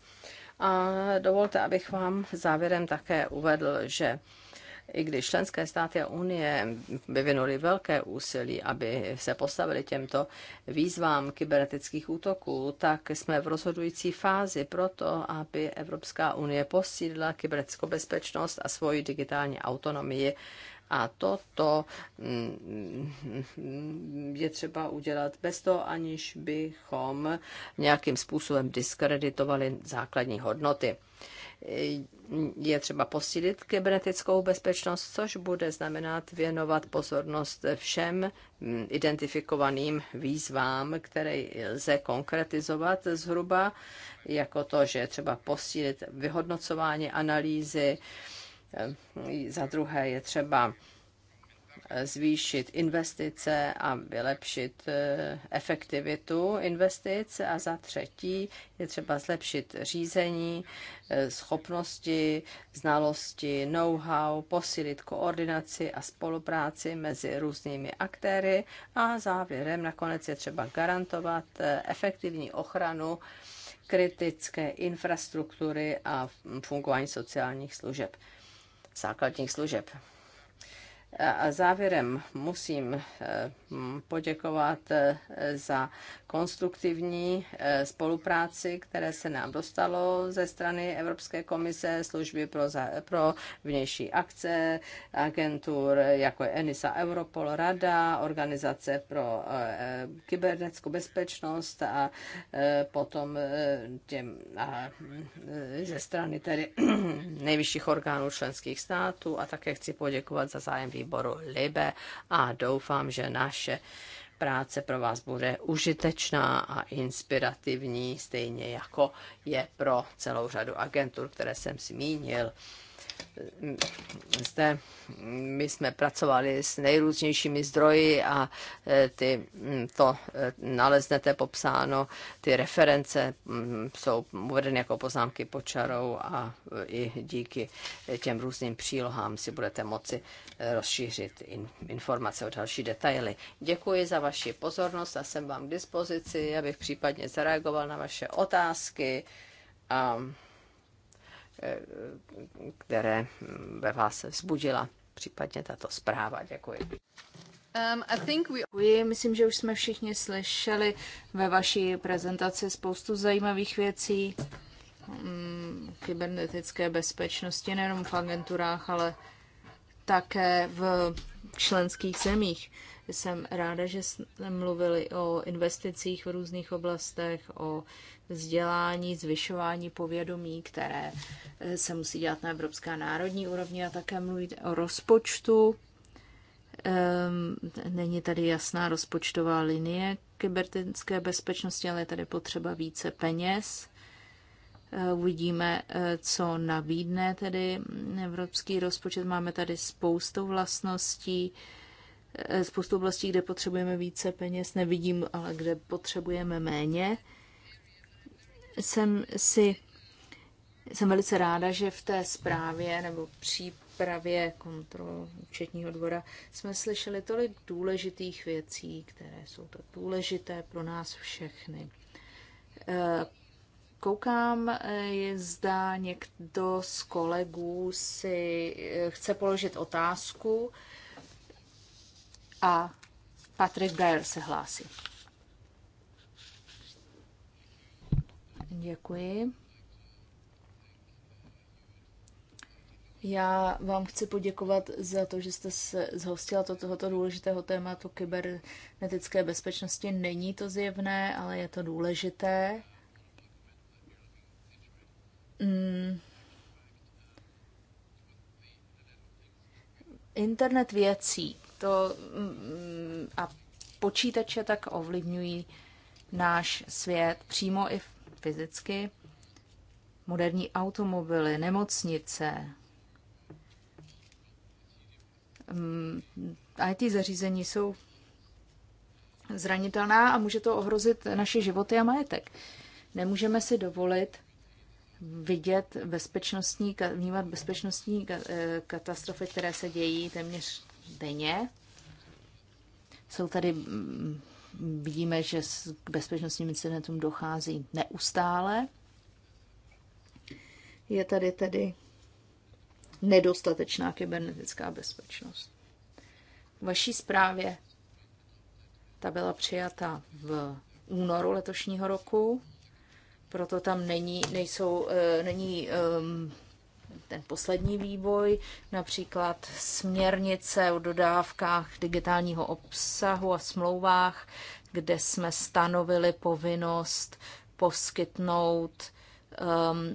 A dovolte, abych vám závěrem také uvedl, že i když členské státy a unie vyvinuli velké úsilí, aby se postavili těmto výzvám kybernetických útoků, tak jsme v rozhodující fázi pro to, aby Evropská unie posílila kybernetickou bezpečnost a svoji digitální autonomii. A toto mm, je třeba udělat bez toho, aniž bychom nějakým způsobem diskreditovali základní hodnoty je třeba posílit kybernetickou bezpečnost, což bude znamenat věnovat pozornost všem mm, identifikovaným výzvám, které lze konkretizovat zhruba, jako to, že je třeba posílit vyhodnocování analýzy, e, za druhé je třeba zvýšit investice a vylepšit eh, efektivitu investic. A za třetí je třeba zlepšit řízení, eh, schopnosti, znalosti, know-how, posílit koordinaci a spolupráci mezi různými aktéry. A závěrem nakonec je třeba garantovat eh, efektivní ochranu kritické infrastruktury a fungování sociálních služeb, základních služeb. A závěrem musím eh, Mm, poděkovat eh, za konstruktivní eh, spolupráci, které se nám dostalo ze strany Evropské komise, služby pro, za, pro vnější akce, agentur jako je ENISA, Europol, Rada, Organizace pro eh, kybernetickou bezpečnost a potom těm, a, ze strany tedy nejvyšších orgánů členských států a také chci poděkovat za zájem výboru LIBE a doufám, že náš naše práce pro vás bude užitečná a inspirativní, stejně jako je pro celou řadu agentur, které jsem zmínil zde my jsme pracovali s nejrůznějšími zdroji a e, ty, mm, to e, naleznete popsáno, ty reference mm, jsou uvedeny jako poznámky pod čarou a e, i díky těm různým přílohám si budete moci rozšířit informace o další detaily. Děkuji za vaši pozornost a jsem vám k dispozici, abych případně zareagoval na vaše otázky. Um, které ve vás vzbudila případně tato zpráva. Děkuji. Um, I think we... Myslím, že už jsme všichni slyšeli ve vaší prezentaci spoustu zajímavých věcí mm, kybernetické bezpečnosti nejenom v agenturách, ale také v členských zemích. Jsem ráda, že jsme mluvili o investicích v různých oblastech, o vzdělání, zvyšování povědomí, které eh, se musí dělat na evropská národní úrovni a také mluvit o rozpočtu. Ehm, není tady jasná rozpočtová linie kybernetické bezpečnosti, ale je tady potřeba více peněz. Eh, uvidíme, eh, co nabídne tedy evropský rozpočet. Máme tady spoustu vlastností, Eh, spoustu oblastí, kde potřebujeme více peněz, nevidím, ale kde potřebujeme méně. Jsem si jsem velice ráda, že v té zprávě nebo přípravě kontrol účetního dvora jsme slyšeli tolik důležitých věcí, které jsou tak důležité pro nás všechny. Eh, koukám, eh, je zda někdo z kolegů si chce položit otázku a Patrick Blair se hlásí. Děkuji. Já vám chci poděkovat za to, že jste se zhostila to, tohoto důležitého tématu kybernetické bezpečnosti. Není to zjevné, ale je to důležité. Mm. Internet věcí to mm, a počítače tak ovlivňují náš svět přímo i fyzicky. Moderní automobily, nemocnice, mm, IT zařízení jsou zranitelná a může to ohrozit naše životy a majetek. Nemůžeme si dovolit vidět bezpečnostní, vnímat bezpečnostní eh, katastrofy, které se dějí téměř denně. Jsou tady, mm, vidíme, že k bezpečnostním incidentům dochází neustále. Je tady tedy nedostatečná kybernetická bezpečnost. K vaší zprávě ta byla přijata v únoru letošního roku, proto tam není, nejsou, eh, není um, ten poslední vývoj, například směrnice o dodávkách digitálního obsahu a smlouvách, kde jsme stanovili povinnost poskytnout um,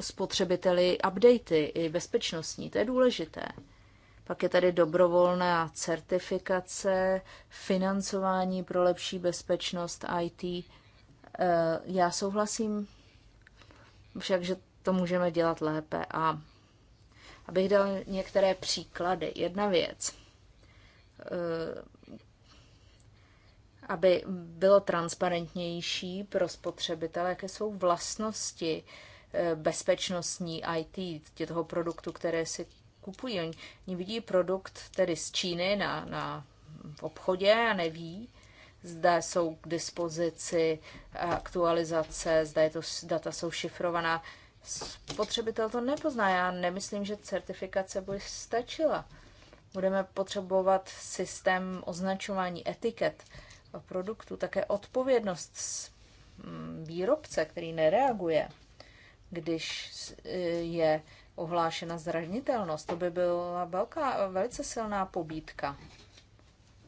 spotřebiteli updaty i bezpečnostní. To je důležité. Pak je tady dobrovolná certifikace, financování pro lepší bezpečnost IT. Eh, já souhlasím však, že to můžeme dělat lépe. A abych dal některé příklady. Jedna věc, eh, aby bylo transparentnější pro spotřebitele, jaké jsou vlastnosti eh, bezpečnostní IT, toho produktu, které si kupují. Oni vidí produkt tedy z Číny na, na, v obchodě a neví, zda jsou k dispozici eh, aktualizace, zda je to, data jsou šifrovaná spotřebitel to nepozná. Já nemyslím, že certifikace by stačila. Budeme potřebovat systém označování etiket produktu, také odpovědnost mm, výrobce, který nereaguje, když e, je ohlášena zranitelnost. To by byla velká, velice silná pobídka,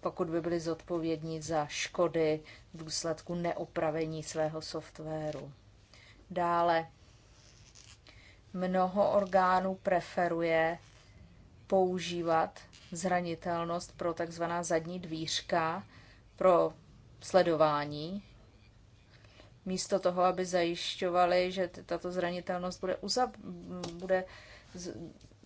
pokud by byli zodpovědní za škody v důsledku neopravení svého softwaru. Dále mnoho orgánů preferuje používat zranitelnost pro takzvaná zadní dvířka pro sledování, místo toho, aby zajišťovali, že tato zranitelnost bude, uzav, bude z,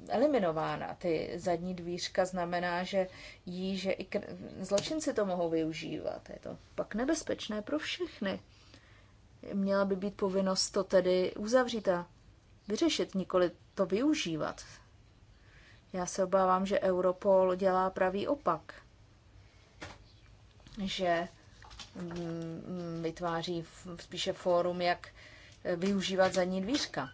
eliminována. Ty zadní dvířka znamená, že jí, že i kr- zločinci to mohou využívat. Je to pak nebezpečné pro všechny. Měla by být povinnost to tedy uzavřít a vyřešit, nikoli to využívat. Já se obávám, že Europol dělá pravý opak. Že mm, mm, vytváří spíše fórum, jak eh, využívat zadní dvířka.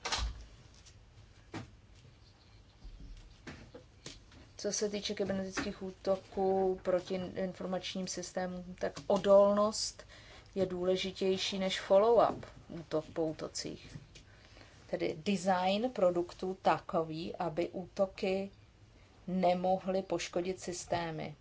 Co se týče kybernetických útoků proti informačním systémům, tak odolnost je důležitější než follow-up útok po útocích tedy design produktů takový, aby útoky nemohly poškodit systémy.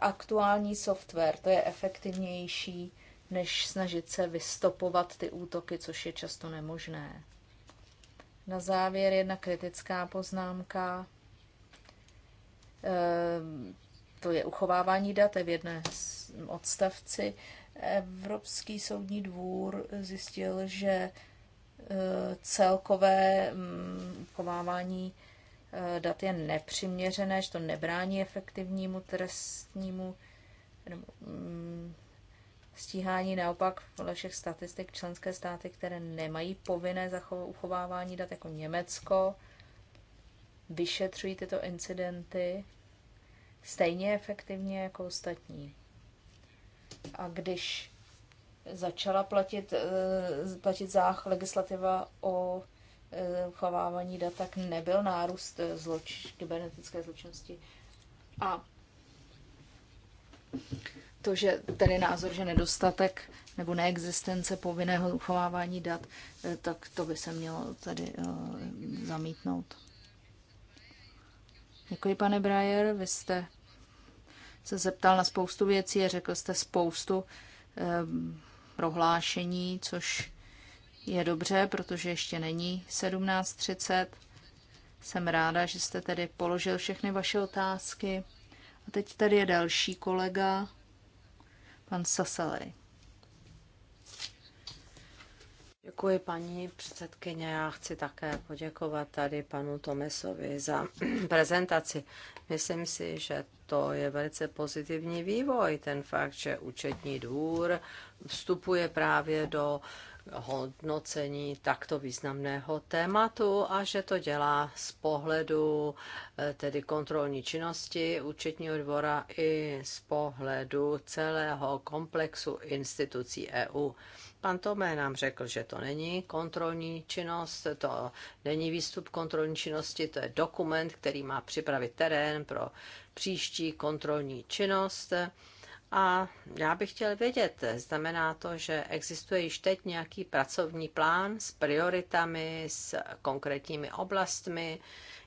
Aktuální software, to je efektivnější, než snažit se vystopovat ty útoky, což je často nemožné. Na závěr jedna kritická poznámka. E, to je uchovávání dat v jedné odstavci. Evropský soudní dvůr zjistil, že e, celkové uchovávání mm, e, dat je nepřiměřené, že to nebrání efektivnímu trestnímu mm, stíhání. Naopak podle všech statistik členské státy, které nemají povinné uchovávání dat, jako Německo, vyšetřují tyto incidenty stejně efektivně jako ostatní. A když začala platit, eh, platit zách legislativa o eh, uchovávání dat, tak nebyl nárůst eh, zloč, kybernetické zločinnosti. A to, že tedy názor, že nedostatek nebo neexistence povinného uchovávání dat, tak to by se mělo tady zamítnout. Děkuji, pane Brajer, vy jste se zeptal na spoustu věcí a řekl jste spoustu eh, prohlášení, což je dobře, protože ještě není 17.30. Jsem ráda, že jste tedy položil všechny vaše otázky. A teď tady je další kolega, pan Sasalej. Děkuji, paní předsedkyně. Já chci také poděkovat tady panu Tomesovi za prezentaci. Myslím si, že to je velice pozitivní vývoj, ten fakt, že účetní dvůr vstupuje právě do hodnocení takto významného tématu a že to dělá z pohledu eh, tedy kontrolní činnosti účetního dvora i z pohledu celého komplexu institucí EU. Pan Tomé nám řekl, že to není kontrolní činnost, to není výstup kontrolní činnosti, to je dokument, který má připravit terén pro příští kontrolní činnost. A já bych chtěl vědět, znamená to, že existuje již teď nějaký pracovní plán s prioritami, s konkrétními oblastmi,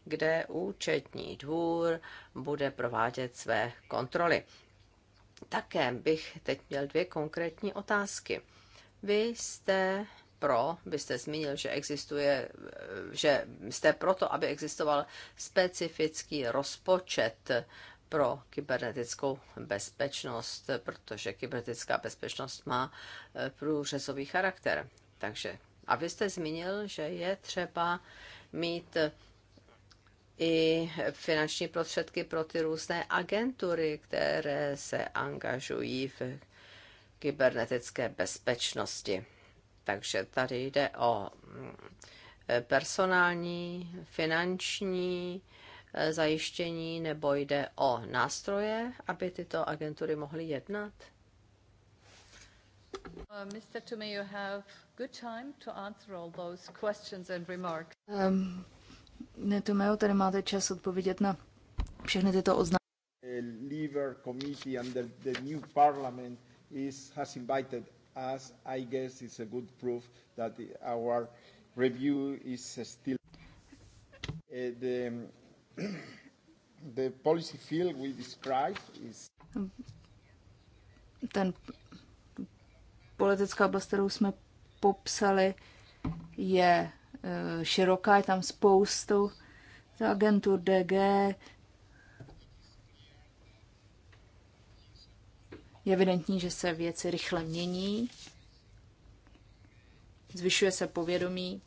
kde účetní dvůr bude provádět své kontroly. Také bych teď měl dvě konkrétní otázky. Vy jste pro, vy jste zmínil, že existuje, že jste proto, aby existoval specifický rozpočet pro kybernetickou bezpečnost, protože kybernetická bezpečnost má eh, průřezový charakter. Takže a vy jste zmínil, že je třeba mít eh, i finanční prostředky pro ty různé agentury, které se angažují v kybernetické bezpečnosti. Takže tady jde o mm, personální, finanční eh, zajištění nebo jde o nástroje, aby tyto agentury mohly jednat? Uh, Mr. Um, ne, tady máte čas odpovědět na všechny tyto oznámení. Lever committee under the new parliament is, has invited as I guess it's a good proof that the, our review is uh, still uh, the, the policy field we describe is ten politická oblast, kterou jsme popsali, je uh, široká, je tam spoustu agentů DG, Je evidentní, že se věci rychle mění, zvyšuje se povědomí,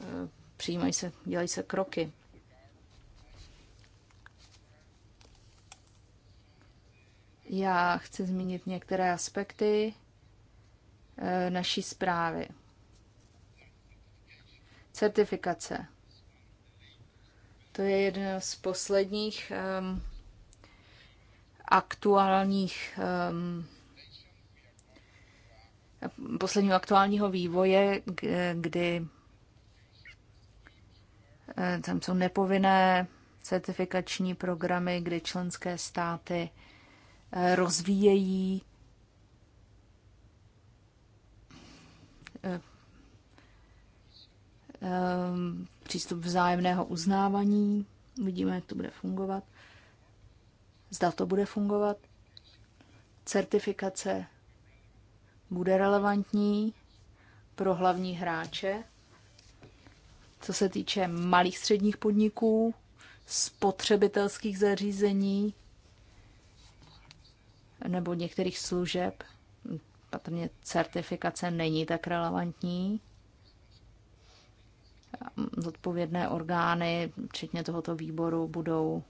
eh, přijímají se, dělají se kroky. Já chci zmínit některé aspekty eh, naší zprávy. Certifikace. To je jeden z posledních um, aktuálních ehm, posledního aktuálního vývoje, kdy eh, tam jsou nepovinné certifikační programy, kdy členské státy eh, rozvíjejí eh, ehm, přístup vzájemného uznávání. Vidíme, jak to bude fungovat zda to bude fungovat. Certifikace bude relevantní pro hlavní hráče, co se týče malých středních podniků, spotřebitelských zařízení nebo některých služeb. Patrně certifikace není tak relevantní. Zodpovědné orgány, včetně tohoto výboru, budou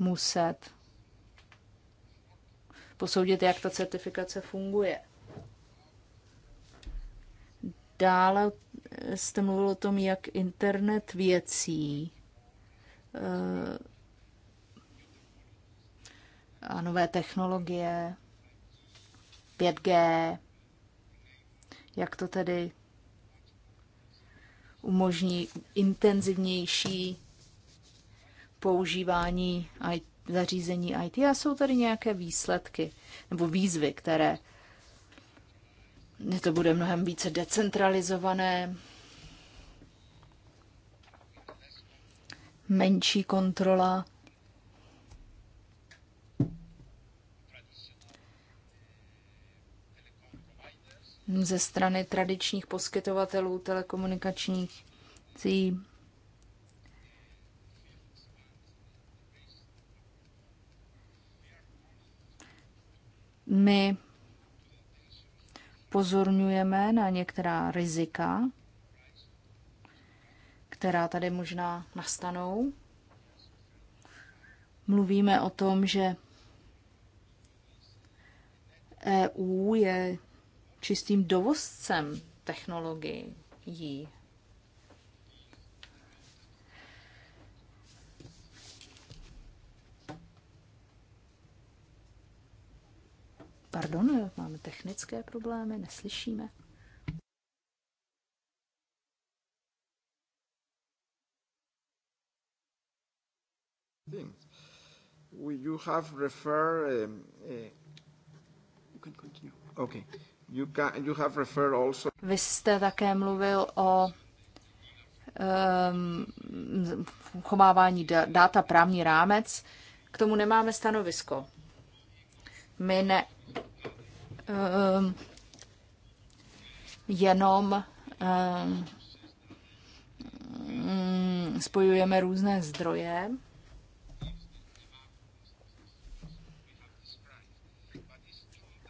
muset posoudit, jak ta certifikace funguje. Dále jste mluvil o tom, jak internet věcí eh, a nové technologie, 5G, jak to tedy umožní intenzivnější používání IT, zařízení IT a jsou tady nějaké výsledky nebo výzvy, které to bude mnohem více decentralizované, menší kontrola. ze strany tradičních poskytovatelů telekomunikačních My pozorňujeme na některá rizika, která tady možná nastanou. Mluvíme o tom, že EU je čistým dovozcem technologií Pardon, máme technické problémy, neslyšíme. You have referred. you can continue. Okay. You can. You have referred also. Vy jste také mluvil o um, chovávání data právní rámec. K tomu nemáme stanovisko. My ne, uh, jenom uh, spojujeme různé zdroje.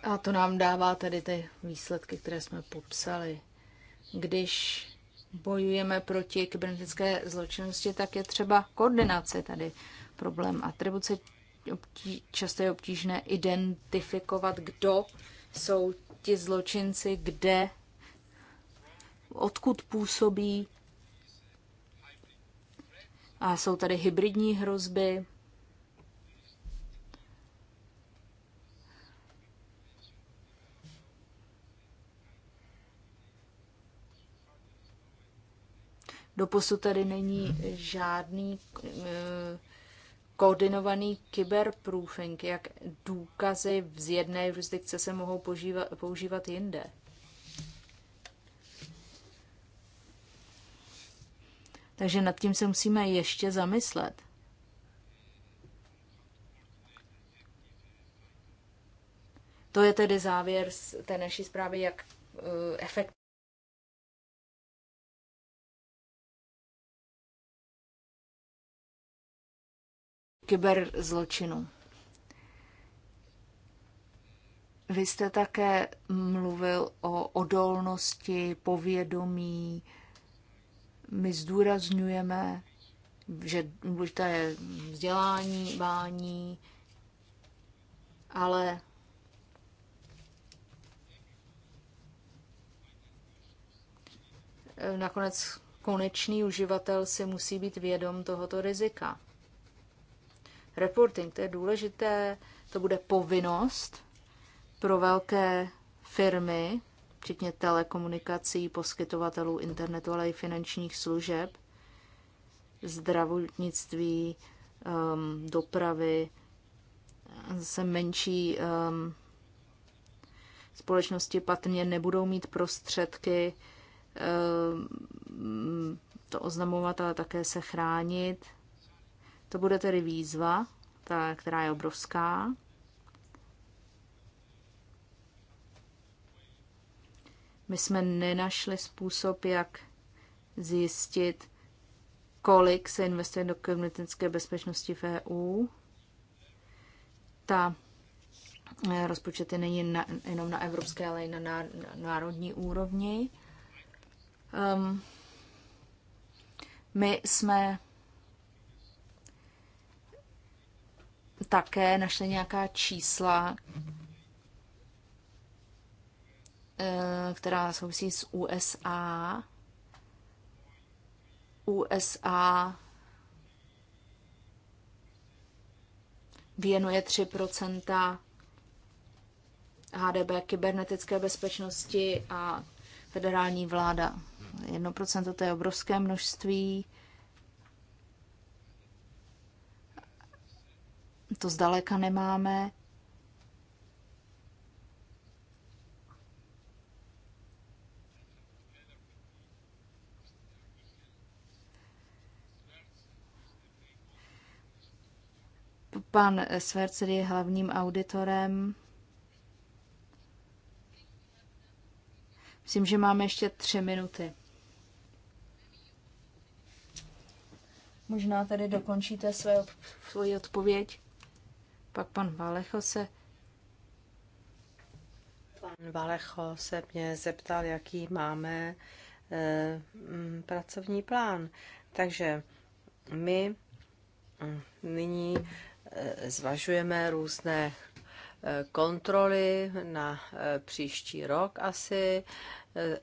A to nám dává tedy ty výsledky, které jsme popsali. Když bojujeme proti kybernetické zločinnosti, tak je třeba koordinace tady problém atribuce obtíž, často je obtížné identifikovat, kdo jsou ti zločinci, kde, odkud působí. A jsou tady hybridní hrozby. Doposud tady není žádný eh, koordinovaný kyberproofing, jak důkazy z jedné jurisdikce se mohou požívat, používat jinde. Takže nad tím se musíme ještě zamyslet. To je tedy závěr z té naší zprávy, jak eh, efekt kyberzločinu. Vy jste také mluvil o odolnosti, povědomí. My zdůrazňujeme, že to je vzdělání, bání, ale nakonec konečný uživatel si musí být vědom tohoto rizika reporting, to je důležité, to bude povinnost pro velké firmy, včetně telekomunikací, poskytovatelů internetu, ale i finančních služeb, zdravotnictví, um, dopravy, zase menší um, společnosti patrně nebudou mít prostředky um, to oznamovat, ale také se chránit. To bude tedy výzva, ta, která je obrovská. My jsme nenašli způsob, jak zjistit, kolik se investuje do kybernetické bezpečnosti v EU. Ta eh, rozpočet není na, jenom na evropské, ale i na, na národní úrovni. Um, my jsme také našli nějaká čísla, eh, která souvisí s USA. USA věnuje 3 HDB kybernetické bezpečnosti a federální vláda 1%, to je obrovské množství. to zdaleka nemáme. Pan Svercer je hlavním auditorem. Myslím, že máme ještě tři minuty. Možná tady dokončíte své, svoji odpověď. Pak pan Valecho se Pan Valecho se mě zeptal, jaký máme e, eh, m, mm, pracovní plán. Takže my mm, nyní eh, zvažujeme různé kontroly na eh, příští rok asi. Eh,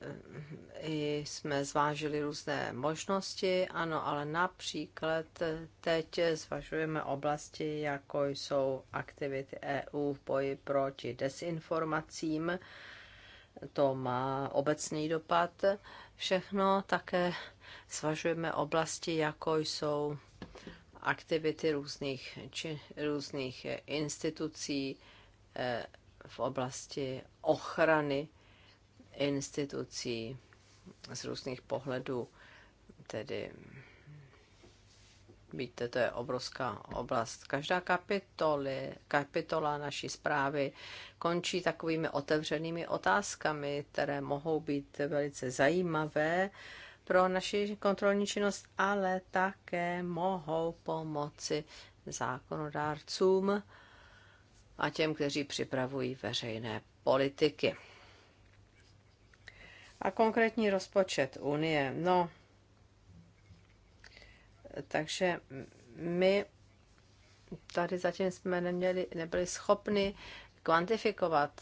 I jsme zvážili různé možnosti, ano, ale například eh, teď zvažujeme oblasti, jako jsou aktivity EU v boji proti desinformacím. To má obecný dopad. Všechno také zvažujeme oblasti, jako jsou aktivity různých, či, různých institucí, v oblasti ochrany institucí z různých pohledů. Tedy, víte, to je obrovská oblast. Každá kapitoly, kapitola naší zprávy končí takovými otevřenými otázkami, které mohou být velice zajímavé pro naši kontrolní činnost, ale také mohou pomoci zákonodárcům a těm, kteří připravují veřejné politiky. A konkrétní rozpočet Unie. No, takže my tady zatím jsme neměli, nebyli schopni kvantifikovat,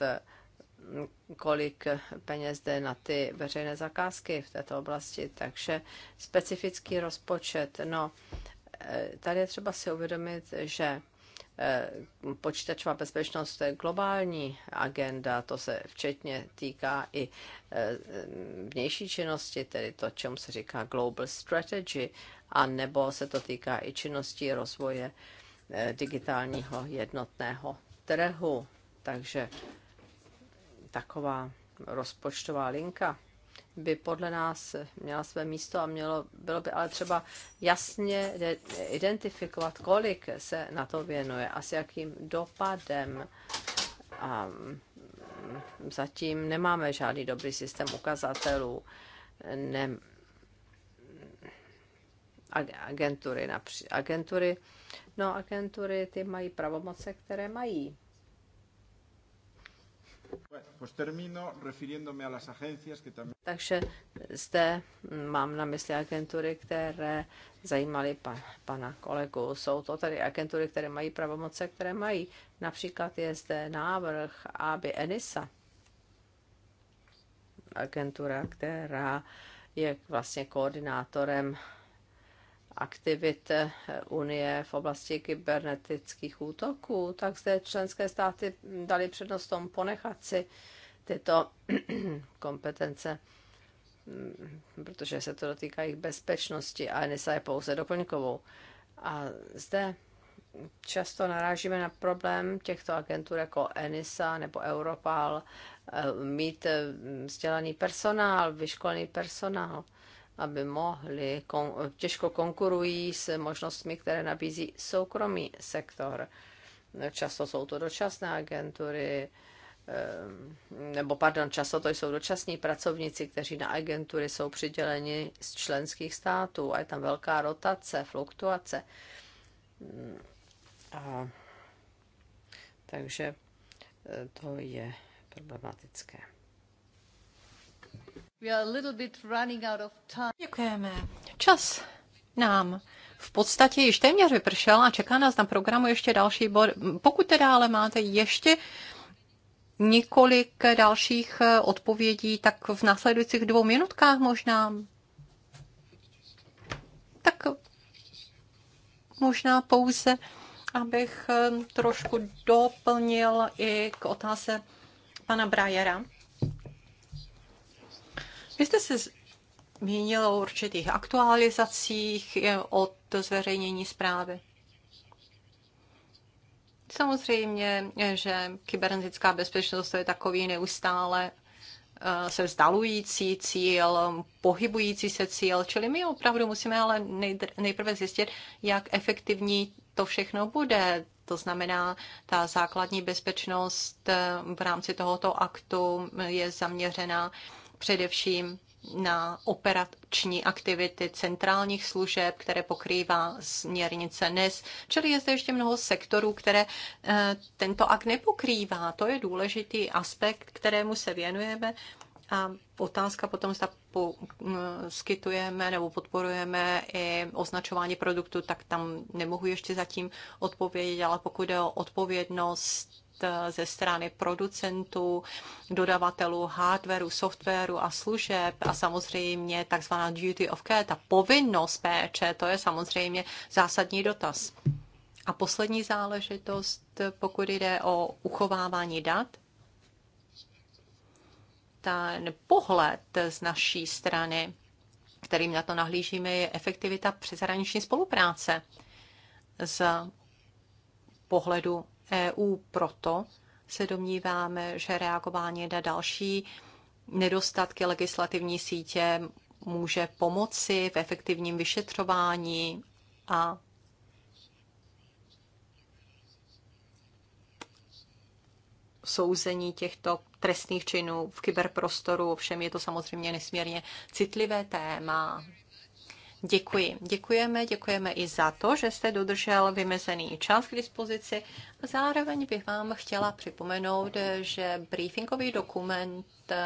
kolik peněz jde na ty veřejné zakázky v této oblasti. Takže specifický rozpočet. No, eh, tady je třeba si uvědomit, že Eh, počítačová bezpečnost to je globální agenda, to se včetně týká i eh, vnější činnosti, tedy to, čemu se říká Global Strategy, a nebo se to týká i činnosti rozvoje eh, digitálního jednotného trhu. Takže taková rozpočtová linka by podle nás měla své místo a mělo, bylo by ale třeba jasně identifikovat, kolik se na to věnuje a s jakým dopadem. A mm, zatím nemáme žádný dobrý systém ukazatelů. Ne, agentury, napří, agentury, no agentury ty mají pravomoce, které mají. Takže zde mám na mysli agentury, které zajímaly pa, pana kolegu. Jsou to tady agentury, které mají pravomoce, které mají. Například je zde návrh, aby Enisa, agentura, která je vlastně koordinátorem aktivit eh, Unie v oblasti kybernetických útoků, tak zde členské státy dali přednost tomu ponechat si tyto kompetence, mm, protože se to dotýká jejich bezpečnosti a NSA je pouze doplňkovou. A zde často narážíme na problém těchto agentur jako ENISA nebo Europal, eh, mít eh, vzdělaný personál, vyškolený personál aby mohli, kon, těžko konkurují s možnostmi, které nabízí soukromý sektor. Často jsou to dočasné agentury, ehm, nebo pardon, často to jsou dočasní pracovníci, kteří na agentury jsou přiděleni z členských států a je tam velká rotace, fluktuace. A, takže eh, to je problematické. Děkujeme. Čas nám v podstatě již téměř vypršel a čeká nás na programu ještě další bod. Pokud teda ale máte ještě několik dalších eh, odpovědí, tak v následujících dvou minutkách možná. Tak možná pouze, abych eh, trošku doplnil i k otázce pana Brajera. Vy jste se zmínil o určitých aktualizacích od zveřejnění zprávy. Samozřejmě, že kybernetická bezpečnost je takový neustále eh, se vzdalující cíl, pohybující se cíl, čili my opravdu musíme ale nejprve zjistit, jak efektivní to všechno bude. To znamená, ta základní bezpečnost eh, v rámci tohoto aktu je zaměřena především na operační aktivity centrálních služeb, které pokrývá směrnice NES. Čili je zde ještě mnoho sektorů, které eh, tento akt nepokrývá. To je důležitý aspekt, kterému se věnujeme. A otázka potom, zda poskytujeme mm, nebo podporujeme i označování produktu, tak tam nemohu ještě zatím odpovědět, ale pokud je o odpovědnost Eh, ze strany producentů, dodavatelů hardwareu, softwaru a služeb a samozřejmě takzvaná duty of care, ta povinnost péče, to je samozřejmě zásadní dotaz. A poslední záležitost, pokud jde o uchovávání dat, ten pohled z naší strany, kterým na to nahlížíme, je efektivita přeshraniční spolupráce z pohledu EU. Proto se domníváme, že reagování na další nedostatky legislativní sítě může pomoci v efektivním vyšetřování a souzení těchto trestných činů v kyberprostoru. Ovšem je to samozřejmě nesmírně citlivé téma. Děkuji. Děkujeme, děkujeme i za to, že jste dodržel vymezený čas k dispozici. zároveň bych vám chtěla připomenout, že briefingový dokument eh,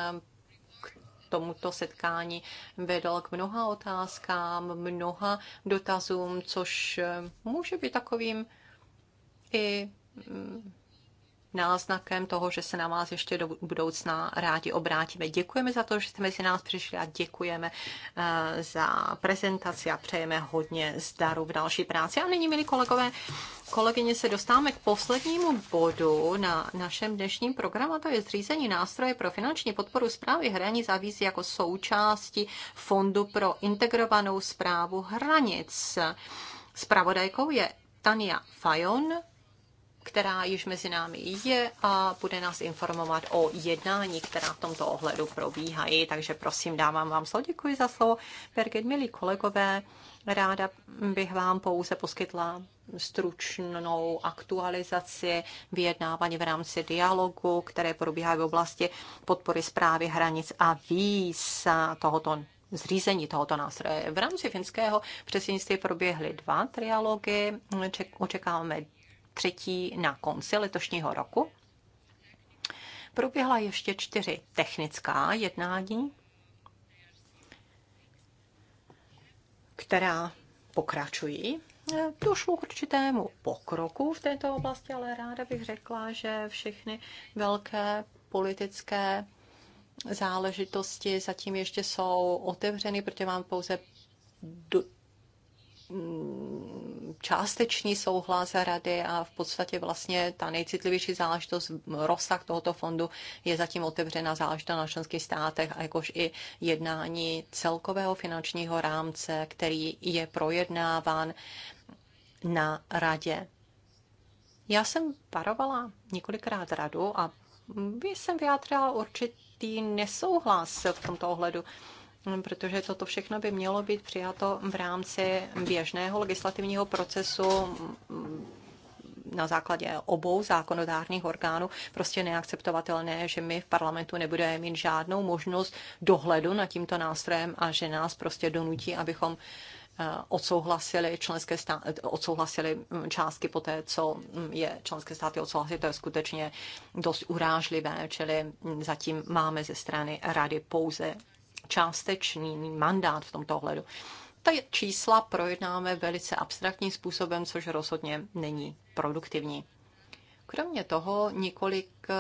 k tomuto setkání vedl k mnoha otázkám, mnoha dotazům, což eh, může být takovým i mm, náznakem toho, že se na vás ještě do budoucna rádi obrátíme. Děkujeme za to, že jste mezi nás přišli a děkujeme eh, za prezentaci a přejeme hodně zdaru v další práci. A nyní, milí kolegové, kolegyně, se dostáváme k poslednímu bodu na našem dnešním programu, a to je zřízení nástroje pro finanční podporu zprávy hranic a víz jako součásti Fondu pro integrovanou zprávu hranic. Spravodajkou je Tania Fajon, která již mezi námi je a bude nás informovat o jednání, která v tomto ohledu probíhají. Takže prosím, dávám vám slovo. Děkuji za slovo. Birgit, milí kolegové, ráda bych vám pouze poskytla stručnou aktualizaci vyjednávání v rámci dialogu, které probíhá v oblasti podpory zprávy hranic a víz tohoto zřízení tohoto nástroje. V rámci finského předsednictví proběhly dva trialogy, očekáváme třetí na konci letošního roku. Proběhla ještě čtyři technická jednání, která pokračují. Došlo k určitému pokroku v této oblasti, ale ráda bych řekla, že všechny velké politické záležitosti zatím ještě jsou otevřeny, protože mám pouze do Mm, částečný souhlas rady a v podstatě vlastně ta nejcitlivější záležitost, rozsah tohoto fondu je zatím otevřena záležitost na členských státech, a jakož i jednání celkového finančního rámce, který je projednáván na radě. Já jsem varovala několikrát radu a jsem vyjádřila určitý nesouhlas v tomto ohledu Mm, protože toto všechno by mělo být přijato v rámci běžného legislativního procesu mm, na základě obou zákonodárných orgánů prostě neakceptovatelné, že my v parlamentu nebudeme mít žádnou možnost dohledu nad tímto nástrojem a že nás prostě donutí, abychom eh, odsouhlasili, členské státy, odsouhlasili mm, částky po té, co je členské státy odsouhlasili. To je skutečně dost urážlivé, čili zatím máme ze strany rady pouze částečný mandát v tomto ohledu. Ta čísla projednáme velice abstraktním způsobem, což rozhodně není produktivní. Kromě toho několik eh,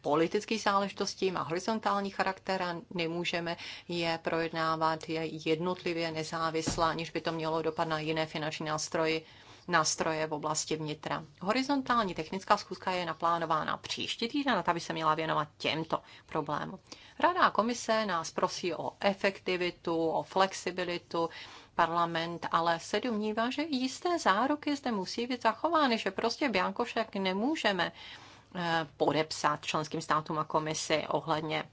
politických záležitostí má horizontální charakter a nemůžeme je projednávat je jednotlivě nezávisle, aniž by to mělo dopad na jiné finanční nástroje nástroje v oblasti vnitra. Horizontální technická schůzka je naplánována příští týden, a ta by se měla věnovat těmto problémům. Rada a komise nás prosí o efektivitu, o flexibilitu, parlament ale se domnívá, že jisté záruky zde musí být zachovány, že prostě Bianko však nemůžeme eh, podepsat členským státům a komisi ohledně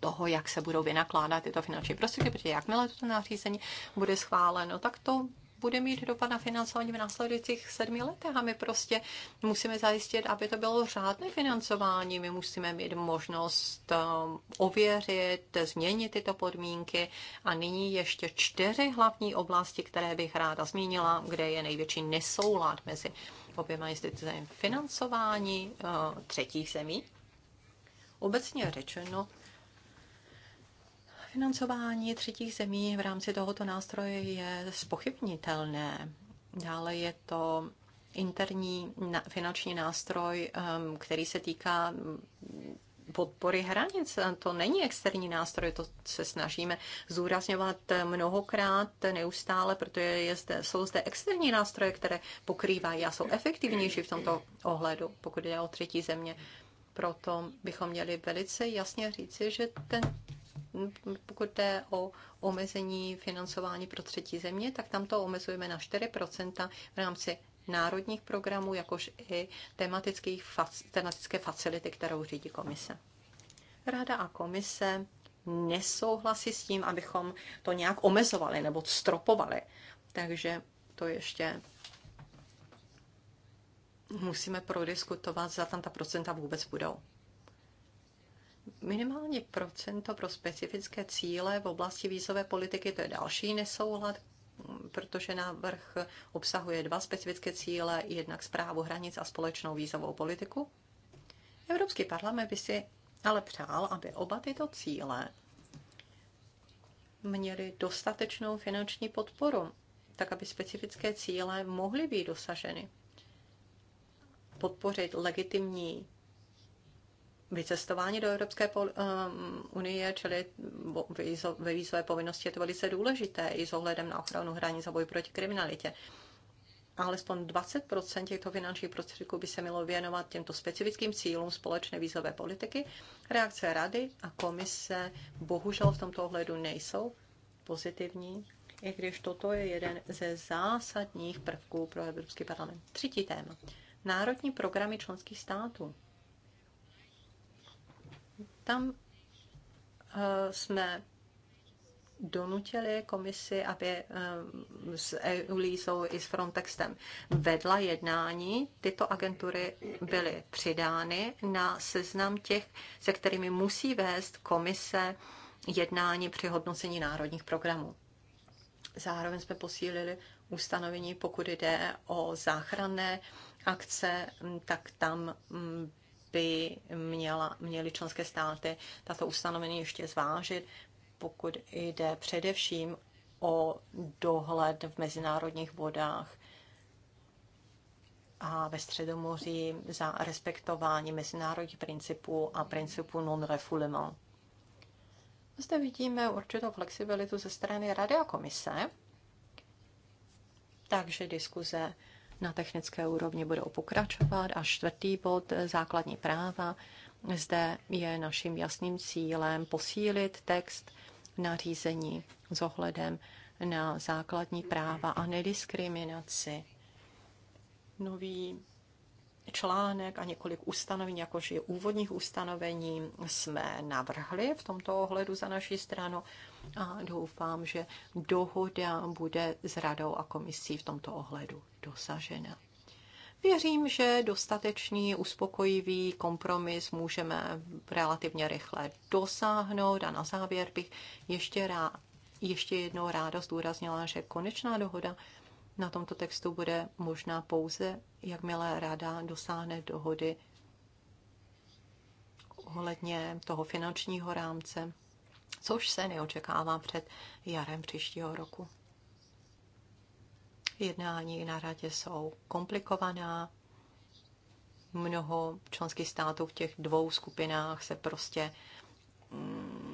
toho, jak se budou vynakládat tyto finanční prostředky, protože jakmile toto nařízení bude schváleno, tak to bude mít dopad na financování v následujících sedmi letech a my prostě musíme zajistit, aby to bylo řádné financování. My musíme mít možnost um, ověřit, změnit tyto podmínky a nyní ještě čtyři hlavní oblasti, které bych ráda zmínila, kde je největší nesoulad mezi oběma institucemi financování uh, třetích zemí. Obecně řečeno, Financování třetích zemí v rámci tohoto nástroje je spochybnitelné. Dále je to interní finanční nástroj, um, který se týká mm, podpory hranic. To není externí nástroj, to se snažíme zúrazňovat mnohokrát, neustále, protože je zde, jsou zde externí nástroje, které pokrývají a jsou efektivnější v tomto ohledu, pokud jde o třetí země. Proto bychom měli velice jasně říci, že ten pokud jde o omezení financování pro třetí země, tak tam to omezujeme na 4% v rámci národních programů, jakož i tematických, tematické facility, kterou řídí komise. Rada a komise nesouhlasí s tím, abychom to nějak omezovali nebo stropovali. Takže to ještě musíme prodiskutovat, za tam ta procenta vůbec budou minimálně procento pro specifické cíle v oblasti vízové politiky, to je další nesoulad, protože návrh obsahuje dva specifické cíle, jednak zprávu hranic a společnou vízovou politiku. Evropský parlament by si ale přál, aby oba tyto cíle měly dostatečnou finanční podporu, tak aby specifické cíle mohly být dosaženy. Podpořit legitimní vycestování do Evropské ehm, unie, čili ve výzové povinnosti je to velice důležité i s ohledem na ochranu hranic a boj proti kriminalitě. Alespoň 20 těchto finančních prostředků by se mělo věnovat těmto specifickým cílům společné výzové politiky. Reakce rady a komise bohužel v tomto ohledu nejsou pozitivní, i když toto je jeden ze zásadních prvků pro Evropský parlament. Třetí téma. Národní programy členských států. Tam eh, jsme donutili komisi, aby eh, s EULISou i s Frontextem vedla jednání. Tyto agentury byly přidány na seznam těch, se kterými musí vést komise jednání při hodnocení národních programů. Zároveň jsme posílili ustanovení, pokud jde o záchranné akce, tak tam mm, by měla, měly členské státy tato ustanovení ještě zvážit, pokud jde především o dohled v mezinárodních vodách a ve Středomoří za respektování mezinárodních principů a principu non-refoulement. Zde vidíme určitou flexibilitu ze strany Rady a komise, takže diskuze na technické úrovni budou pokračovat. A čtvrtý bod, základní práva. Zde je naším jasným cílem posílit text nařízení s ohledem na základní práva a nediskriminaci. Nový článek a několik ustanovení, jakož je úvodních ustanovení, jsme navrhli v tomto ohledu za naši stranu a doufám, že dohoda bude s radou a komisí v tomto ohledu dosažena. Věřím, že dostatečný, uspokojivý kompromis můžeme relativně rychle dosáhnout a na závěr bych ještě, rá, ještě jednou ráda zdůraznila, že konečná dohoda na tomto textu bude možná pouze, jakmile ráda dosáhne dohody ohledně toho finančního rámce, což se neočekává před jarem příštího roku. Jednání na radě jsou komplikovaná, mnoho členských států v těch dvou skupinách se prostě mm,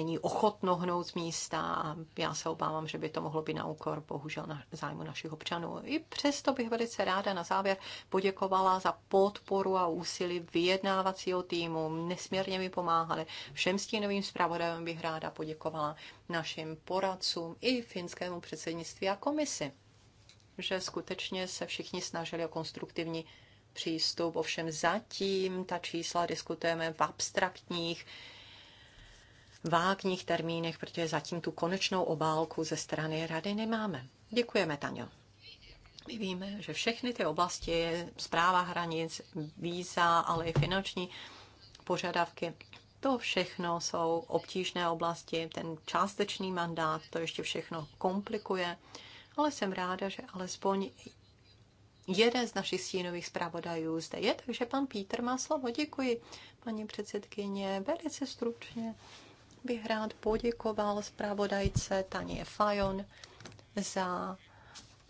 není ochotno hnout z místa a já se obávám, že by to mohlo být na úkor bohužel na zájmu našich občanů. I přesto bych velice ráda na závěr poděkovala za podporu a úsilí vyjednávacího týmu. Nesmírně mi pomáhali. Všem stínovým zpravodajům bych ráda poděkovala našim poradcům i finskému předsednictví a komisi, že skutečně se všichni snažili o konstruktivní přístup. Ovšem zatím ta čísla diskutujeme v abstraktních vágních termínech, protože zatím tu konečnou obálku ze strany rady nemáme. Děkujeme, Taňo. My víme, že všechny ty oblasti, zpráva hranic, víza, ale i finanční požadavky, to všechno jsou obtížné oblasti. Ten částečný mandát to ještě všechno komplikuje, ale jsem ráda, že alespoň jeden z našich stínových zpravodajů zde je, takže pan Pítr má slovo. Děkuji, paní předsedkyně, velice stručně bych rád poděkoval zpravodajce Taně Fajon za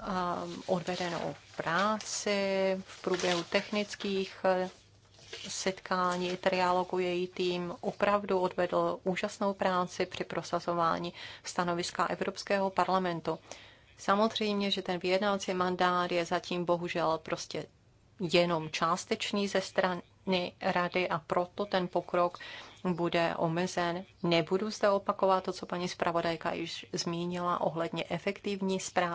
um, odvedenou práci v průběhu technických eh, setkání, trialogu její tým opravdu odvedl úžasnou práci při prosazování stanoviska Evropského parlamentu. Samozřejmě, že ten vyjednávací mandát je zatím bohužel prostě jenom částečný ze strany rady a proto ten pokrok bude omezen. Nebudu zde opakovat to, co paní zpravodajka již zmínila ohledně efektivní zprávy